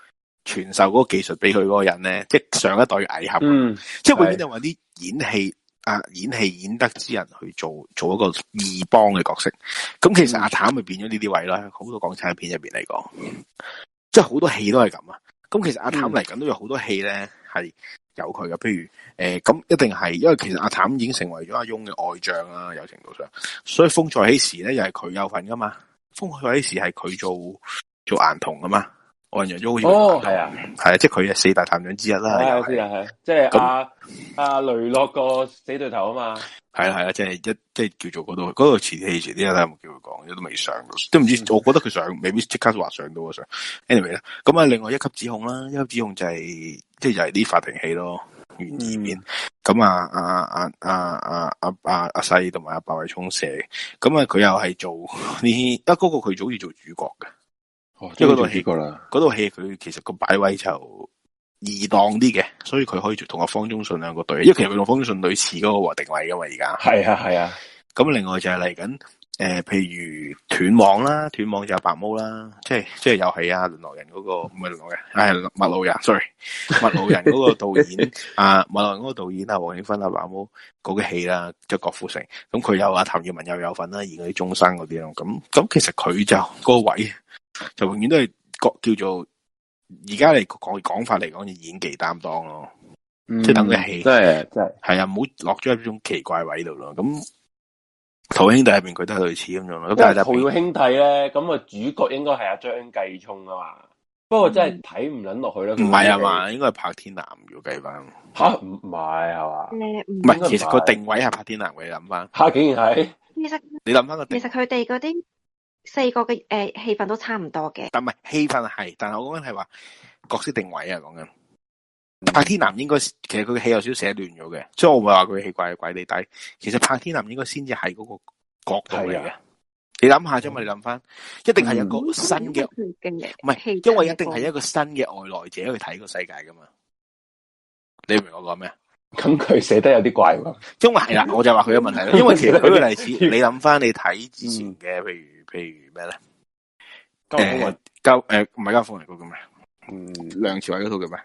傳授嗰個技術俾佢嗰個人咧，即係上一代藝俠，嗯、即係會變就話啲演戲啊演戲演得之人去做做一個二幫嘅角色。咁其實阿譚咪變咗呢啲位啦，好多港產片入邊嚟講，嗯、即係好多戲都係咁啊。咁其實阿譚嚟緊都有好多戲咧係有佢嘅，譬、嗯、如誒，咁、呃、一定係因為其實阿譚已經成為咗阿翁嘅愛將啊，有程度上，所以風再起時咧又係佢有份噶嘛。風再起時係佢做做顏童噶嘛。我人妖妖哦，係是啊，係啊，即係佢係四大探長之一啦。係啊，係、就是、啊，係是，啊、即係阿阿雷諾雷洛個死對頭啊嘛。係啊，係、就、啊、是，即係一即係叫做嗰度嗰個前戲遲啲人有冇有叫佢講？都未上到，都唔知。嗯、我覺得佢上未必即刻話上到啊上。anyway 啦，咁啊，另外一級指控啦，一級指控就係即係又係啲法庭戲咯，二面。咁啊，阿阿阿阿阿阿阿阿細同埋阿白偉聰射，咁啊，佢又係做啲，嗰個佢早已做主角嘅。哦，即係嗰套戲啦，嗰套戲佢其實個擺位就易當啲嘅，所以佢可以同阿方中信兩個對，因為其實佢同方中信類似嗰個和定位噶嘛，而家係啊係啊，咁、啊、另外就係嚟緊誒，譬如斷網啦，斷網就係白毛啦，即係即係有戲啊，麥路人嗰、那個唔係路人，係麥路人，sorry，麥路 [LAUGHS] 人嗰個、， [LAUGHS] 啊、個導演啊，麥路人嗰個導演啊，黃慶勳啊，白毛嗰個戲啦、啊，即就是、郭富城，咁佢有啊，譚耀文又有，有份啦、啊，演佢啲中生嗰啲咯，咁咁其實佢就、那個位。就永遠都係叫叫做，而家嚟講講法嚟講演技擔當咯是、嗯，即係等佢戲，即係即係係啊，唔好落咗喺呢種奇怪位度咯。咁桃兄弟入邊佢都係類似咁樣咯。咁但係桃兄弟咧，咁、那、啊、個、主角應該係阿張繼聰啊嘛？嗯、不過真係睇唔撚落去啦。唔係啊嘛，應該係拍《天南，要計翻吓，唔係係嘛？唔係其實個定位係拍《天南。我你諗翻吓，竟然係？其實你諗翻個定位，其實佢哋嗰啲。四個嘅誒氣氛都差唔多嘅，但係氣氛係，但係我講緊係話角色定位啊，講緊。柏、嗯、天南應該其實佢嘅戲有少少寫亂咗嘅，即係我唔係話佢戲怪怪地底，其實柏天南應該先至係嗰個角度嚟嘅。啊、你諗下啫嘛，嗯、你諗翻，一定係一個新嘅，唔係、嗯，因為一定係一個新嘅外來者去睇個世界噶嘛。你明我講咩？咁佢寫得有啲怪喎，因為係啦，我就話佢有問題啦。因為其實舉個例子，你諗翻你睇之前嘅，譬如譬如咩咧？《欸欸、家風》誒唔係《家風》嚟，個叫咩？嗯，梁朝偉嗰套叫咩？《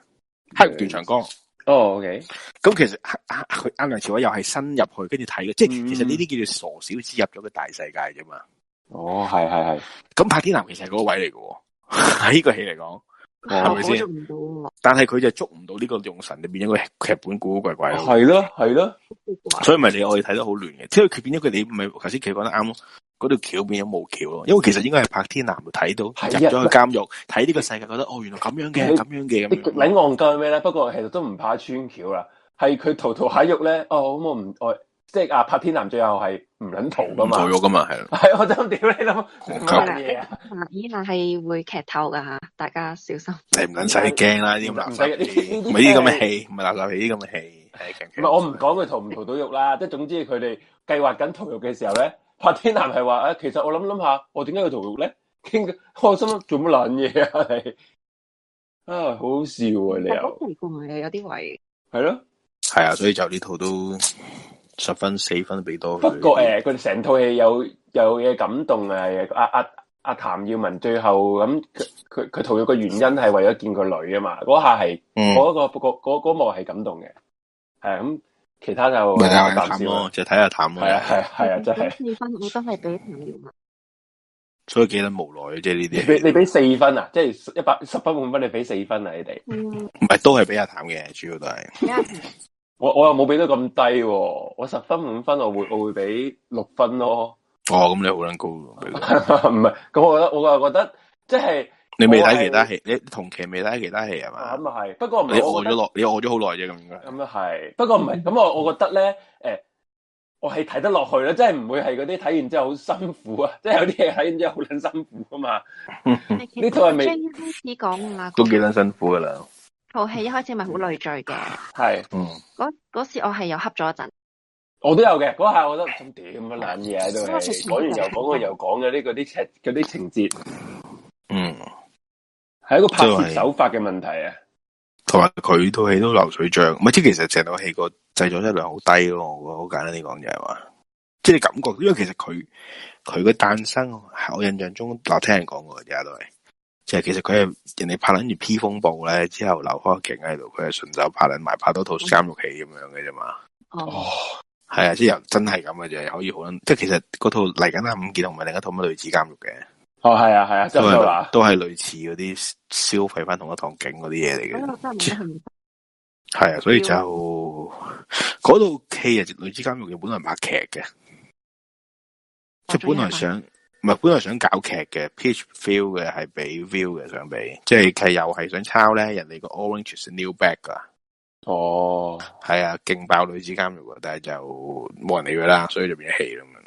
黑段長江》嗯。哦，OK。咁、嗯哦 okay、其實佢啱、啊、梁朝偉又係深入去跟住睇嘅，即係其實呢啲叫做傻小子入咗個大世界啫嘛。哦，係係係。咁柏天南其實係嗰個位嚟嘅喎，喺呢個戲嚟講。係咪先？但係佢就捉唔到呢個用神裏邊一個劇本古古怪怪。係咯，係咯，是是所以咪你可以睇得好亂嘅，即係佢變咗佢哋咪頭先其實講得啱咯，嗰條橋變咗無橋咯，因為其實應該係白天南睇到入咗去監獄睇呢個世界，覺得，哦，原來咁樣嘅咁的樣嘅，你戇鳩咩咧？不過其實都唔怕穿橋啦，係佢逃逃下獄咧，哦，我唔愛。即係啊，柏天男最後係唔捻逃噶嘛，逃獄噶嘛係。係我就屌你諗，乜嘢啊？咦，但係會劇透噶吓，大家小心。你唔捻使驚啦，呢啲垃圾。唔係呢啲咁嘅戲，唔係垃圾戲，呢啲咁嘅戲。係勁。唔係我唔講佢逃唔逃到獄啦，即係總之佢哋計劃緊逃獄嘅時候咧，柏天男係話誒，其實我諗諗下，我點解要逃獄咧？傾開心做乜捻嘢啊你？啊，好笑啊你又。嗰條褲係有啲位。係咯，係啊，所以就呢套都。十分四分都俾多，不過誒，佢成套戲有有嘢感動啊！阿阿阿譚耀文最後咁，佢佢佢逃獄嘅原因係為咗見個女啊嘛！嗰下係嗰、嗯那個，幕、那、係、個那個那個、感動嘅，係咁其他就淡少咯，嗯、就睇下譚咯，係啊係係啊，分啊真係四分我都係俾譚耀文，嗯、所以幾得無奈嘅啫呢啲，你你俾四分啊？即係一百十分滿分，你俾四分啊？你哋唔係都係俾阿譚嘅，主要都係。 [LAUGHS] 我我又冇俾得咁低喎，我十分五分我會，我會我會俾六分咯。哦，咁你好捻高，唔係咁，我覺得我又覺得即係你未睇其他戲，你同期未睇其他戲係嘛？咁啊係，不過你餓咗落，你餓咗好耐啫，咁樣。咁啊係，不過唔係咁，我我覺得咧，誒，我係睇得落去啦，即係唔會係嗰啲睇完之後好辛苦啊，即係有啲嘢睇完之後好捻辛苦啊嘛。呢 [LAUGHS] 套係未開始講啊，都幾捻辛苦噶啦。套戲一開始咪好累贅嘅，係是，嗯，嗰嗰時我係又恰咗一陣，我都有嘅，嗰下我覺得，咁點嘅諗嘢喺度，講影完又講，過又講嘅呢個啲情，啲情節，嗯，係、嗯、一個拍攝手法嘅問題啊，同埋佢套戲都流水賬，咪即其實成套戲個製作質量好低咯。我覺得好簡單啲講就係話，即係你感覺，因為其實佢佢嘅誕生喺我印象中，我聽人講過而家都係。其實佢係人哋拍緊住 P 風暴咧，之後留翻個景喺度，佢係順手拍緊埋拍多套監獄戲咁樣嘅啫嘛。哦、係、哦、啊，即係又真係咁嘅，就係可以好即係其實嗰套嚟緊係五件，同埋另一套咩女子監獄嘅。哦、係啊，係啊，都係嘛，都係類似嗰啲消費翻同一趟景嗰啲嘢嚟嘅。係、嗯、啊，所以就嗰要 [LAUGHS] 套戲啊，女子監獄嘅本來係拍劇嘅，哦、即係本來想。唔係本嚟想搞劇嘅，pitch view 嘅係俾 view 嘅想俾，即係佢又係想抄咧人哋個 Orange is New Black 噶。哦，係啊，勁爆女子監獄，但係就冇人理佢啦，所以就變咗戲咁嘛。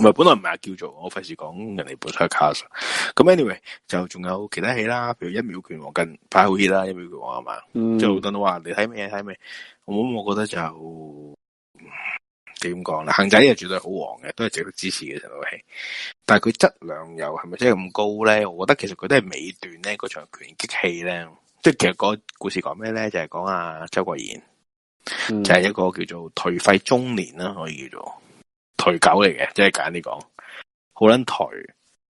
唔係、mm. 本來唔係叫做，我費事講人哋本身 class。咁 anyway 就仲有其他戲啦，譬如一秒拳王跟拍好 hit 啦，一秒拳王係嘛，mm. 就等我話你睇咩睇咩。咁、嗯、我覺得就。點講啦？行仔又絕對係好黃，嘅，都係值得支持嘅一部戲。但係佢質量又係咪真係咁高咧？我覺得其實佢都係尾段咧嗰場拳擊戲咧，即係其實個故事講咩咧？就係講阿周國賢，嗯、就係一個叫做頹廢中年啦、啊，可以叫做頹狗嚟嘅，即係簡單啲講，好撚頹，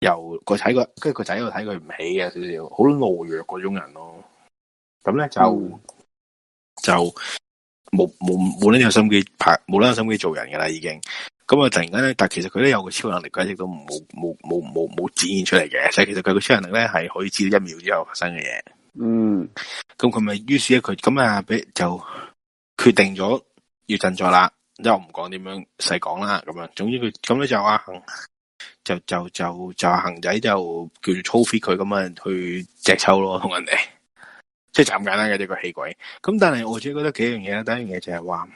又個仔個跟住個仔喺度睇佢唔起嘅少少，好懦弱嗰種人咯。咁咧就就。冇冇冇得有心機拍，冇得有心機做人噶啦，已經咁啊！就突然間咧，但其實佢都有個超能力，佢亦都冇冇冇冇冇展現出嚟嘅。所以其實佢個超能力咧係可以知道一秒之後發生嘅嘢。嗯，咁佢咪於是咧佢咁啊，俾就決定咗要振作啦。之唔講點樣細講，細講啦。咁啊，總之佢咁咧就阿恒，就就就就，就，就，就恒仔就叫做操飛佢咁啊，就去隻抽咯，同人哋。即係咁簡單嘅一個氣鬼咁，但係我自己覺得幾樣嘢啦。第一樣嘢就係、是、話、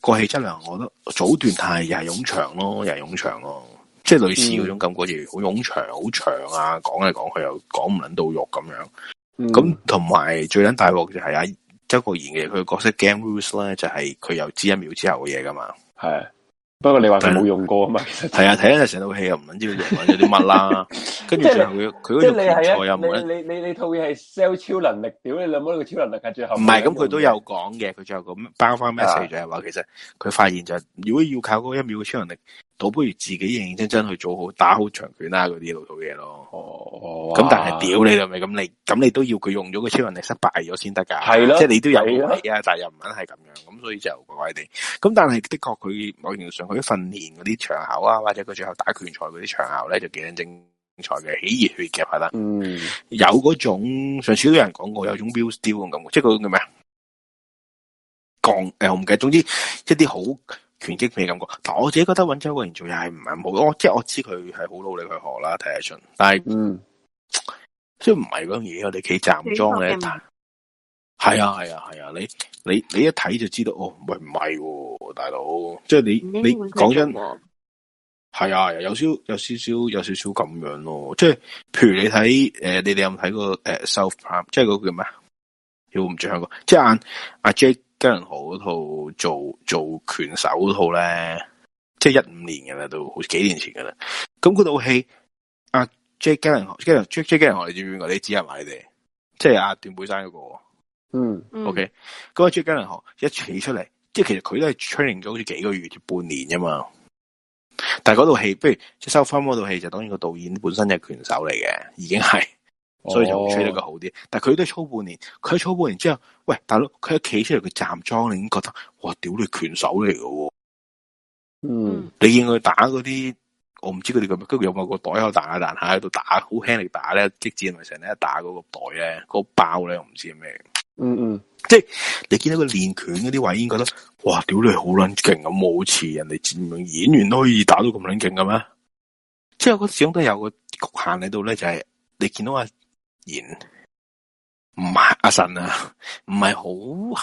那個氣質量，我都早段太又係冗長咯，又係冗長咯，即係類似嗰種感覺，好似好冗長、好長啊，講嚟講去又講唔捻到肉咁樣。咁同埋最緊大鑊就係阿、啊、周國賢嘅佢嘅角色 Game Rules 咧，就係佢又知一秒之後嘅嘢噶嘛。係。不過你話佢冇用過啊嘛，係但啊，睇就成套戲又唔知佢用玩咗啲乜啦，跟住 [LAUGHS] 最後佢佢嗰種錯又冇 [LAUGHS] 你你你，你，你套嘢係 sell 超能力屌你兩母呢個超能力喺最後，唔係咁佢都有講嘅，佢最後個包翻 message 就係話，其實佢發現就如果要靠嗰一秒嘅超能力。倒不如自己認認真真去做好打好長拳啦、啊，嗰啲老土嘢咯。哦，咁但係屌你係咪咁？你咁你都要佢用咗個超能力失敗咗先得噶。係咯的，即係你都有壓力啊，又唔的肯係咁樣。咁所以就怪怪哋。咁但係的確佢某程度上佢啲訓練嗰啲場合啊，或者佢最後打拳賽嗰啲場合咧、啊，就幾精彩嘅起熱血嘅係啦。嗯，有嗰種上次都有人講過，有種 bull steel 咁即係個叫咩啊？鋼誒、呃，我唔記得。總之一啲好。拳擊未感覺，但我自己覺得揾周國賢做嘢係唔係好？我即係我知佢係好努力去學啦，睇下準，但係，嗯，即係唔係嗰樣嘢我哋企站樁嘅一睇，係啊係啊係啊，啊！你你你一睇就知道哦，喂唔係喎，大佬，即係你你講真，係啊，有少，有少，有，少，有，少有少少有少少咁樣咯，即係譬如你睇誒、呃，你哋有冇睇過誒 South Park？即係佢叫咩？我唔着香港，即係阿阿 Jack。啊 J, 嘉倫豪嗰套做做拳手套咧，即係一五年嘅啦，都好幾年前嘅啦。咁嗰套戲阿 J 嘉倫豪，J k 嘉倫豪你知，你知唔知邊個？你指下埋你哋，即係阿段本山嗰個。嗯，OK。咁阿 J 嘉倫豪一企出嚟，即係其實佢都係 training 咗好似幾個月至半年啫嘛。但係嗰套戲，不如即係收翻嗰套戲，就當然個導演本身就係拳手嚟嘅，已經係。所以就吹得佢好啲，oh. 但係佢都係操半年。佢喺操半年之後，喂，大佬，佢一企出嚟個站樁，你已經覺得，哇，屌你拳手嚟嘅喎。嗯，你見佢打嗰啲，我唔知佢哋咁，跟住有冇個袋喺度彈下彈下喺度打，好輕力打咧，激戰咪成日打嗰個袋啊，個包咧，我唔知咩。嗯嗯，即係你見到佢練拳嗰啲位，已經覺得，哇，屌你，好撚勁啊！冇似人哋演演員都可以打到咁撚勁嘅咩？即係我始終都有個局限喺度咧，就係、是、你見到啊。然唔係阿神啊，唔係好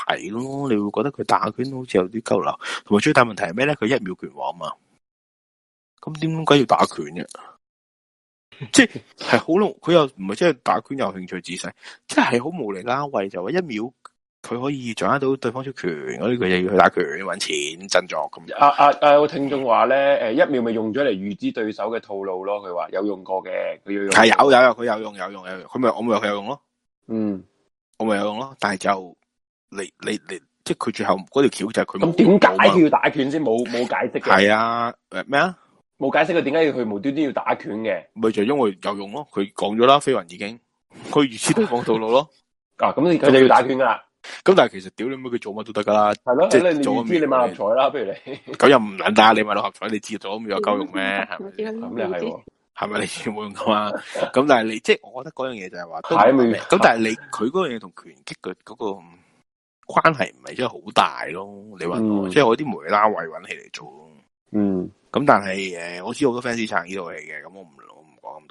係咯，你會覺得佢打拳好似有啲交流，同埋最大問題係咩咧？佢一秒拳王啊嘛，咁點解要打拳嘅？ [LAUGHS] 即係好咯，佢又唔係即係打拳有興趣仔細，即係好無力啦、啊，喂，就話一秒。佢可以掌握到對方出拳，嗰啲佢就要去打拳去搵錢振作咁。阿阿阿個聽眾話咧，誒、嗯、一秒咪用咗嚟預知對手嘅套路咯。佢話有用過嘅，佢要用係有有有佢有用有，有，有用有佢咪我咪佢有用咯。嗯，我咪有用咯。但係就你你你，即係佢最後嗰條橋就係佢。咁點解佢要打拳先？冇冇解釋嘅。係啊，誒咩啊？冇解釋佢點解要佢無端端要打拳嘅？咪就因為有用咯。佢講咗啦，飛雲已經佢預知對方套路咯。 [LAUGHS] 啊，咁你咁就要打拳噶啦。咁但係其實屌你媽佢做乜都得噶啦，係咯，即係做唔知你買六合彩啦，譬如你，咁又唔難，打你買六合彩，你知咗咁有夠用咩？係咪咁你係，係咪你冇用噶嘛？咁但係你即係我覺得嗰樣嘢就係話咁，但係你佢嗰樣嘢同拳擊嘅嗰個關係唔係真係好大咯。你話我即係我啲梅拉維揾起嚟做，嗯，咁但係誒，我知好多 fans 撐呢套戲嘅，咁我唔攞。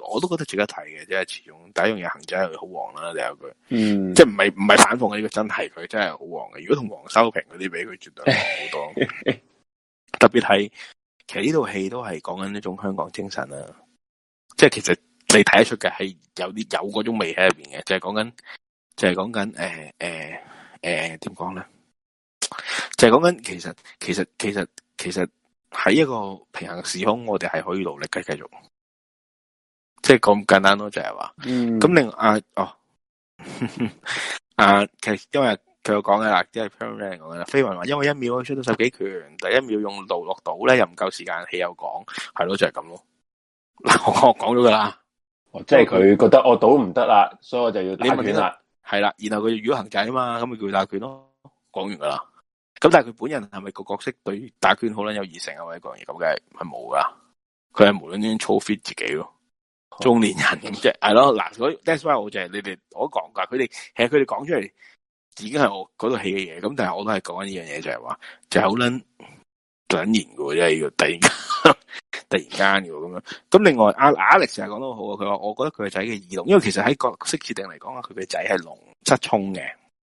我都覺得值得睇嘅，即係始終第一樣嘢，行者係好黃啦。你有佢，嗯、即係唔係唔係反諷嘅呢個真係佢真係好黃嘅。如果同黃修平嗰啲比，佢絕對好多。 [LAUGHS] 特別係其實呢套戲都係講緊呢種香港精神啊，即係其實你睇得出嘅係有啲有嗰種味喺入邊嘅，就係講緊就係講緊誒誒誒點講咧？就係講緊其實其實其實其實喺一個平行時空，我哋係可以努力嘅，繼續。即係咁簡單咯，就係、是、話，咁、嗯、另外啊哦， [LAUGHS] 啊其實因為佢講嘅啦，係係 comment 講嘅啦。飛雲話，因為一秒可以出到十幾拳，第一秒用路落賭咧，又唔夠時間，氣又講，係、就是、咯，就係咁咯。嗱，我講咗噶啦，哦，即係佢覺得我賭唔得啦，所以我就要打拳啦，係啦。 [LAUGHS] 然後佢如果行仔啊嘛，咁咪叫打拳咯。講完噶啦。咁但係佢本人係咪個角色對於打拳好呢？有二成啊？或者個人咁嘅係冇噶，佢係無論呢操 fit 自己咯。中年人咁即係咯嗱，嗰 death by 我就係你哋我講噶，佢哋其實佢哋講出嚟已經係我嗰度戲嘅嘢，咁但係我都係講緊呢樣嘢就係話，就係好捻難言嘅，即係呢個突然間呵呵突然間嘅咁樣。咁另外阿 Alex 成日講得好好啊，佢話我覺得佢仔嘅耳聾，因為其實喺角色設定嚟講啊，佢嘅仔係聾失聰嘅，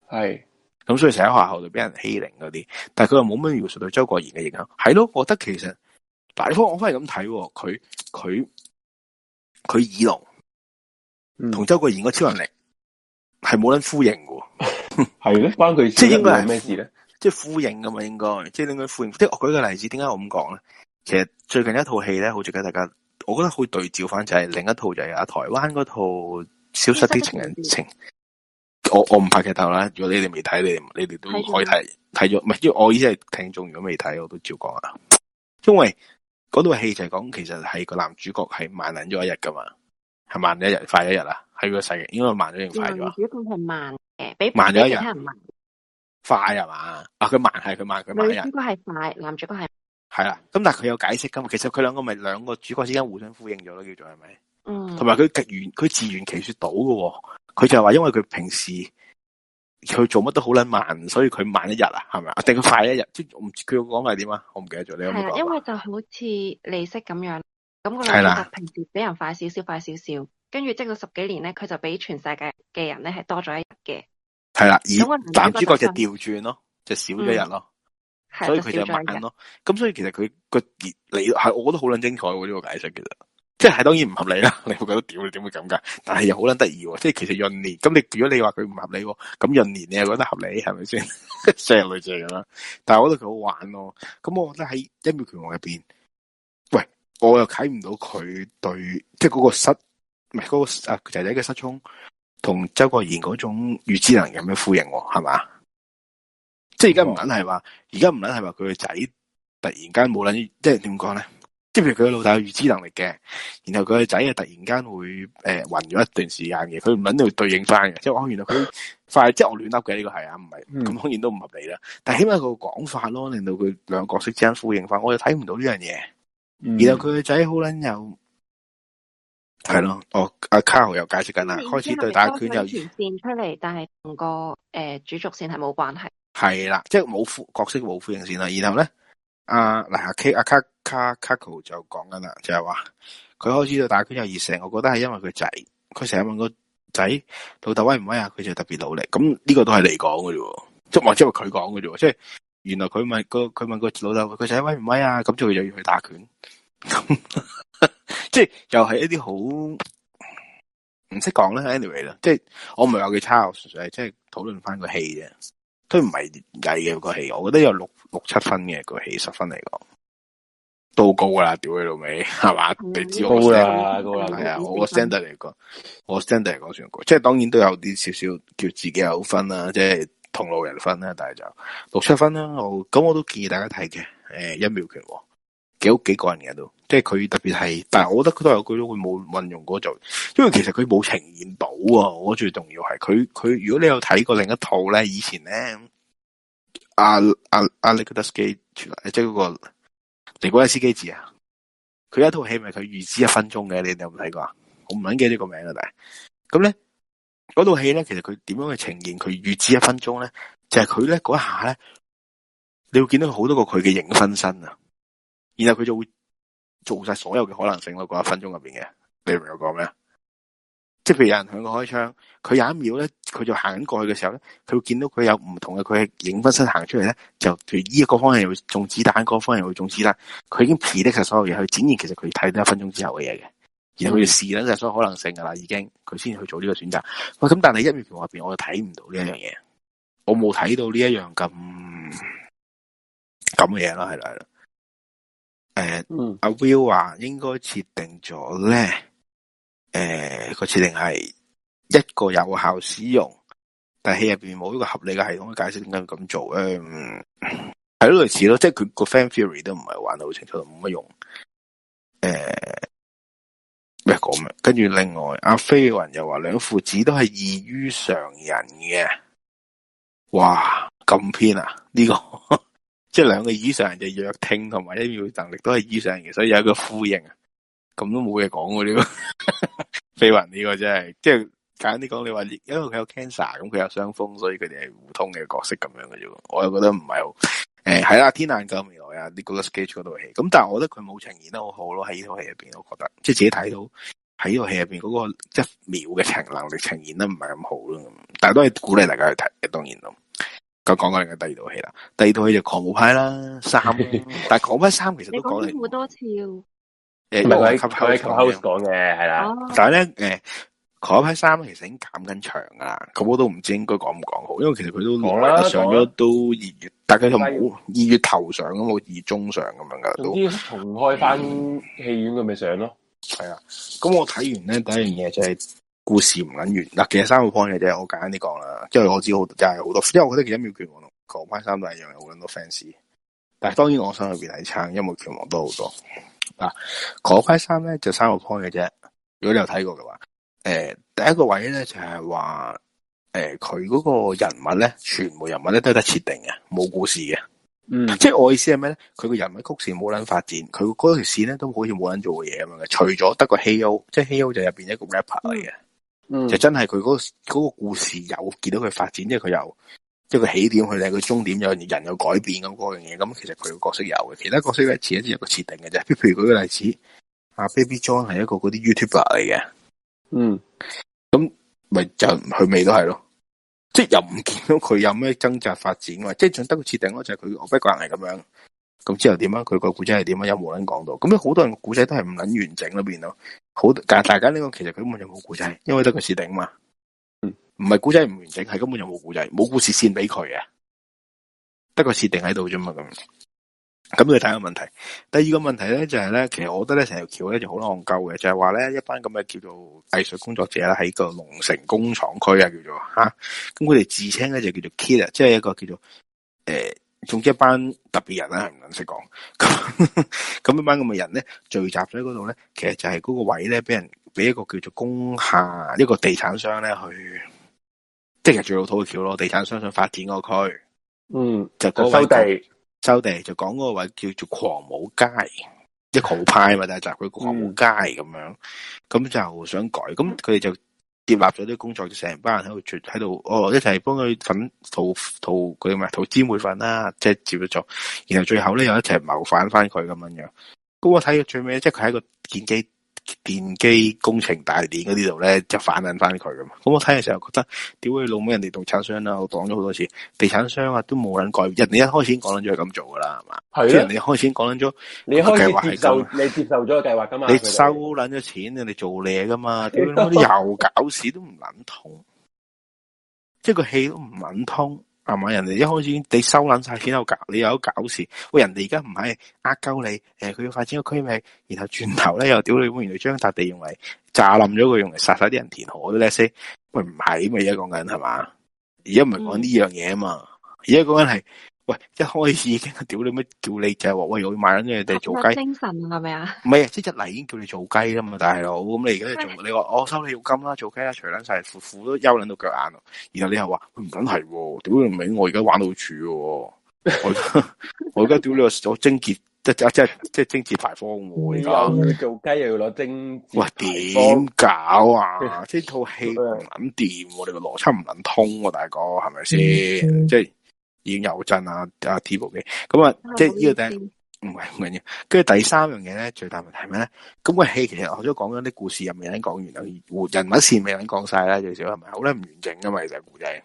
係咁是、嗯、所以成日喺學校度俾人欺凌嗰啲。但係佢又冇乜描述對周國賢嘅影響，係咯？我覺得其實，大方我翻嚟咁睇，佢佢。他佢耳聾，同周國賢嗰超能力係冇、嗯、人呼應嘅，係 [LAUGHS] 咧關佢即係應該係咩事咧？即係呼應噶嘛？應該即係應該呼應。即係我舉個例子，點解我咁講咧？其實最近一套戲咧，好值得大家，我覺得可以對照翻就係、是、另一套就係阿台灣嗰套《消失的情人情》。我我唔怕劇透啦，如果你哋未睇，你你哋都可以睇睇咗。唔係的，因為我已經係聽眾，如果未睇，我都照講啊，因為。嗰套戲就係講，其實係個男主角係慢捻咗一日噶嘛，係慢一日快一日啦，喺個世界應該慢咗定快咗啊？男主角係慢誒，比慢咗一日，慢，快係嘛？啊，佢慢係佢慢，佢慢，慢一日。係係快，男主角係係啦。咁但係佢有解釋噶嘛？其實佢兩個咪兩個主角之間互相呼應咗咯，叫做係咪？嗯。同埋佢極完，佢自圓其說到喎。佢就係話因為佢平時。佢做乜都好捻慢，所以佢慢一日啊，係咪啊？定佢快一日？即係唔，佢講係點啊？我唔記得咗的你係啊，因為就好似利息咁樣，咁的個利平時俾人快少少，快少少，跟住積到十幾年咧，佢就比全世界嘅人咧係多咗一日嘅。係啦，而男主角就調轉咯，的就少咗一日咯，嗯、所以佢就慢咯。咁所以其實佢個你，係，我覺得好捻精彩喎呢個解釋其實。即係當然唔合理啦，你會覺得屌你點會咁噶？但係又好捻得意喎，即係其實閏年咁。你如果你話佢唔合理，咁閏年你又覺得合理係咪先，即係類似咁啦，但係我覺得佢好玩咯。咁我覺得喺一秒拳王入邊，喂，我又睇唔到佢對即係嗰個失唔係嗰個啊仔仔嘅失聰，同周國賢嗰種預知能力咁樣呼應係嘛、哦？即係而家唔捻係話，而家唔捻係話佢個仔突然間冇捻，即係點講咧？即係譬如佢老豆有預知能力嘅，然後佢個仔啊突然間會誒暈咗一段時間嘅，佢唔肯定會對應翻嘅。即係我原來佢快 [LAUGHS] 即係我亂笠嘅呢個係啊，唔係咁，當然都唔合理啦。但係起碼個講法咯，令到佢兩個角色之間呼應翻，我又睇唔到呢樣嘢。嗯、然後佢個仔好捻有係咯，哦，阿卡號又解釋緊啦，開始對打拳又完現出嚟，但係同個誒、呃、主軸線係冇關係。係啦，即係冇副角色冇呼應線啦。然後咧。阿嗱阿 K 阿卡卡卡 Cool 就講緊啦，就係話佢開始到打拳有熱成，我覺得係因為佢仔，佢成日問個仔老豆威唔威啊，佢就特別努力。咁、嗯、呢、這個都係你講嘅啫，即係或即係佢講嘅啫。即係原來佢問個佢問個老豆佢仔威唔威啊，咁做就，就要去打拳。嗯、 [LAUGHS] 即係又係一啲好唔識講呢 anyway 啦，即係我唔係話佢抄，誒，即係討論翻個戲啫。都唔係矮嘅個戲，我覺得有六六七分嘅個戲，十分嚟講都好高噶啦，屌你老味，係嘛？嗯、你知高啦，高啦，係啊了！我 standard 嚟講，我 standard 嚟講算高，即係當然都有啲少少叫自己有分啦，即係同路人分啦，但係就六七分啦。我咁我都建議大家睇嘅，誒，一秒拳、哦。幾屋幾個人嘅都，即係佢特別係，但係我覺得佢都有句都佢冇運用過做，因為其實佢冇呈現到啊。我最重要係佢佢，如果你有睇過另一套咧，以前咧，阿阿阿尼古德斯基即係嗰、嗰個尼古拉斯基治啊，佢有一套戲咪佢預知一分鐘嘅，你哋有冇睇過啊？我唔肯記呢個名啊，但係咁咧，嗰套戲咧，其實佢點樣去呈現佢預知一分鐘咧？就係佢咧嗰一下咧，你會見到好多個佢嘅影分身啊！然後佢就會做晒所有嘅可能性咯，嗰一分鐘入邊嘅，你明我講咩？即係譬如有人向佢開槍，佢有一秒咧，佢就行緊過去嘅時候咧，佢會見到佢有唔同嘅，佢影分身行出嚟咧，就依一個方向又會中子彈，嗰、這個方向又會中子彈。佢已經 predict 晒所有嘢，展現其實佢睇到一分鐘之後嘅嘢嘅。然後佢就試緊晒所有可能性噶啦，已經佢先去做呢個選擇。喂，咁但係一秒片入邊，我就睇唔到呢一、嗯、樣嘢，我冇睇到呢一樣咁咁嘅嘢啦，係啦係啦。誒，阿、uh, 嗯 uh, Will 話應該設定咗咧，誒，個設定係一個有效使用，但係喺入邊冇一個合理嘅系統去解釋點解要咁做咧，係、um, 咯類似咯，即係佢個 fan theory 都唔係玩得好清楚，冇乜用。誒，咩講咩？跟住另外阿飛雲又話兩父子都係異於常人嘅，哇，咁偏啊呢、這個。 [LAUGHS] 即係兩個以上嘅弱聽同埋一秒能力都係以上嘅，所以有一個呼應啊，咁都冇嘢講喎，呢個飛云呢個真係，即係簡單啲講，你話因為佢有 cancer，咁佢有傷風，所以佢哋係互通嘅角色咁樣嘅啫。我又覺得唔係好，誒係啦，天眼救未來啊，尼古拉斯基治嗰套戲，咁但係我覺得佢冇呈現得好好咯，喺呢套戲入邊，我覺得即係自己睇到喺呢套戲入邊嗰個一秒嘅情能力呈現得唔係咁好咯。但係都係鼓勵大家去睇嘅，當然咯。講講嘅第二套戲啦。第二套戲就狂舞派啦，三。但狂舞派三其實都講咗好多次，誒，我喺 Clubhouse 講嘅係啦。但係咧，誒，狂舞派三其實已經減緊場噶啦。咁我都唔知應該講唔講好，因為其實佢都上咗都二月，大家佢冇二月頭上咁，冇二中上咁樣噶。都，之重開翻戲院佢咪上咯。係啊，咁我睇完咧，第一樣嘢，就係。故事唔撚完，嗱，其實三個 point 嘅啫，我簡單啲講啦，因為我知好，真係好多，因為我覺得其實一秒拳王同狂舞派3都係一樣有好多 fans，但係當然我相對邊係差，一秒拳王都好多，嗱，狂舞派3咧就三個 point 嘅啫，如果你有睇過嘅話，誒、呃、第一個位咧就係、是、話，誒，佢嗰個人物咧，全部人物咧都係設定嘅，冇故事嘅，嗯，即係我意思係咩咧？佢個人物曲線冇撚發展，佢嗰條線咧都好似冇撚做過嘢咁嘅，除咗得個希優，即係希優就入邊一個 rapper 嚟嘅。 [NOISE] 就真係佢嗰個個故事有見到佢發展，即係佢有一個起點去睇個終點，有人有改變咁嗰樣嘢，咁、那個、其實佢個角色有，嘅，其他角色呢，係一節有一個設定嘅啫。譬如舉個例子，阿、啊、Baby John 係一個嗰啲 YouTuber 嚟嘅，嗯，咁 [NOISE] 咪就佢未都係咯，即係又唔見到佢有咩掙扎發展，即係仲得個設定咯，就係佢個 background 係咁樣。咁之後點樣？佢個故仔係點樣？有冇諗講到？咁好多人個故仔都係唔捻完整邊咯。好，但大家呢個其實佢根本就冇故仔，因為得個設定嘛。唔係故仔唔完整，係根本就冇故仔，冇故事線俾佢嘅，得個設定喺度啫嘛。咁，咁你睇下問題，第二個問題咧就係、是、咧，其實我覺得咧成條橋咧就好戇鳩嘅，就係話咧一班咁嘅叫做藝術工作者啦，喺個龍城工廠區啊叫做吓，咁佢哋自稱咧就叫做 killer，即係一個叫做誒。呃總之一班特別人啦，唔捻識講。咁咁一班咁嘅人咧，聚集咗喺嗰度咧，其實就係嗰個位咧，俾人俾一個叫做工廈，一個地產商咧去，即係最老土嘅橋咯。地產商想發展嗰個區，嗯，就嗰塊地，收地就講嗰個位叫做狂舞街，一個好派嘛，但係就佢狂舞街咁樣，咁、嗯、就想改，咁佢哋就。設立咗啲工作，成班人喺度做，喺度哦一齊幫佢粉塗塗佢，啲咩塗粘糊粉啦，即係接咗做。然後最後咧又一齊謀反翻佢咁樣樣。咁我睇到最尾即係佢喺個建基。電機工程大典嗰啲度咧，即反撚翻佢噶嘛。咁我睇嘅時候覺得，屌你老母，人哋動產商啦、啊，我講咗好多次，地產商啊都冇捻改，人哋一開始講緊咗係咁做噶啦，係嘛？係即的人哋一開始講緊咗，你開始接受，你接受咗個計劃噶嘛？們你收捻咗錢，你哋做嘢噶嘛？點 [LAUGHS] 又搞事都唔捻痛， [LAUGHS] 即係個氣都唔捻通。係嘛？人哋一開始已經你收捻晒錢又搞，你有搞事。喂，人哋而家唔係呃鳩你，誒，佢要發展個區域，然後轉頭咧又屌你，原來將笪地用嚟炸冧咗佢，用嚟殺晒啲人填河都叻。先。喂，唔係咪而家講緊，係嘛？而家唔係講呢樣嘢，啊嘛？而家講緊係。喂，一開始已經屌你咩？叫你就係話，喂我要賣緊啲嘢定做雞？精神係咪啊？唔係啊，即一嚟已經叫你做雞啦嘛，大佬咁你而家做你話我、哦、收你佣金啦，做雞啦，除捻晒，褲都休捻到腳眼咯。然後你又話唔緊係，屌你唔明，我而家玩到處，我而家屌你個貞節，即即係即係貞節牌坊我而家做雞又要攞精，點點搞啊？即套戲唔捻掂，我哋、這個邏輯唔捻通，大哥係咪先？嗯嗯、即係。已經有震，啊啊 t i 嘅，咁啊、嗯嗯、即係呢個第一唔係唔緊要，跟住第三樣嘢咧最大問題係咩咧？咁、嗰個戲其實我都講緊啲故事，又未揾講完啊，人物線未揾講晒啦，最少係咪好咧唔完整噶嘛？其實古仔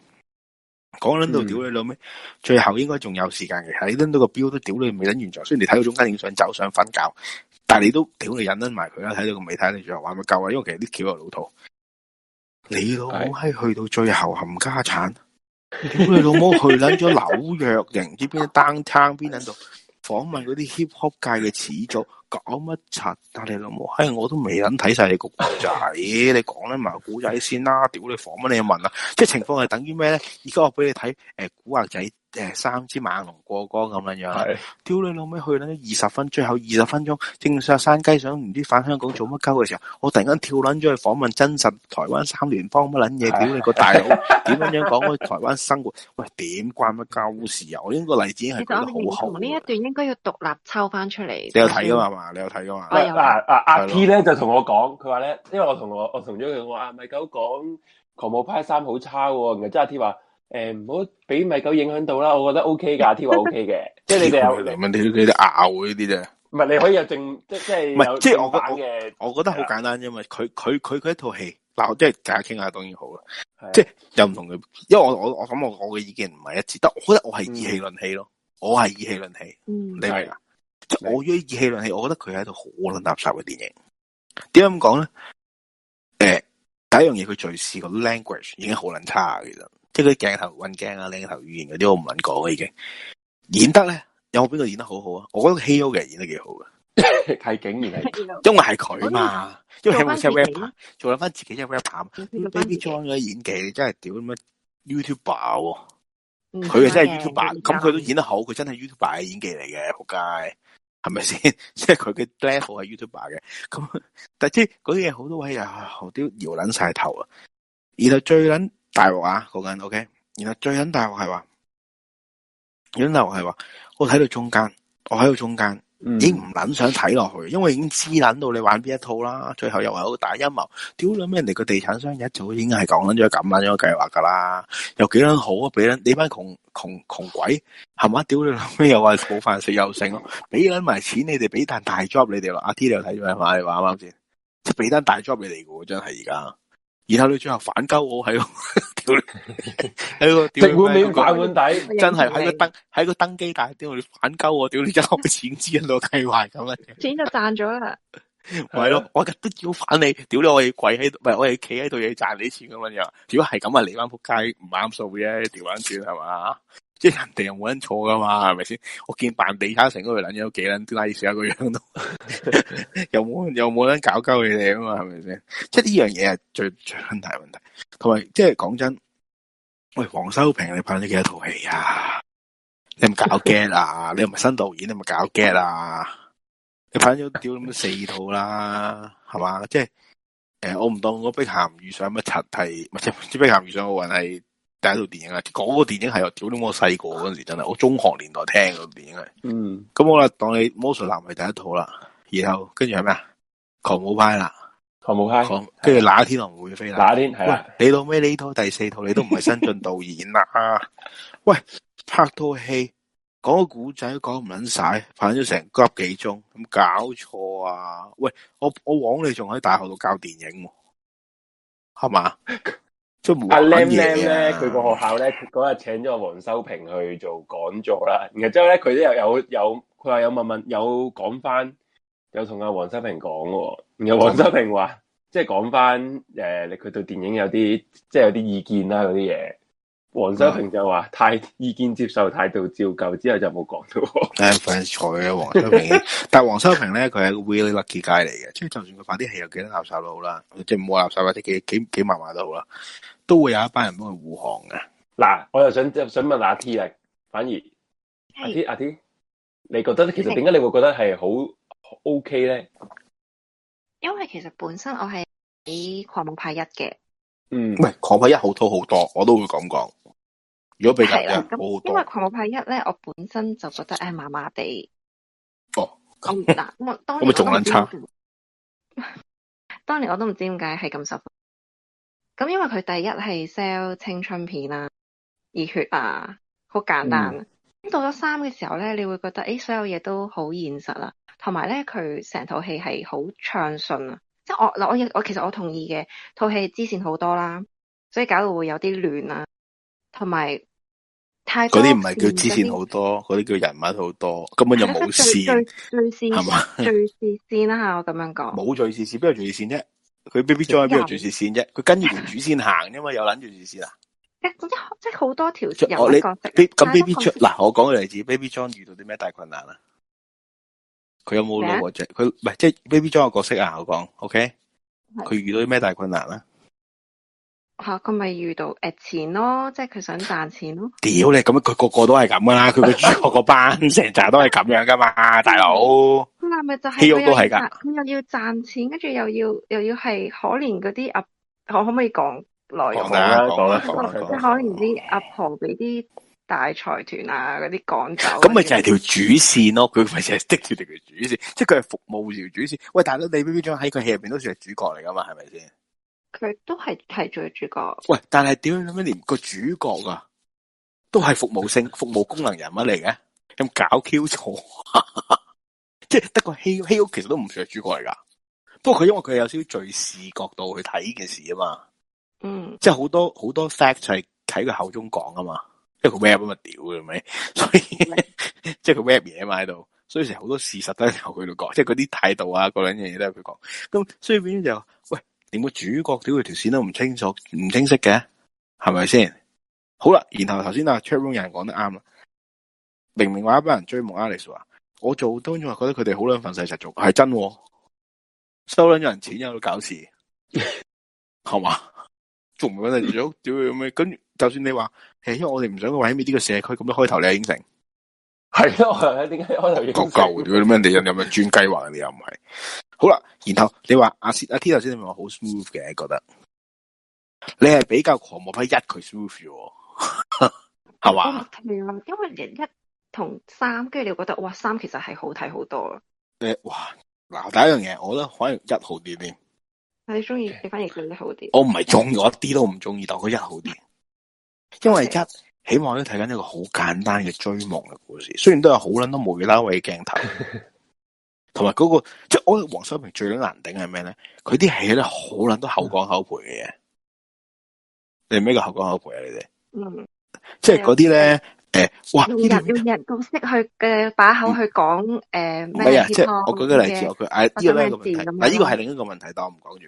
講捻到屌你老味，嗯、最後應該仲有時間嘅，你捻到個表都屌，都屌你未捻完咗，所以你睇到中間影相走想瞓覺，但係你都屌你忍捻埋佢啦，睇到個未睇你最後話咪夠啊？因為其實啲橋路老土。是你老母係去到最後冚家產。屌你 [LAUGHS] 老，老母，去捻咗紐約型，知邊啲 downtown 邊捻到訪問嗰啲 hiphop 界嘅始祖，講乜柒？但你老母，嘿，我都未捻睇晒你個古仔、欸，你講啲埋古仔先啦。屌你，你，訪問你問啦，即係情況係等於咩咧？而家我俾你睇，誒、呃，古惑仔。誒，三支馬龍過江咁樣樣，屌的你老味去呢？二十分最後二十分鐘，正晒山雞想唔知返香港做乜鳩嘅時候，我突然間跳撚咗去訪問真實台灣三聯幫乜撚嘢？屌的你個大佬，點 [LAUGHS] 樣樣講台灣生活？喂，點關乜鳩事？我應該例子係唔好。好。呢一段應該要獨立抽翻出嚟。你有睇噶嘛？嘛，你有睇噶嘛？嗱嗱阿阿 P 咧就同我講，佢話咧，因為我同我我同咗佢話阿米狗講，狂舞派三好差喎，啊，真係阿 P 話。誒，唔好俾米狗影響到啦，我覺得 OK 噶，T 華 OK 嘅， [LAUGHS] 即係你哋有，你哋拗呢啲啫。唔係，你可以有正，即即係唔係？即係我我我覺得好簡單啫嘛。佢佢佢佢一套戲嗱，即係大家傾下當然好啦。的即係又唔同嘅，因為我我我我我嘅意見唔係一致，但我覺得我係以氣論氣咯。我係以氣論氣，你明嘛？理的即係我以意氣論氣，我覺得佢係一套好撚垃圾嘅電影。點解咁講咧？誒、呃，第一樣嘢佢最似個 language 已經好撚差其實。即係佢鏡頭運鏡啊，領頭語言嗰啲我唔肯講已經。演得咧，有冇邊個演得好好啊？我覺得希優嘅人演得幾好太替 [LAUGHS] 景然點，因為係佢嘛，因為佢係隻 rapper，做咗翻自己隻 rapper ra ra 著。Baby John 嘅演技著、啊、真係屌咁啊！YouTuber，佢嘅真係的 YouTuber，咁佢都演得好，佢真係 YouTuber 嘅演技嚟嘅仆街，係咪先？即係佢嘅 level 係 YouTuber 嘅。咁但，但即係嗰啲嘢好多位啊，好都搖捻晒頭啊！然後最捻。大鑊啊，嗰、那、間、個、OK，然後最緊大鑊係話，最大鑊係話，我睇到中間，我喺度中間，已經唔捻想睇落去，因為已經知捻到你玩邊一套啦。最後又話好大陰謀，屌捻咩？人哋個地產商一早已經係講緊咗咁捻咗計劃噶啦，又幾捻好啊？俾捻你班窮窮窮鬼係嘛？屌你咩？又話冇飯食又剩咯，俾捻埋錢你哋，俾單大 job 你哋啦。阿 T、 [LAUGHS] 啊、你又睇咗係嘛？你話啱啱先？即係俾單大 job 你哋噶，真係而家。然後你最後反鳩我係咯，屌你，係咯， [LAUGHS] 屌你！底反碗底，真係喺個登喺個登基大屌你反鳩我，屌你一鳩錢之嘅到計劃咁樣。 [LAUGHS] 錢就賺咗啦，係咯， [LAUGHS] 我日都要反你，屌你我哋跪喺，度，係我哋企喺度嘢賺你錢咁樣又，如果係咁啊，你翻扑街唔啱數嘅，調翻轉係嘛？即係人哋又冇人錯噶嘛，係咪先？我見扮地產城嗰度，嗱樣都幾卵，拉屎，成個，都個樣都 [LAUGHS] 又沒有，又冇又冇人搞鳩你哋啊嘛，係咪先？即係呢樣嘢係最最大問題。同埋即係講真，喂，黃修平，你拍咗幾多套戲啊？你唔搞 get 啊？你又唔係新導演，你咪搞 get 啊？你拍咗屌咁四套啦，係嘛？即係誒、呃，我唔當嗰《碧咸遇上乜柒》係唔係即係《碧咸遇上奧運》係？第一套電影啊，嗰、那個電影係我屌到我細個嗰陣時，時真係，我中學年代聽嗰套、那個、電影嚟。嗯，咁好啦，當你魔術男係第一套啦，然後跟住係咩啊？狂舞派啦，狂舞派，跟住哪一天我哋會飛啦？哪、啊、天係啦、啊？你到咩呢套第四套？你都唔係新晉導演啦、啊、 [LAUGHS] 喂，拍套戲講個古仔都講唔捻晒，反咗成個幾鐘，咁搞錯啊？喂，我我枉你仲喺大學度教電影、啊，係嘛？ [LAUGHS] 阿 Lam Lam 咧，佢個、啊啊、學校咧嗰日請咗阿黃修平去做講座啦。然後之後咧，佢都有有有，佢話有問問有講翻，有同阿黃修平講。然後黃修平話，嗯、即係講翻誒，你、呃、佢對電影有啲即係有啲意見啦嗰啲嘢。黃修平就話，嗯、太意見接受態度照舊，之後就冇講到。friend 坐啊黃修平， [LAUGHS] 但係黃修平咧，佢係一個 really lucky guy 嚟嘅。即、就、係、是、就算佢拍啲戲有幾多垃圾都好啦，即係冇垃圾或者幾幾幾埋都好啦。都會有一班人幫佢護航嘅。嗱，我又想想問阿 T 啊，反而是阿 T 阿 T，你覺得其實點解你會覺得係好對 OK 咧呢？因為其實本身我係睇《狂舞派一》嘅。嗯，唔係《狂舞派一》好拖好多，我都會咁講。如果比較一好的因為《狂舞派一》咧，我本身就覺得誒麻麻地。哦，嗱， [LAUGHS] 當我當年我咪仲撚差，當年我都唔知點解係咁十分。咁因為佢第一係 sell 青春片啦，熱血啊，好簡單。咁、嗯、到咗三嘅時候咧，你會覺得誒、欸，所有嘢都好現實啦。同埋咧，佢成套戲係好暢順啊。即係我嗱，我我其實我同意嘅，套戲支線好多啦，所以搞到會有啲亂啊，同埋泰國線。嗰啲唔係叫支線好多，嗰啲叫人物好多，根本就冇線。最線係嘛？最線線啦，我咁樣講。冇最線線，邊有最線啫？佢 baby John 喺邊度轉視線啫？佢樣跟住原主線行啫嘛，又捻住視線啦。咁即即好多條哦，你咁 baby 出嗱，我講個例子，baby John 遇到啲咩大困難啊？佢有冇老婆啫？佢唔係即 baby John 嘅角色啊？我講，OK，佢遇到啲咩大困難啊？吓，佢咪遇到誒、啊、錢咯，即係佢想賺錢咯。屌你咁，佢個個都係咁噶啦，佢個主角班個班成扎都係咁樣噶嘛，大佬。佢係咪就係？肌肉都係噶。又要賺錢，跟住又要又要係可憐嗰啲阿婆，可唔可以講內容？講啦，講啦，講啦。即係可憐啲阿婆俾啲大財團啊，嗰啲趕走。咁咪就係條主線咯，佢咪就係的住條主線，即係佢係服務條主線。喂，大佬，你 P P 喺佢戲入邊都算係主角嚟噶嘛，係咪先？佢都係係做主角。喂，但係點樣諗咧？連個主角啊，都係服務性、服務功能人物嚟嘅，咁搞 Q 錯，即係得個希希屋其實都唔算係主角嚟噶。不過佢因為佢有少少敘事角度去睇件事啊嘛。嗯。即係好多好多 fact 係喺佢口中講啊嘛，即係佢 rap 啊屌嘅係咪？所以即係佢 rap 嘢嘛喺度，所以成好多事實都由佢度講，即係嗰啲態度啊，嗰兩樣嘢都係佢講。咁所以變咗就。連個主角屌佢條線都唔清楚，唔清晰嘅，係咪先？好啦，然後頭先啊，chatroom 有人講得啱啦，明明話一班人追夢 Alex 話，我做都然係覺得佢哋好卵憤世嫉俗，係真的、哦、收卵人錢又要搞事，係嘛？ [LAUGHS] 仲唔搵嚟做屌佢咩？跟住 [LAUGHS] 就算你話，誒，因為我哋唔想為喺呢啲個社區咁多開頭，你應承。係咯，是我點解可頭講舊啲咁？人哋有有冇專計劃？你又唔係？好啦，然後你話阿阿 T 頭先你話好 smooth 嘅，覺得你係比較狂舞派一佢 smooth 喎，係、啊、嘛？唔係 [LAUGHS] 因為零一同三，跟住你覺得哇，三其實係好睇好多咯。誒，哇！嗱，第一樣嘢，我覺得可能一好啲啲。你中意你反而覺得好啲？我唔係中意我一啲都唔中意，但係我一好啲，因為一。嗯希望都睇緊一個好簡單嘅追夢嘅故事，雖然都有好捻都無厘頭嘅鏡頭，同埋嗰個即係我黃修平最難頂係咩咧？佢啲戲咧好捻都口講口賠嘅嘢。你係咩叫口講口賠啊？你哋、嗯、即係嗰啲咧誒，哇！要用角色去嘅把口去講誒咩啊？他即係我舉、啊這個例子，我佢誒呢個咩個問題？但呢個係另一個問題，但我唔講住，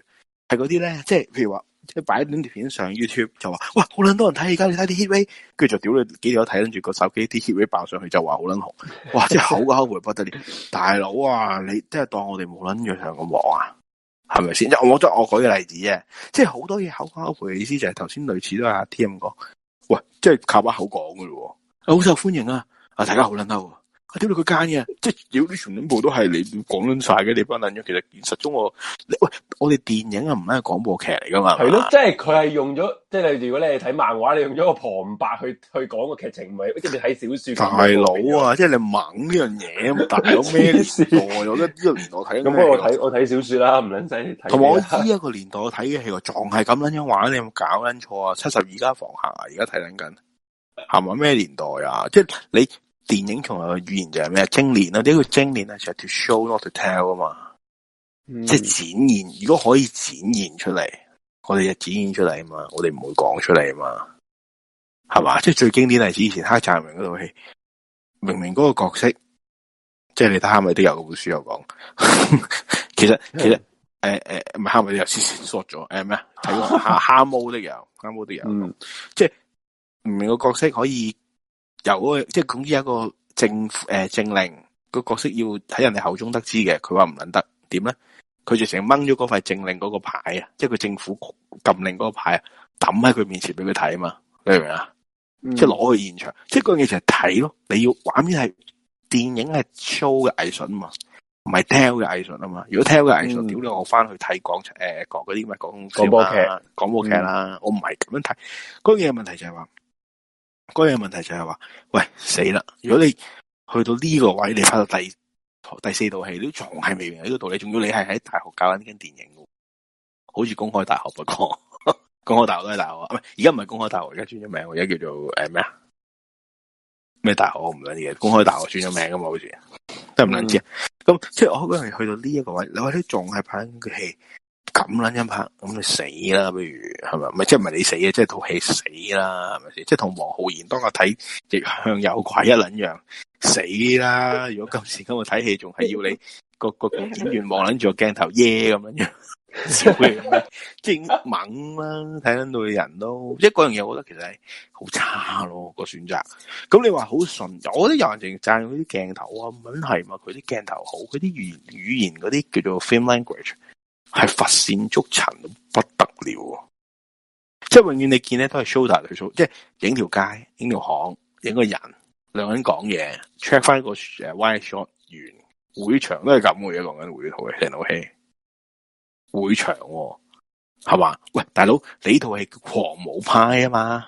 係嗰啲咧，即係譬如話。即係擺短條片上 YouTube 就話，哇好捻多人睇而家，你睇啲 hit way，跟住就屌你幾多睇，跟住個手機啲 hit way 爆上去就話好捻紅，哇！真係口交口回不得了， [LAUGHS] 大佬啊，你即係當我哋冇捻用上個網啊，係咪先？我咗我舉嘅例子啊，即係好多嘢口交口回意思就係頭先類似都係阿 t m 講，喂，即係靠把口講㗎咯，好受歡迎啊，啊，啊大家好捻嬲。屌你個奸嘢！即係屌你，全部都係你講亂晒嘅，你班捻樣。其實現實中我喂，我哋電影啊唔係廣播劇嚟噶嘛？係咯了吧，即係佢係用咗，即係你如果你係睇漫畫，你用咗個旁白去去講個劇情，唔係即係你睇小說。大佬啊，即係你猛呢樣嘢，大佬咩我有得呢個年代睇咁， [LAUGHS] 我睇我睇小說啦，唔捻使睇。同埋我知一個年代我睇嘅戲，仲係咁捻樣玩？你有冇搞捻錯啊？七十二家房客啊，而家睇緊緊，係咪咩年代啊？ [LAUGHS] 即係你。電影從來嘅語言就係咩經典啦，呢叫經典係就係 to show not to tell 啊嘛，嗯、即係展現。如果可以展現出嚟，我哋就展現出嚟啊嘛，我哋唔會講出嚟啊嘛，係嘛？即係最經典係以前黑澤明嗰套戲，明明嗰個角色，即係你睇蝦米都有嗰本書有講， [LAUGHS] 其實其實誒誒唔係哈密又先縮咗誒咩啊？睇個哈蝦毛都有，哈毛都有，即係唔明個角色可以。由即係有即係講之一個政誒、呃、政令個角色要喺人哋口中得知嘅，佢話唔捻得點咧？佢就成日掹咗嗰塊政令嗰個牌啊，即係佢政府禁令嗰個牌啊，抌喺佢面前俾佢睇啊嘛，你明唔明啊？嗯、即係攞去現場，即係嗰樣嘢就係睇咯。你要玩啲係電影係 show 嘅藝術啊嘛，唔係 tell 嘅藝術啊嘛。如果 tell 嘅藝術，屌你，嗯、我翻去睇、呃、廣誒講嗰啲咪講廣播劇、廣播劇啦，劇啦嗯、我唔係咁樣睇。嗰樣嘢問題就係、是、話。嗰樣問題就係、是、話，喂死啦！如果你去到呢個位，你拍到第第四套戲，你都仲係未明呢、這個道理？仲要你係喺大學搞緊呢間電影，好似公開大學不過，公開大學都係大學，唔係而家唔係公開大學，而家轉咗名，而家叫做誒咩啊？咩、呃、大學我唔捻知嘅？公開大學轉咗名噶嘛？好似係唔捻知。咁即係我嗰陣去到呢一個位，你話你仲係拍緊個戲？咁撚一拍，咁你死啦！不如係咪？唔係即係唔係你死啊？即係套戲死啦，係咪先？即係同黃浩然當日睇《逆向誘拐》一撚樣死啦！如果今時今日睇戲，仲係要你個個演員望撚住個鏡頭耶咁樣樣，少樣，勁猛啦！睇撚到嘅人都即係嗰樣嘢，我覺得其實係好差咯個選擇。咁你話好純，我覺得有人淨係讚啲鏡頭啊，咁係嘛？佢啲鏡頭好，佢啲語語言嗰啲叫做 film language。係佛線捉塵都不得了、啊，即係永遠你見咧都係 shotter 去掃，即係影條街、影條巷、影個人，兩個人講嘢，check 翻個誒 wide shot 完會場都係咁嘅嘢，講緊會套嘅聽套戲，會場係、啊、嘛？喂，大佬你呢套係狂舞派啊嘛？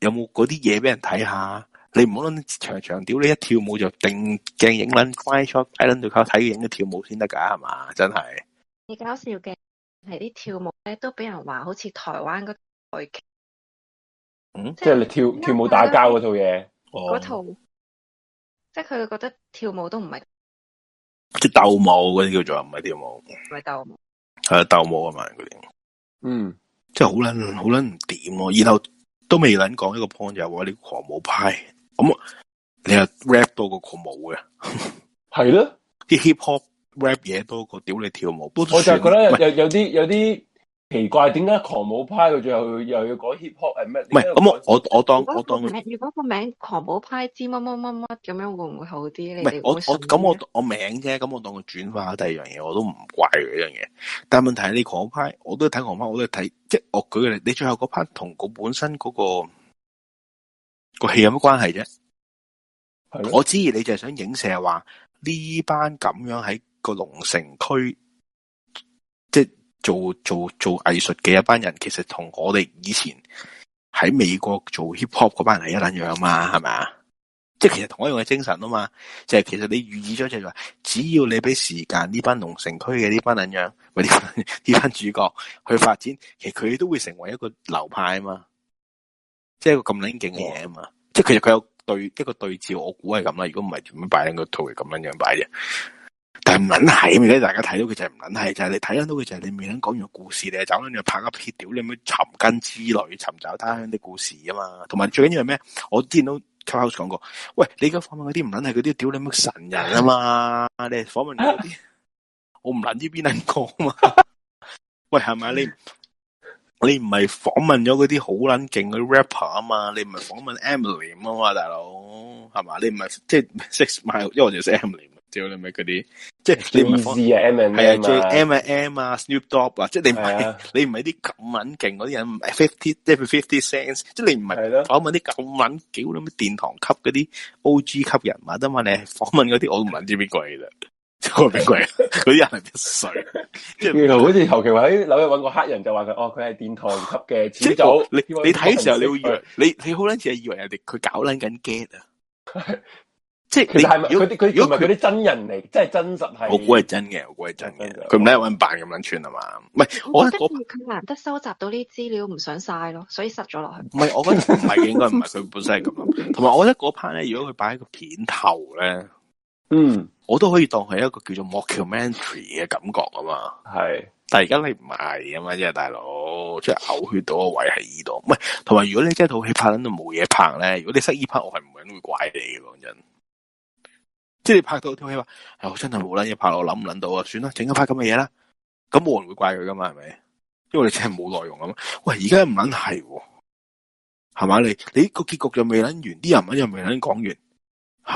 有冇嗰啲嘢俾人睇下？你唔好攞長長屌，你一跳舞就定鏡影捻 wide shot，睇捻對靠睇影嘅跳舞先得噶，係嘛？真係。最搞笑嘅係啲跳舞咧，都俾人話好似台灣嗰台劇，嗯，即係是你跳、那個、跳舞打交嗰套嘢，嗰套，即係佢覺得跳舞都唔係，哦、即係鬥舞嗰啲叫做唔係跳舞，唔係鬥舞，係啊，鬥舞啊嘛，佢哋，嗯，即係好捻好捻唔掂咯，然後都未捻講一個 point 就話、是、你狂舞派，咁、嗯、你又 rap 到個狂舞嘅，係 [LAUGHS] 咯的，啲 hip hop。rap 嘢多過屌你跳舞，我就覺得有沒有啲有啲奇怪，點解狂舞派佢最後又要講 hip hop 係咩？唔係咁我我我當我當如果個名，果名，果名狂舞派之乜乜乜乜咁樣會唔會好啲？你唔係我咁我我，我名啫，咁我當佢轉化，下第二樣嘢，我都唔怪佢一樣嘢。但問題係你狂舞派，我都睇狂舞派，我都係睇即係我舉個例，你最後嗰 part 同佢本身嗰、嗰個、嗰個戲有乜關係啫？的我知你就係想影射話呢班咁樣喺。個龍城區即係做做做藝術嘅一班人，其實同我哋以前喺美國做 hip hop 嗰班人係一捻樣嘛，係咪啊？即係其實同一樣嘅精神啊嘛，就係其實你預設咗就係話，只要你俾時間呢班龍城區嘅呢班捻樣，咪呢呢班主角去發展，其實佢都會成為一個流派啊嘛，即係一個咁捻勁嘅嘢啊嘛，哦、即係其實佢有對一個對照，我估係咁啦。如果唔係點樣擺喺個圖咁捻樣擺啫。但唔撚係咁大家睇到佢就係唔撚係，就係、是、你睇得到佢就係你未能講完個故事，你走響度拍個片，屌你咩尋根之旅，尋找他鄉啲故事啊嘛！同埋最緊要係咩？我之前都 close 講過，喂，你而家訪問嗰啲唔撚係嗰啲屌你咩神人啊嘛？你訪問嗰啲， [LAUGHS] 我唔撚知邊撚講嘛？ [LAUGHS] 喂，係咪你？你唔係訪問咗嗰啲好撚勁嗰啲 rapper 啊嘛？你唔係訪問 Emily 啊嘛，大佬係咪？你唔係即係 Six 因為我哋係 Emily。屌你咪嗰啲，即係你唔知啊 M and M 啊，即係 M and M 啊，Snoop Dogg 啊，即係你唔係你唔係啲咁捻勁嗰啲人，Fifty 即係佢 Fifty cents，即係你唔係訪問啲咁捻諗咩殿堂級嗰啲 OG 級人物啫嘛，你係訪問嗰啲，我唔捻知邊個嚟啦，邊個邊個啊，嗰啲人係乜水？然後好似求其喺樓度揾個黑人就話佢哦，佢係殿堂級嘅，即係你你睇嘅時候你會，你你好捻似係以為人哋佢搞捻緊 get 啊？即係佢係咪啲佢如果唔係佢啲真人嚟，即係真實係。我估係真嘅，我估係真嘅。佢唔係揾扮咁樣串啊嘛。唔係我覺得佢難得收集到啲資料，唔想晒咯，所以塞咗落去。唔係我覺得唔係應該，唔係佢本身係咁。同埋我覺得嗰 part 咧，如果佢擺喺個片頭咧，嗯，我都可以當係一個叫做 mockumentary 嘅感覺啊嘛。係，但係而家你唔係啊嘛，即係大佬即係嘔血到個位喺呢度。唔係，同埋如果你真係套戲拍到冇嘢拍咧，如果你塞呢 part，我係唔會會怪你嘅，講真。即係你拍到跳起話，我、哎、真係冇捻嘢拍，我諗唔捻到啊！算啦，整一拍咁嘅嘢啦。咁冇人會怪佢噶嘛，係咪？因為你真係冇內容咁。喂，而家唔捻係，係嘛？你你個結局又未捻完，啲人文又未捻講完，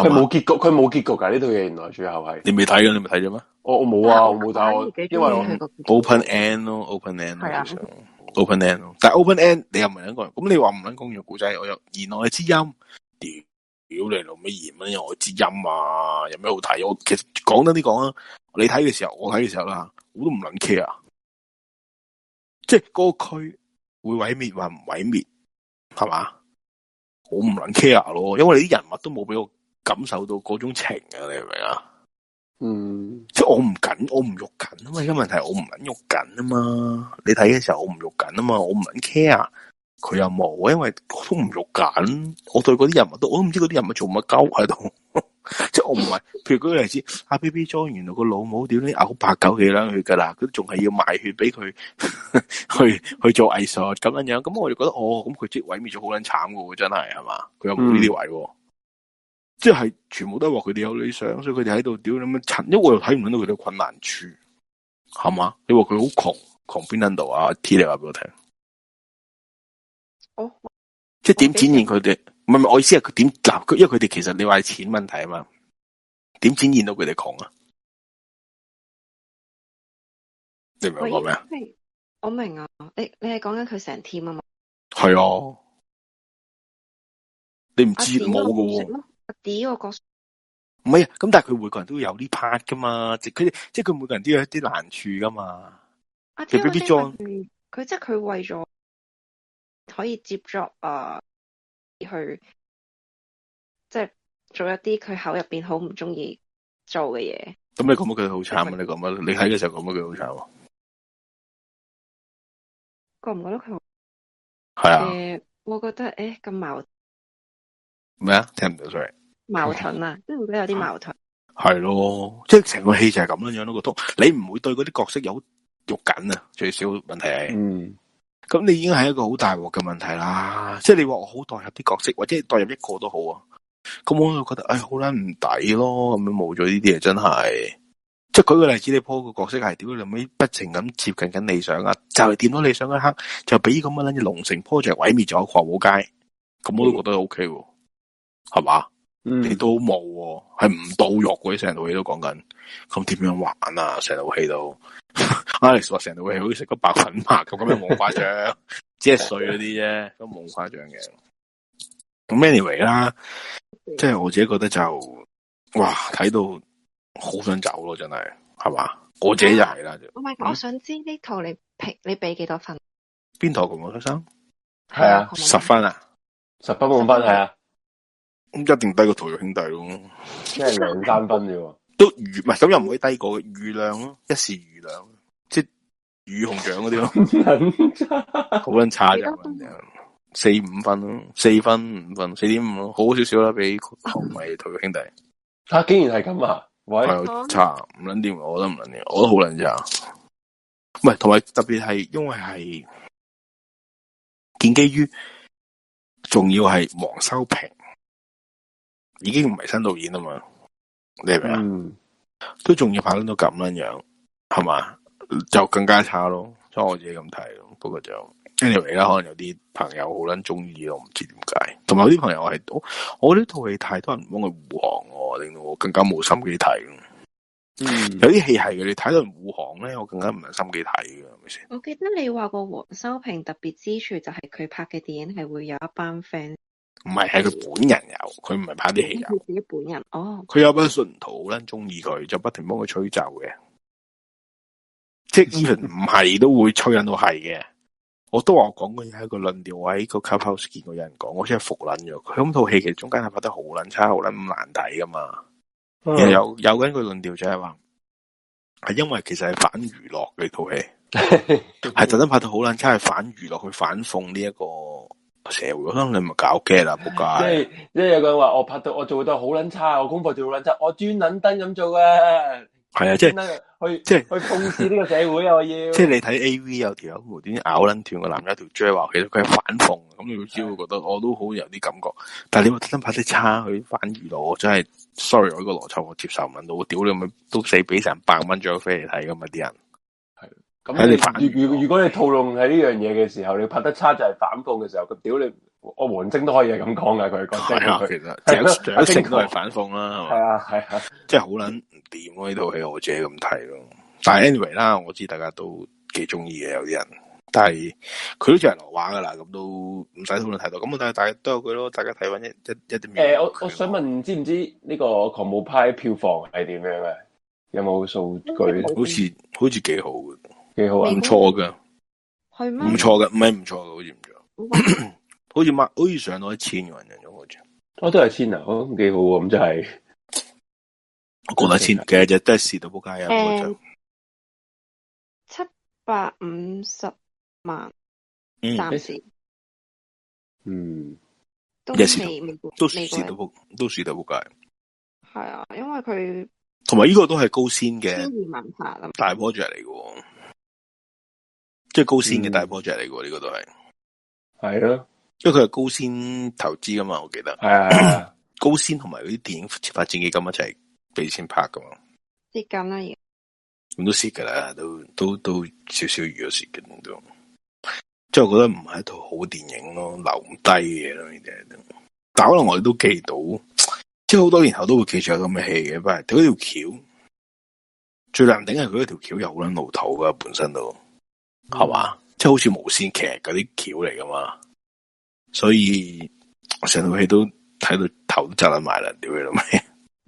係嘛？佢冇結局，佢冇結局噶呢套嘢，這原來最後係你未睇嘅，你未睇咗咩？我我冇啊，我冇睇，嗯、因為我 open end 咯、哦、open end 係啊的，open end、哦。但係 open end 你又唔係一個咁，咁你話唔捻講完古仔，我有言外之音。屌你老味嫌，做咩鹽啊？我知音啊，有咩好睇？我其實講得啲講啊，你睇嘅時候，我睇嘅時候啦，我都唔捻 care 啊，即係嗰個區會毀滅或唔毀滅，係嘛？我唔捻 care 咯，因為你啲人物都冇俾我感受到嗰種情啊，你明唔明啊？嗯，即係我唔緊，我唔喐緊，因為個問題我唔捻喐緊啊嘛。你睇嘅時候我唔喐緊啊嘛，我唔捻 care。佢又冇，因為我都唔肉緊。我對嗰啲人物都，我唔知嗰啲人物做乜鳩喺度。即係我唔係，譬如嗰個例子，阿 B B 張，原來個老母屌你嘔白狗血啦，血噶啦，佢仲係要賣血俾佢 [LAUGHS] 去去做藝術咁樣樣。咁我就覺得，哦，咁佢、嗯、即係毀滅咗好撚慘噶，真係係嘛？佢有冇呢啲位，即係全部都係話佢哋有理想，所以佢哋喺度屌咁樣襯。因為我又睇唔到佢哋困難處，係嘛？你話佢好窮窮邊度啊？T，你話俾我聽。哦、即係點展現佢哋？唔係我，我意思係佢點嗱佢，因為佢哋其實你話係錢問題啊嘛？點展現到佢哋窮啊？喂你明我明？我明啊！我你你係講緊佢成 team 啊嘛？係 D 啊！你唔知冇噶喎。阿 D，角色！唔係啊！咁但係佢每個人都有呢 part 噶嘛？即係佢即係佢每個人都有一啲難處噶嘛？阿 D 必啲佢即係佢為咗。可以接觸、uh, 啊，去即係做一啲佢口入邊好唔中意做嘅嘢。咁你講乜佢好慘啊？你講乜？你睇嘅時候講乜佢好慘？覺唔覺得佢？係啊、呃。我覺得誒咁、欸、矛盾。咩啊？聽唔到 sorry。矛盾啊，都唔 [LAUGHS] 有啲矛盾。係咯 [LAUGHS] 的、嗯，即係成個戲就係咁樣樣咯。個通，你唔會對嗰啲角色有肉緊啊？最少問題係。嗯。咁你已經係一個好大鑊嘅問題啦，即係你話我好代入啲角色，或者代入一個都好啊。咁我就覺得，唉，好撚唔抵咯，咁樣冇咗呢啲嘢真係。即係舉個例子，你鋪個角色係屌，你咪不停咁接近緊理想啊，就係掂到理想一刻，就俾咁樣，捻龍城 project 毀滅咗狂舞街。咁我都覺得 O K 喎，係嘛、嗯？你都冇、啊，係唔到肉嗰啲成套戲都講緊，咁點樣玩啊？成套戲都。Alex 話成日會好似食個白粉嘛，咁樣冇誇張，即係碎嗰啲啫，都冇誇張嘅。Anyway 啦，即係我自己覺得就，哇，睇到好想走咯、啊，真係，係嘛？我自己係係啦。嗯嗯、我想知呢套你你俾幾多分？邊套《咁我出生》？係啊，十分啊，十分半分係分啊，咁、嗯、一定低， [LAUGHS] 兩低過《桃源兄弟》咯，即係兩三分啫，都余唔係咁又唔會低過餘量咯，一時餘量。魚紅獎嗰啲咯，好卵差咋，四五分咯，四分五分，四點五咯，好少少啦，比唔係同佢兄弟啊！竟然係咁啊！喂，差唔捻掂，我都唔捻掂，我都好卵咋，唔係同埋特別係，因為係建基於，仲要係黃修平已經唔係新導演啊嘛，你明唔明啊？都仲、嗯、要拍到咁樣樣，係嘛？就更加差咯，所以我自己咁睇咯。不過就 anyway 啦，anyway，可能有啲朋友好捻中意咯，唔知點解。同埋有啲朋友我係，我呢套戲太多人幫佢護航，令到我更加冇心機睇。嗯，有啲戲係嘅，你睇到人護航咧，我更加唔係心機睇嘅，係咪先？我記得你話過黃修平特別之處就係佢拍嘅電影係會有一班 fans。唔係，係佢本人有，佢唔係拍啲戲有。佢自己本人，哦。佢有班信徒好捻中意佢，就不停幫佢吹奏嘅。 [LAUGHS] 即 even 唔係都會抽引到係嘅，我都話我講過有一個論調，喺個 clubhouse 見過有人講，我真係服捻咗。佢咁套戲其實中間係拍得好捻差，好捻難睇噶嘛。嗯、有有緊個論調就係話，係因為其實係反娛樂呢套戲，係特登拍到好捻差，係反娛樂，去反諷呢一個社會。可能你咪搞嘅啦、啊，冇計。即係即係有個人話我拍到我做到好捻差，我功課做好捻差，我專捻登咁做嘅。係啊，即係去，即係是去諷刺呢個社會啊！我要即係你睇 A V 有條女點解咬捻斷男有個男嘅條嘴話，其實佢係反諷，咁你都知，我覺得的我都好有啲感覺。但係你咪真拍得差佢反娛我真係 sorry，我呢個邏輯我接受唔到。我屌你咪都死俾成百蚊張飛嚟睇㗎嘛啲人。係咁，如如如果你套用喺呢樣嘢嘅時候，你拍得差就係反諷嘅時候，咁屌你！我黃精都可以係咁講㗎。佢講，其實獎獎都係反諷啦，係咪？係啊，係啊，即係好捻唔掂咯呢套戲，我自己咁睇咯。但係 anyway 啦，我知大家都幾中意嘅有啲人，但係佢都做人話噶啦，咁都唔使討論太多。咁我睇下，大家都有佢咯，大家睇翻一、一、一啲。誒，我我想問，知唔知呢個狂舞派票房係點樣嘅？有冇數據？好似好似幾好嘅，幾好唔錯㗎？係咩？唔錯嘅，唔係唔錯嘅，好似唔錯。好似買，好似上到一千元咁樣好似，哦、都那我、嗯、都係千啊，我都幾好咁，真係，過到千，其實就都係市道仆街啊，七百五十萬，暫時，嗯，都係，都市道仆，都市道仆街，係啊，因為佢，同埋呢個都係高先嘅，嗯、大 project 嚟嘅，即係高先嘅大 project 嚟嘅，呢個都係，係咯、啊。因為佢係高先投資噶嘛，我記得係 [COUGHS] 高先同埋嗰啲電影發展基金一齊俾錢拍噶嘛，即咁啦而，咁都蝕噶啦，都都都少少而有蝕嘅都，即係我覺得唔係一套好電影咯，留唔低嘅嘢咯，但可能我哋都記到，即係好多年後都會記住有咁嘅戲嘅，不過嗰條橋最難頂係佢嗰條橋有啦，老土噶本身都係、嗯、嘛，即係好似無線劇嗰啲橋嚟噶嘛。所以，我成套戲都睇到頭都窒埋啦，屌你老味！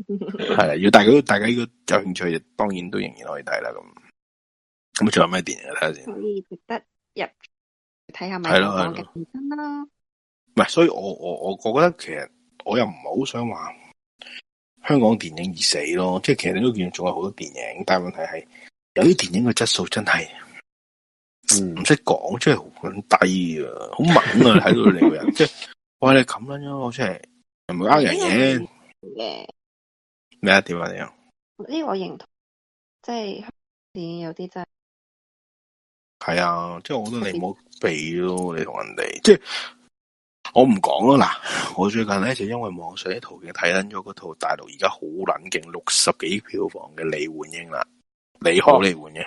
明？係啦，要大家大家呢個有興趣，當然都仍然可以睇啦。咁，咁仲有咩電影睇下先？所以值得入睇下咪香港嘅電影咯。唔係，所以我我我我覺得其實我又唔係好想話香港電影而死咯，即係其實你都見仲有好多電影，但係問題係有啲電影嘅質素真係。唔識講，真係好低啊！好猛 [LAUGHS] 啊！睇到你個人，即係喂，你咁卵樣，我真係又唔係呃人嘅咩？點啊？你啊？呢個認同，即係電影有啲真係係啊，即係我覺得你唔好避咯，你同人哋即係我唔講啊。嗱，我最近咧就因為網上啲圖片睇緊咗嗰套大陸而家好冷勁，六十幾票房嘅《李煥英》啦，你好《哦、李煥英》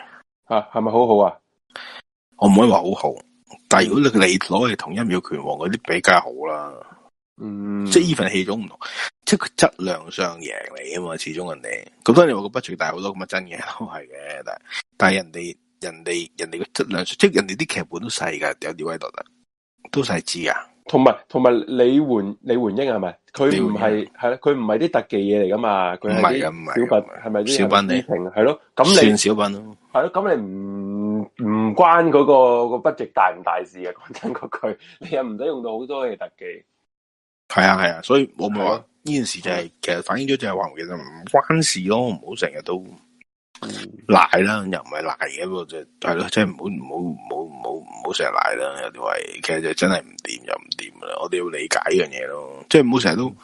啊，係咪好好啊？我唔可以話好好，但係如果你你攞嚟同一秒拳王嗰啲比較好啦，嗯，即係呢份戲種唔同，即係佢質量上贏你啊嘛，始終人哋咁當然我個 budget 大好多，咁嘅真嘢，都係嘅，但但係人哋人哋人哋嘅質量上，即係人哋啲劇本都細噶，有啲位度啦都細緻啊。同埋同埋李煥李煥英係咪？佢唔係係啦，佢唔係啲特技嘢嚟噶嘛，佢係啲小品，係咪啲事情？係咯，咁你算小品咯。係咯，咁你唔唔關嗰、嗰個個 budget 大唔大事嘅、啊，講真嗰句，你又唔使用，用到好多嘅特技。係啊係啊，所以我咪話呢件事就係、係、其實反映咗就係話，其實唔關事咯，唔好成日都。賴啦、嗯，又唔係賴嘅，就係、是、咯，即係唔好唔好唔好唔好唔好成日賴啦。有啲位其實就真係唔掂又唔掂啦，我哋要理解呢樣嘢咯。即係唔好成日都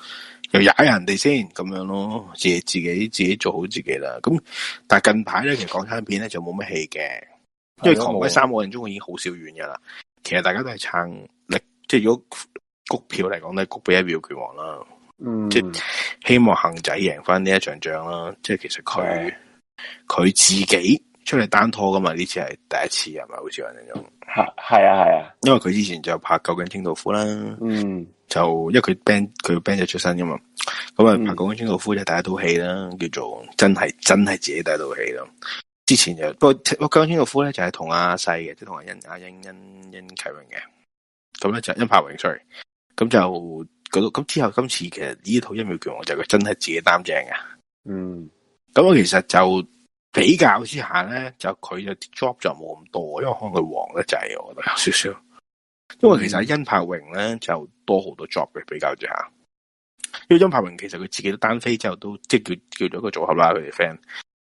又踩人哋先咁樣咯，自己自己自己做好自己啦。咁但係近排咧，其實港產片咧就冇乜戲嘅，的因為《狂舞派3》個人中我已經好少演，噶啦。其實大家都係撐力，即係如果谷票嚟講咧，谷畀一秒拳王啦，嗯，即係希望恒仔贏翻呢一場仗啦。即係其實佢。佢自己出嚟單拖㗎嘛？呢次係第一次，係咪？好似阿林總？吓係啊，係啊，因為佢之前就拍《救殭清道夫》啦，嗯，就因為佢 band 佢 band 出身㗎嘛，咁啊、嗯、拍《救殭清道夫》就是、第一套戲啦，叫做真係真係自己第一套戲咯。之前就不過《救殭清道夫》呢咧就係、是、同阿細嘅，即、就、同、是、阿甄、阿甄甄甄啟榮嘅，咁咧就甄柏榮出嚟，咁就度咁之後今次其實呢套《一秒拳王》就佢、是、真係自己擔正㗎。嗯。咁我其實就比較之下咧，就佢嘅 job 就冇咁多，因為可能佢黃得滯，我覺得有少少。嗯、因為其實喺殷柏榮咧就多好多 job 嘅比較之下，因為殷柏榮其實佢自己都單飛之後都即係叫叫做個組合啦，佢哋 friend。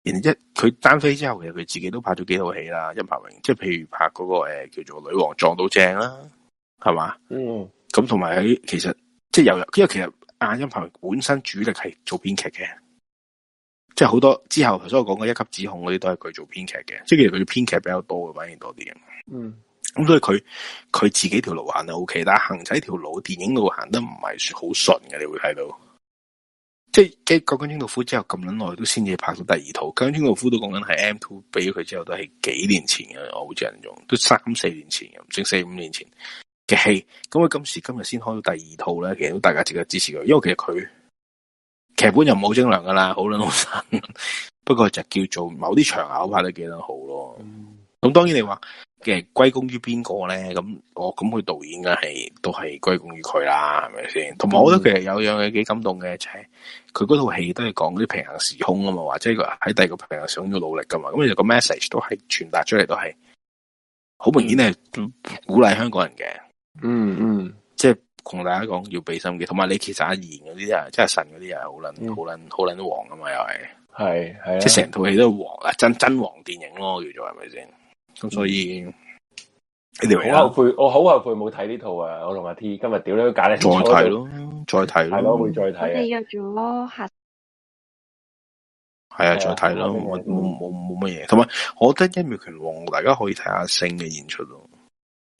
然之一佢單飛之後，其實佢自己都拍咗幾套戲啦。殷柏榮即係譬如拍嗰、那個誒、呃、叫做《女王撞到正》啦，係嘛？嗯，咁同埋喺其實即係有，因為其實阿、啊、殷柏榮本身主力係做編劇嘅。即係好多之後，頭先我講嘅一級指控嗰啲都係佢做編劇嘅，即係其實佢編劇比較多嘅，反而多啲。嗯，咁所以佢佢自己條路行得 OK，但係行仔條路，電影路行得唔係算好順嘅，你會睇到。即係《救殭清道夫》之後咁耐都先至拍到第二套《救殭清道夫》都講緊係 M two 俾佢之後都係幾年前嘅，我好人用，都三四年前，正四五年前嘅戲，咁佢今時今日先開到第二套咧，其實都大家值得支持佢，因為其實佢。劇本又冇精良噶啦，好卵好生。不過就叫做某啲場口拍都得幾多好咯。咁、嗯、當然你話嘅歸功於邊個咧？咁我咁佢導演嘅係都係歸功於佢啦，係咪先？同埋、嗯、我覺得其實有樣嘢幾感動嘅，就係佢嗰套戲都係講啲平行時空啊嘛，或者係喺第二個平行時空要努力噶嘛。咁其實個 message 都係傳達出嚟，都係好明顯係鼓勵香港人嘅、嗯。嗯嗯。同大家講要俾心機，同埋你其實阿賢嗰啲啊，即係神嗰啲啊，好捻好捻好捻都黃噶嘛，又係係係，即係成套戲都黃啊，真真黃電影咯，叫做係咪先？咁所以好後悔，我好後悔冇睇呢套啊！我同阿 T 今日屌你都假你再睇咯，再睇係咯，會再睇啊！我哋約咗係啊，再睇咯，我冇冇冇乜嘢。同埋我覺得一秒拳王大家可以睇下星嘅演出咯，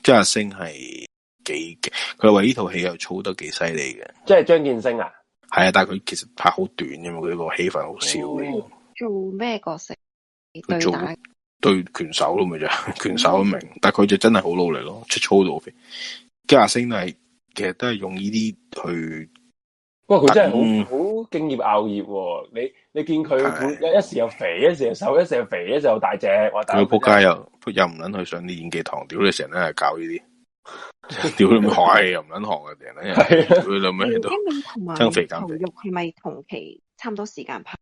即係阿星係。幾佢話呢套戲又操得幾犀利嘅，即係張建升啊？係啊，但係佢其實拍好短嘅嘛，佢個戲份好少。做咩角色？對做對拳手咯，咪就拳手明，嗯、但係佢就真係好努力咯，出操到好肥。張亞星都係其實都係用呢啲去。不過佢真係好好敬業熬業，啊，你你見佢一的一時又肥，一時又瘦，一時又肥，一時又大隻，我仆街又又唔捻去上啲演技堂，屌你成日都喺度搞呢啲。屌你，海，又唔捻學嘅，啲人。佢兩咩都。一秒同埋逃獄係咪同期差唔多時間拍？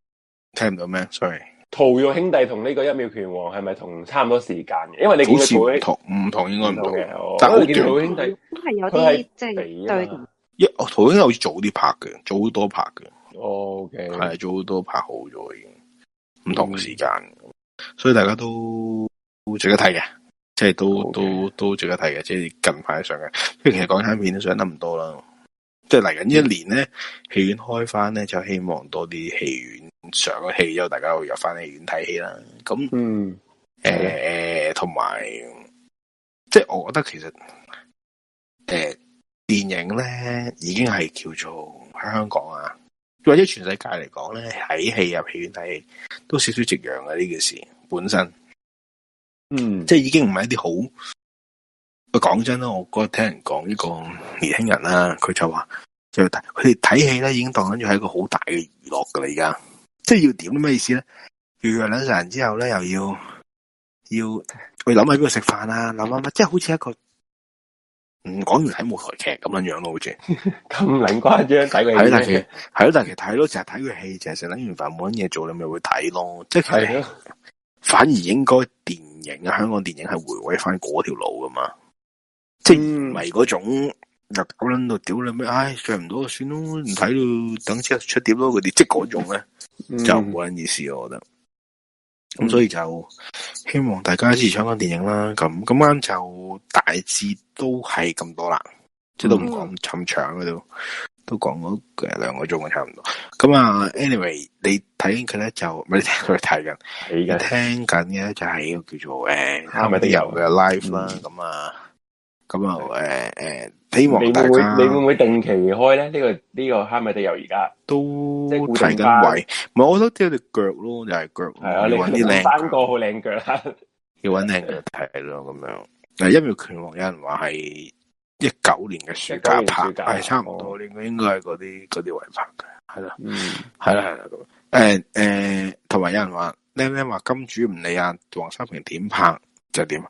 聽唔到咩？sorry。逃獄兄弟同呢個一秒拳王係咪同差唔多時間？因為你好似唔同，唔同應該唔同嘅。但係我見到兄弟都係有啲即係對。一逃兄好似早啲拍嘅，早好多拍嘅。OK，係早好多拍好咗，已經唔同時間，所以大家都值得睇嘅。即係都的都都值得睇嘅，即係近排上嘅。即係其實港產片都上得唔多啦。嗯、即係嚟緊一年咧，戲、嗯、院開翻咧，就希望多啲戲院上個戲，之後大家去入翻戲院睇戲啦。咁，嗯，誒、呃，同埋的、呃，即係我覺得其實，誒、呃，電影咧已經係叫做喺香港啊，或者全世界嚟講咧，睇戲入戲院睇戲都少少夕陽嘅呢件事本身。嗯，即係已經唔係一啲好。佢講真咯，我覺得聽人講呢個年輕人啦，佢就話，就睇佢哋睇戲咧，已經當緊要係一個好大嘅娛樂噶啦，而家即係要點啲咩意思咧？要約兩成人之後咧，又要要去諗下邊度食飯啊，諗諗即係好似一個唔講、嗯、完睇舞台劇咁樣樣咯，好似咁冷，誇張睇嘅。係咯，但係係咯，但係其實睇咯，成日睇佢戲，看 [LAUGHS] 看看就係食完飯冇乜嘢做你咪會睇咯。即係的反而應該電。型嘅香港電影係回歸翻嗰條路噶嘛，即迷嗰種，又搞捻到屌你咩？唉、哎，上唔到就算咯，唔睇到，等即刻出碟咯，佢哋即嗰種咧就冇捻意思，我覺得。咁所以就、嗯、希望大家支持香港電影啦。咁咁啱就大致都係咁多啦，嗯、即係都唔講尋長嗰度。都講咗兩個鐘嘅差唔多。咁啊，anyway，你睇佢咧就唔係你睇佢睇緊，聽緊嘅咧就係一個叫做誒蝦米的油嘅 live 啦。咁啊，咁啊，誒誒，希望大家你會你會唔會定期開咧？呢個呢個蝦米的油而家都即係固定位，唔係我都跳隻腳咯，就係腳。係啊，你搵啲靚，三個好靚腳啦，要搵靚腳睇咯，咁樣。但係一秒拳王有人話係。一九年嘅暑假拍，係差唔多，我應該應該係嗰啲嗰啲位拍嘅，係啦，嗯，係啦係啦咁，誒誒，同埋、嗯、有，有人話，靚靚話金主唔理啊，黃修平點拍就點，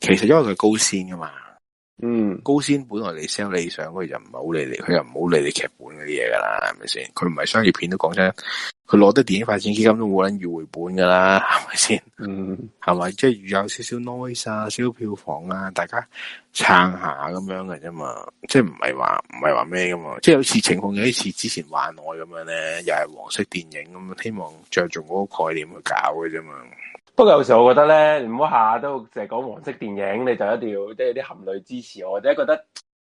其實因為佢高鮮噶嘛。嗯，高先本來，你 sell 理想，佢又唔係好理，就理你，佢又唔好理你劇本嗰啲嘢噶啦，係咪先？佢唔係商業片都講真，佢攞得電影發展基金都冇諗要回本噶啦，係咪先？嗯，係咪即係如有少少 noise 啊，少，少票房啊，大家撐下咁樣嘅啫嘛，即係唔係話唔係話咩噶嘛，即係有一次情況有次之前幻愛咁樣咧，又係黃色電影咁，希望着重嗰個概念去搞嘅啫嘛。不過有時候我覺得咧，唔好下都淨係講黃色電影，你就一定要即係啲含淚支持我，第一覺得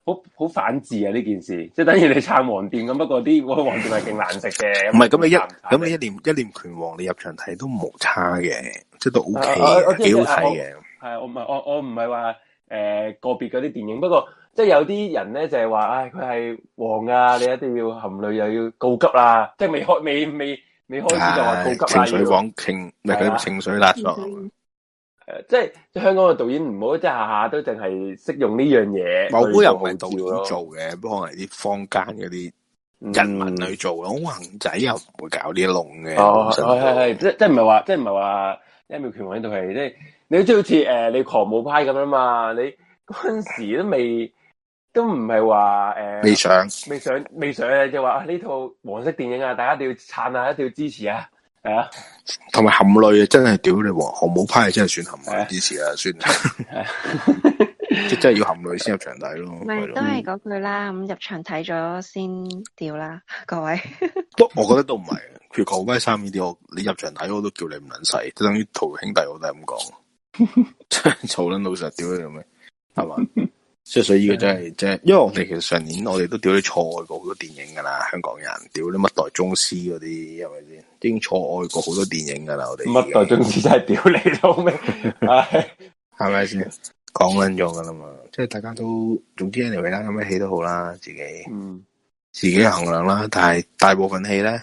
好好反智啊！呢件事即係等於你撐黃店咁。不過啲黃店係勁難食嘅。唔係是，咁你一咁你一秒一秒拳王你入場睇都冇差嘅，即係都 O、OK, K、啊、我幾好睇嘅。係我唔係我我唔係話誒個別嗰啲電影，不過即係有啲人咧就係、是、話，唉佢係黃啊，你一定要含淚又要告急啦、啊，即係未開未未。未未未開始就話高級啊！情緒狂情，咪佢情緒垃圾。誒的，即係即係香港嘅導演唔好即係下下都淨係識用呢樣嘢。某啲人係導演做嘅，不過係啲坊間嗰啲人民去做嘅。好宏、嗯、仔又唔會搞啲龍嘅。哦，係係係，即係即係唔係話，即係唔係話，一秒拳王呢度係即係你好似好似誒，你狂舞派咁樣嘛，你嗰陣時都未。 [LAUGHS] 都唔係話誒未上未上未上就話呢、啊、套黃色電影啊，大家一定要撐啊，一定要支持啊，係啊。同埋含淚啊，真係屌你狂舞派真係算含淚、啊、支持啊，算即係、啊、 [LAUGHS] 真係要含淚先入場睇咯。咪都係嗰句啦，咁、嗯、入場睇咗先屌啦，各位 [LAUGHS] 。我覺得都唔係，譬如講 Y 三呢啲，我你入場睇我都叫你唔捻使，即係等於同兄弟我都係咁講， [LAUGHS] 吵捻老實屌你咁樣，係嘛？ [LAUGHS] 即係所以呢個真係即係，的因為我哋其實上年我哋都屌咗錯愛過好多電影噶啦，香港人屌啲乜代宗師嗰啲，係咪先？已經錯愛過好多電影噶啦，我哋。乜代宗師真係屌你老味，係咪先？降溫咗噶啦嘛，即係大家都，總之 anyway 啦，咩戲都好啦，自己嗯自己衡量啦。但係大部分戲咧，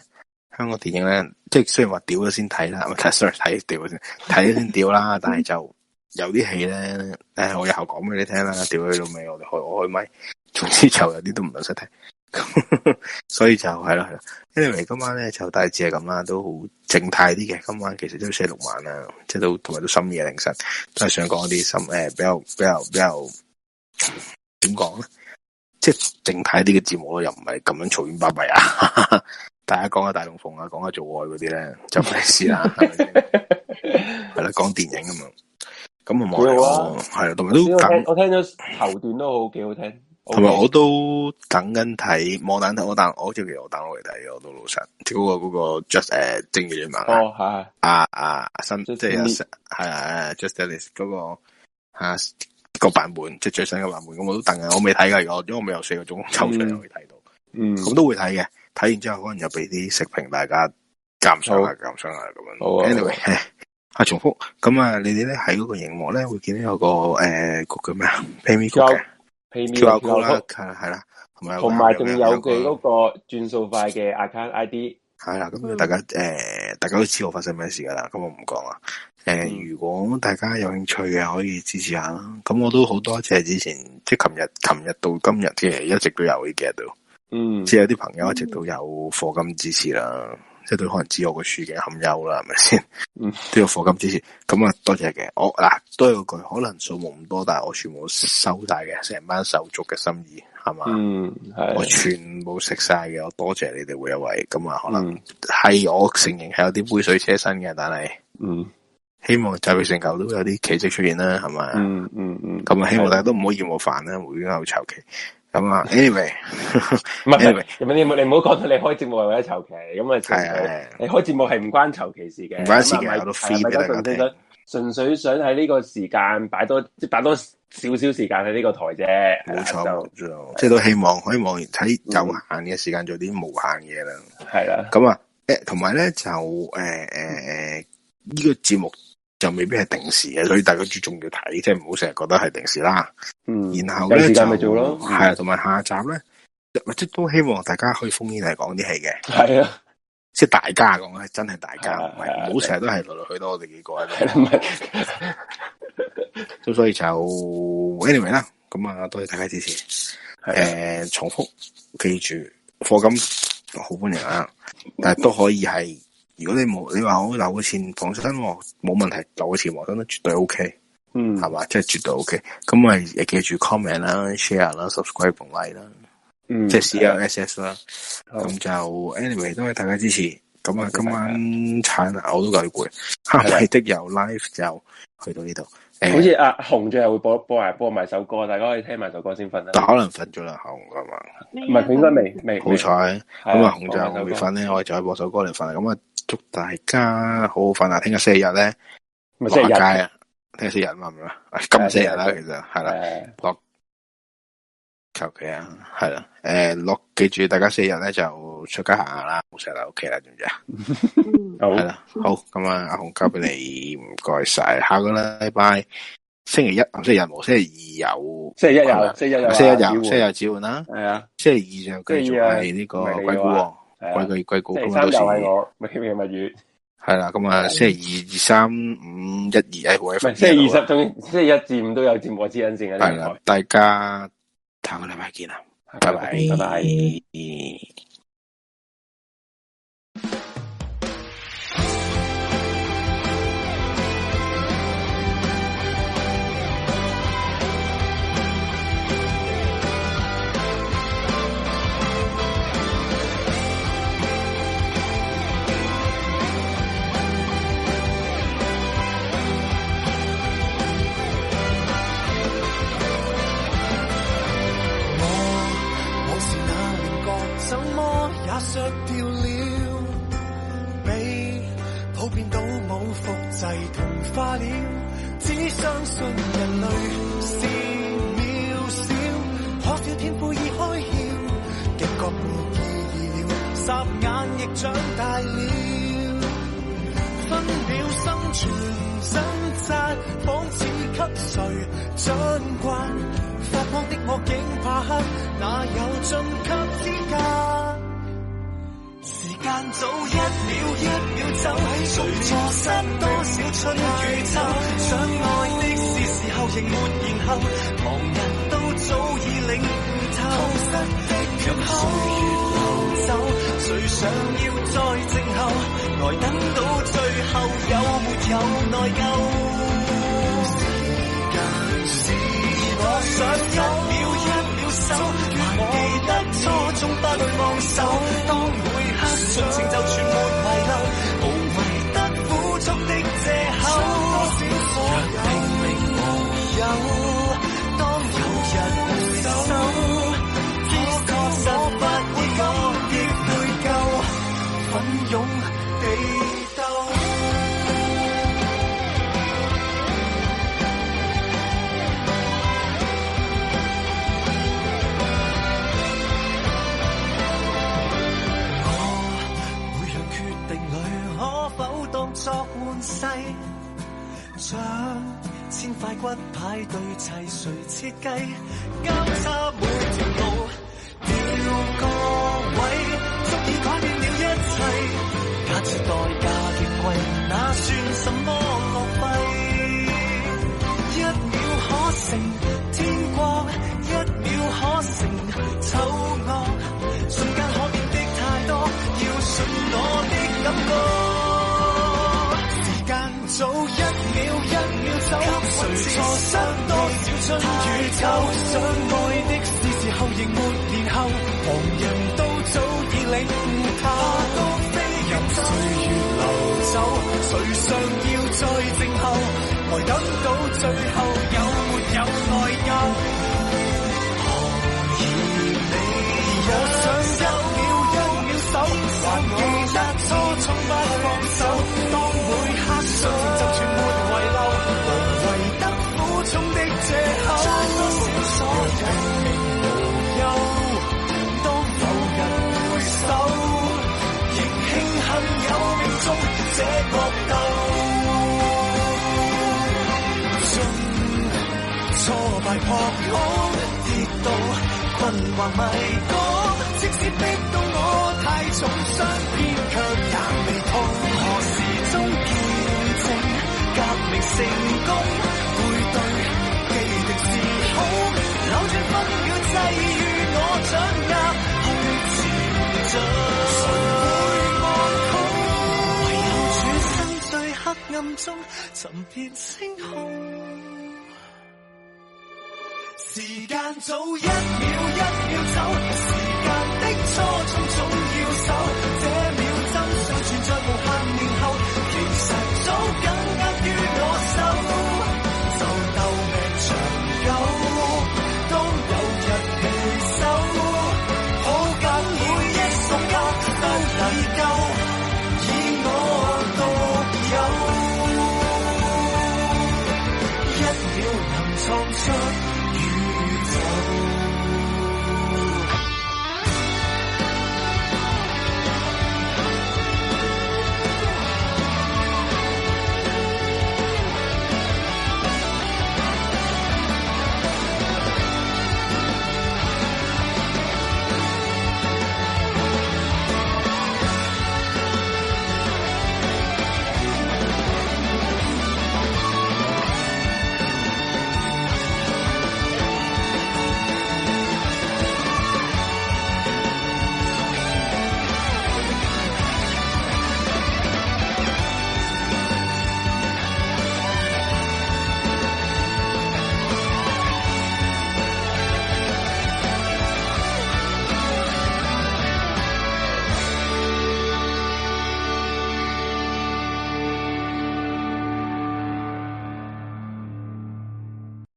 香港電影咧，即係雖然話屌咗先睇啦，sorry 睇屌先，睇先屌啦，但係 [LAUGHS] 就.。 [LAUGHS] 有啲戲咧，誒、哎，我以後講俾你聽啦，調佢到尾，我哋去，我去咪。總之就有啲都唔係識聽， [LAUGHS] 所以就係啦 Anyway，今晚咧就大致係咁啦，都好靜態啲嘅。今晚其實都寫六晚啦，即係都同埋都深夜凌晨都係想講一啲心誒、欸，比較比較比較點講咧，即係靜態啲嘅節目咯，又唔係咁樣嘈喧巴閉啊！大家講下大龍鳳啊，講下做愛嗰啲咧就費事啦，係咪係啦，講電影咁樣。咁啊冇係啊，同埋都我聽咗頭段都好幾好聽，同埋我都等緊睇，望緊睇。我等，我最近我等我嚟睇，我都老實。跳過嗰個 just 誒，正義聯盟哦，係啊啊新即係係啊 justice 嗰個啊個版本，即係最新嘅版本。咁我都等緊，我未睇嘅。如果我未有四個鐘抽出來可以睇到，嗯，咁都會睇嘅。睇完之後可能又俾啲食評大家鑒賞下，鑒賞啊咁樣。Anyway。啊，重複，咁啊，你哋咧喺嗰個熒幕咧會見到有個誒叫咩啊，PayMe 嘅，QR code 係啦係啦，同埋仲有佢嗰個轉數快嘅 account ID 係啦，咁、嗯、大家誒、呃、大家都知道我發生咩事噶啦，咁我唔講啦。誒、呃，嗯、如果大家有興趣嘅可以支持下啦，咁我都好多謝之前即係琴日琴日到今日嘅一直都有嘅到，嗯，即係有啲朋友一直都有課金支持啦。即係佢可能知我個處境堪憂啦，係咪先？嗯，都要課金支持，咁啊多謝嘅。我嗱都有句，可能數目唔多，但係我全部收晒嘅，成、嗯、班手足嘅心意，係嘛？嗯，係。我全部食晒嘅，我多謝你哋每一位。咁啊，可能係、嗯、我承認係有啲杯水車薪嘅，但係，嗯，希望就係成球都有啲奇蹟出現啦，係嘛、嗯？嗯嗯嗯。咁啊，希望大家是都唔好嫌我煩啦，會好炒奇。咁啊 [LAUGHS] ，anyway，唔 [LAUGHS] 係，唔係 Anyway, 你冇你冇講到你開節目係為咗籌旗。咁啊，係你開節目係唔關籌旗事嘅，唔的關事嘅，純粹想喺呢個時間擺多即擺多少少時間喺呢個台啫，冇錯即係都希望可以的望睇有限嘅時間做啲無限嘢啦，係啦的。咁啊，誒同埋咧就誒誒誒呢個節目，就未必係定時嘅，所以大家最重要睇，即係唔好成日覺得係定時啦。嗯，然後做就係同埋下集咧，即都希望大家可以烽煙嚟講啲戲嘅。係啊，即大家講係真係大家，唔係好成日都係來來去去，我哋幾個。係咁所以就 Anyway 啦，咁啊，多謝大家支持。誒，重複記住，課金好歡迎啊，但係都可以係。如果你冇你話我留錢放心喎，冇問題留錢我心咧，絕對 OK，嗯，係嘛？即係絕對 OK。咁咪記住 comment 啦，share 啦，subscribe 同 like 啦，即係 C R S 好 S 啦。咁就 anyway，多謝大家支持。咁啊，嗯，今晚鏟我都夠攰，蝦米的油 life 就去到呢度。好似阿紅最後會播播埋播埋首歌，大家可以聽埋首歌先瞓啦。但可能瞓咗啦，紅係嘛？唔係，佢應該未未。好彩咁啊！紅最後會未瞓咧，我哋再播首歌嚟瞓。咁啊，祝大家好好瞓啊！聽日四日咧落街啊，聽日四日啊嘛，係咪啊？今四日啦，其實係啦。求其啊，係啦，誒，落記住，大家四日咧就出街行下啦，冇晒啦，O K 啦，知唔知啊？係啦，好，咁啊，阿紅交俾你，唔該晒。下個禮拜星期一星期日冇，星期二有，星期一有，星期一有，星期有轉換啦，係啊。星期二就繼續係呢個鬼故，鬼鬼鬼故咁多選。星期三又係我，咪天晴咪雨。係啦，咁啊，星期二二三五一二誒，即係二十種，即係一至五都有節目支援線係啦，大家。下個禮拜見啦，拜拜，拜拜。拜拜拜拜。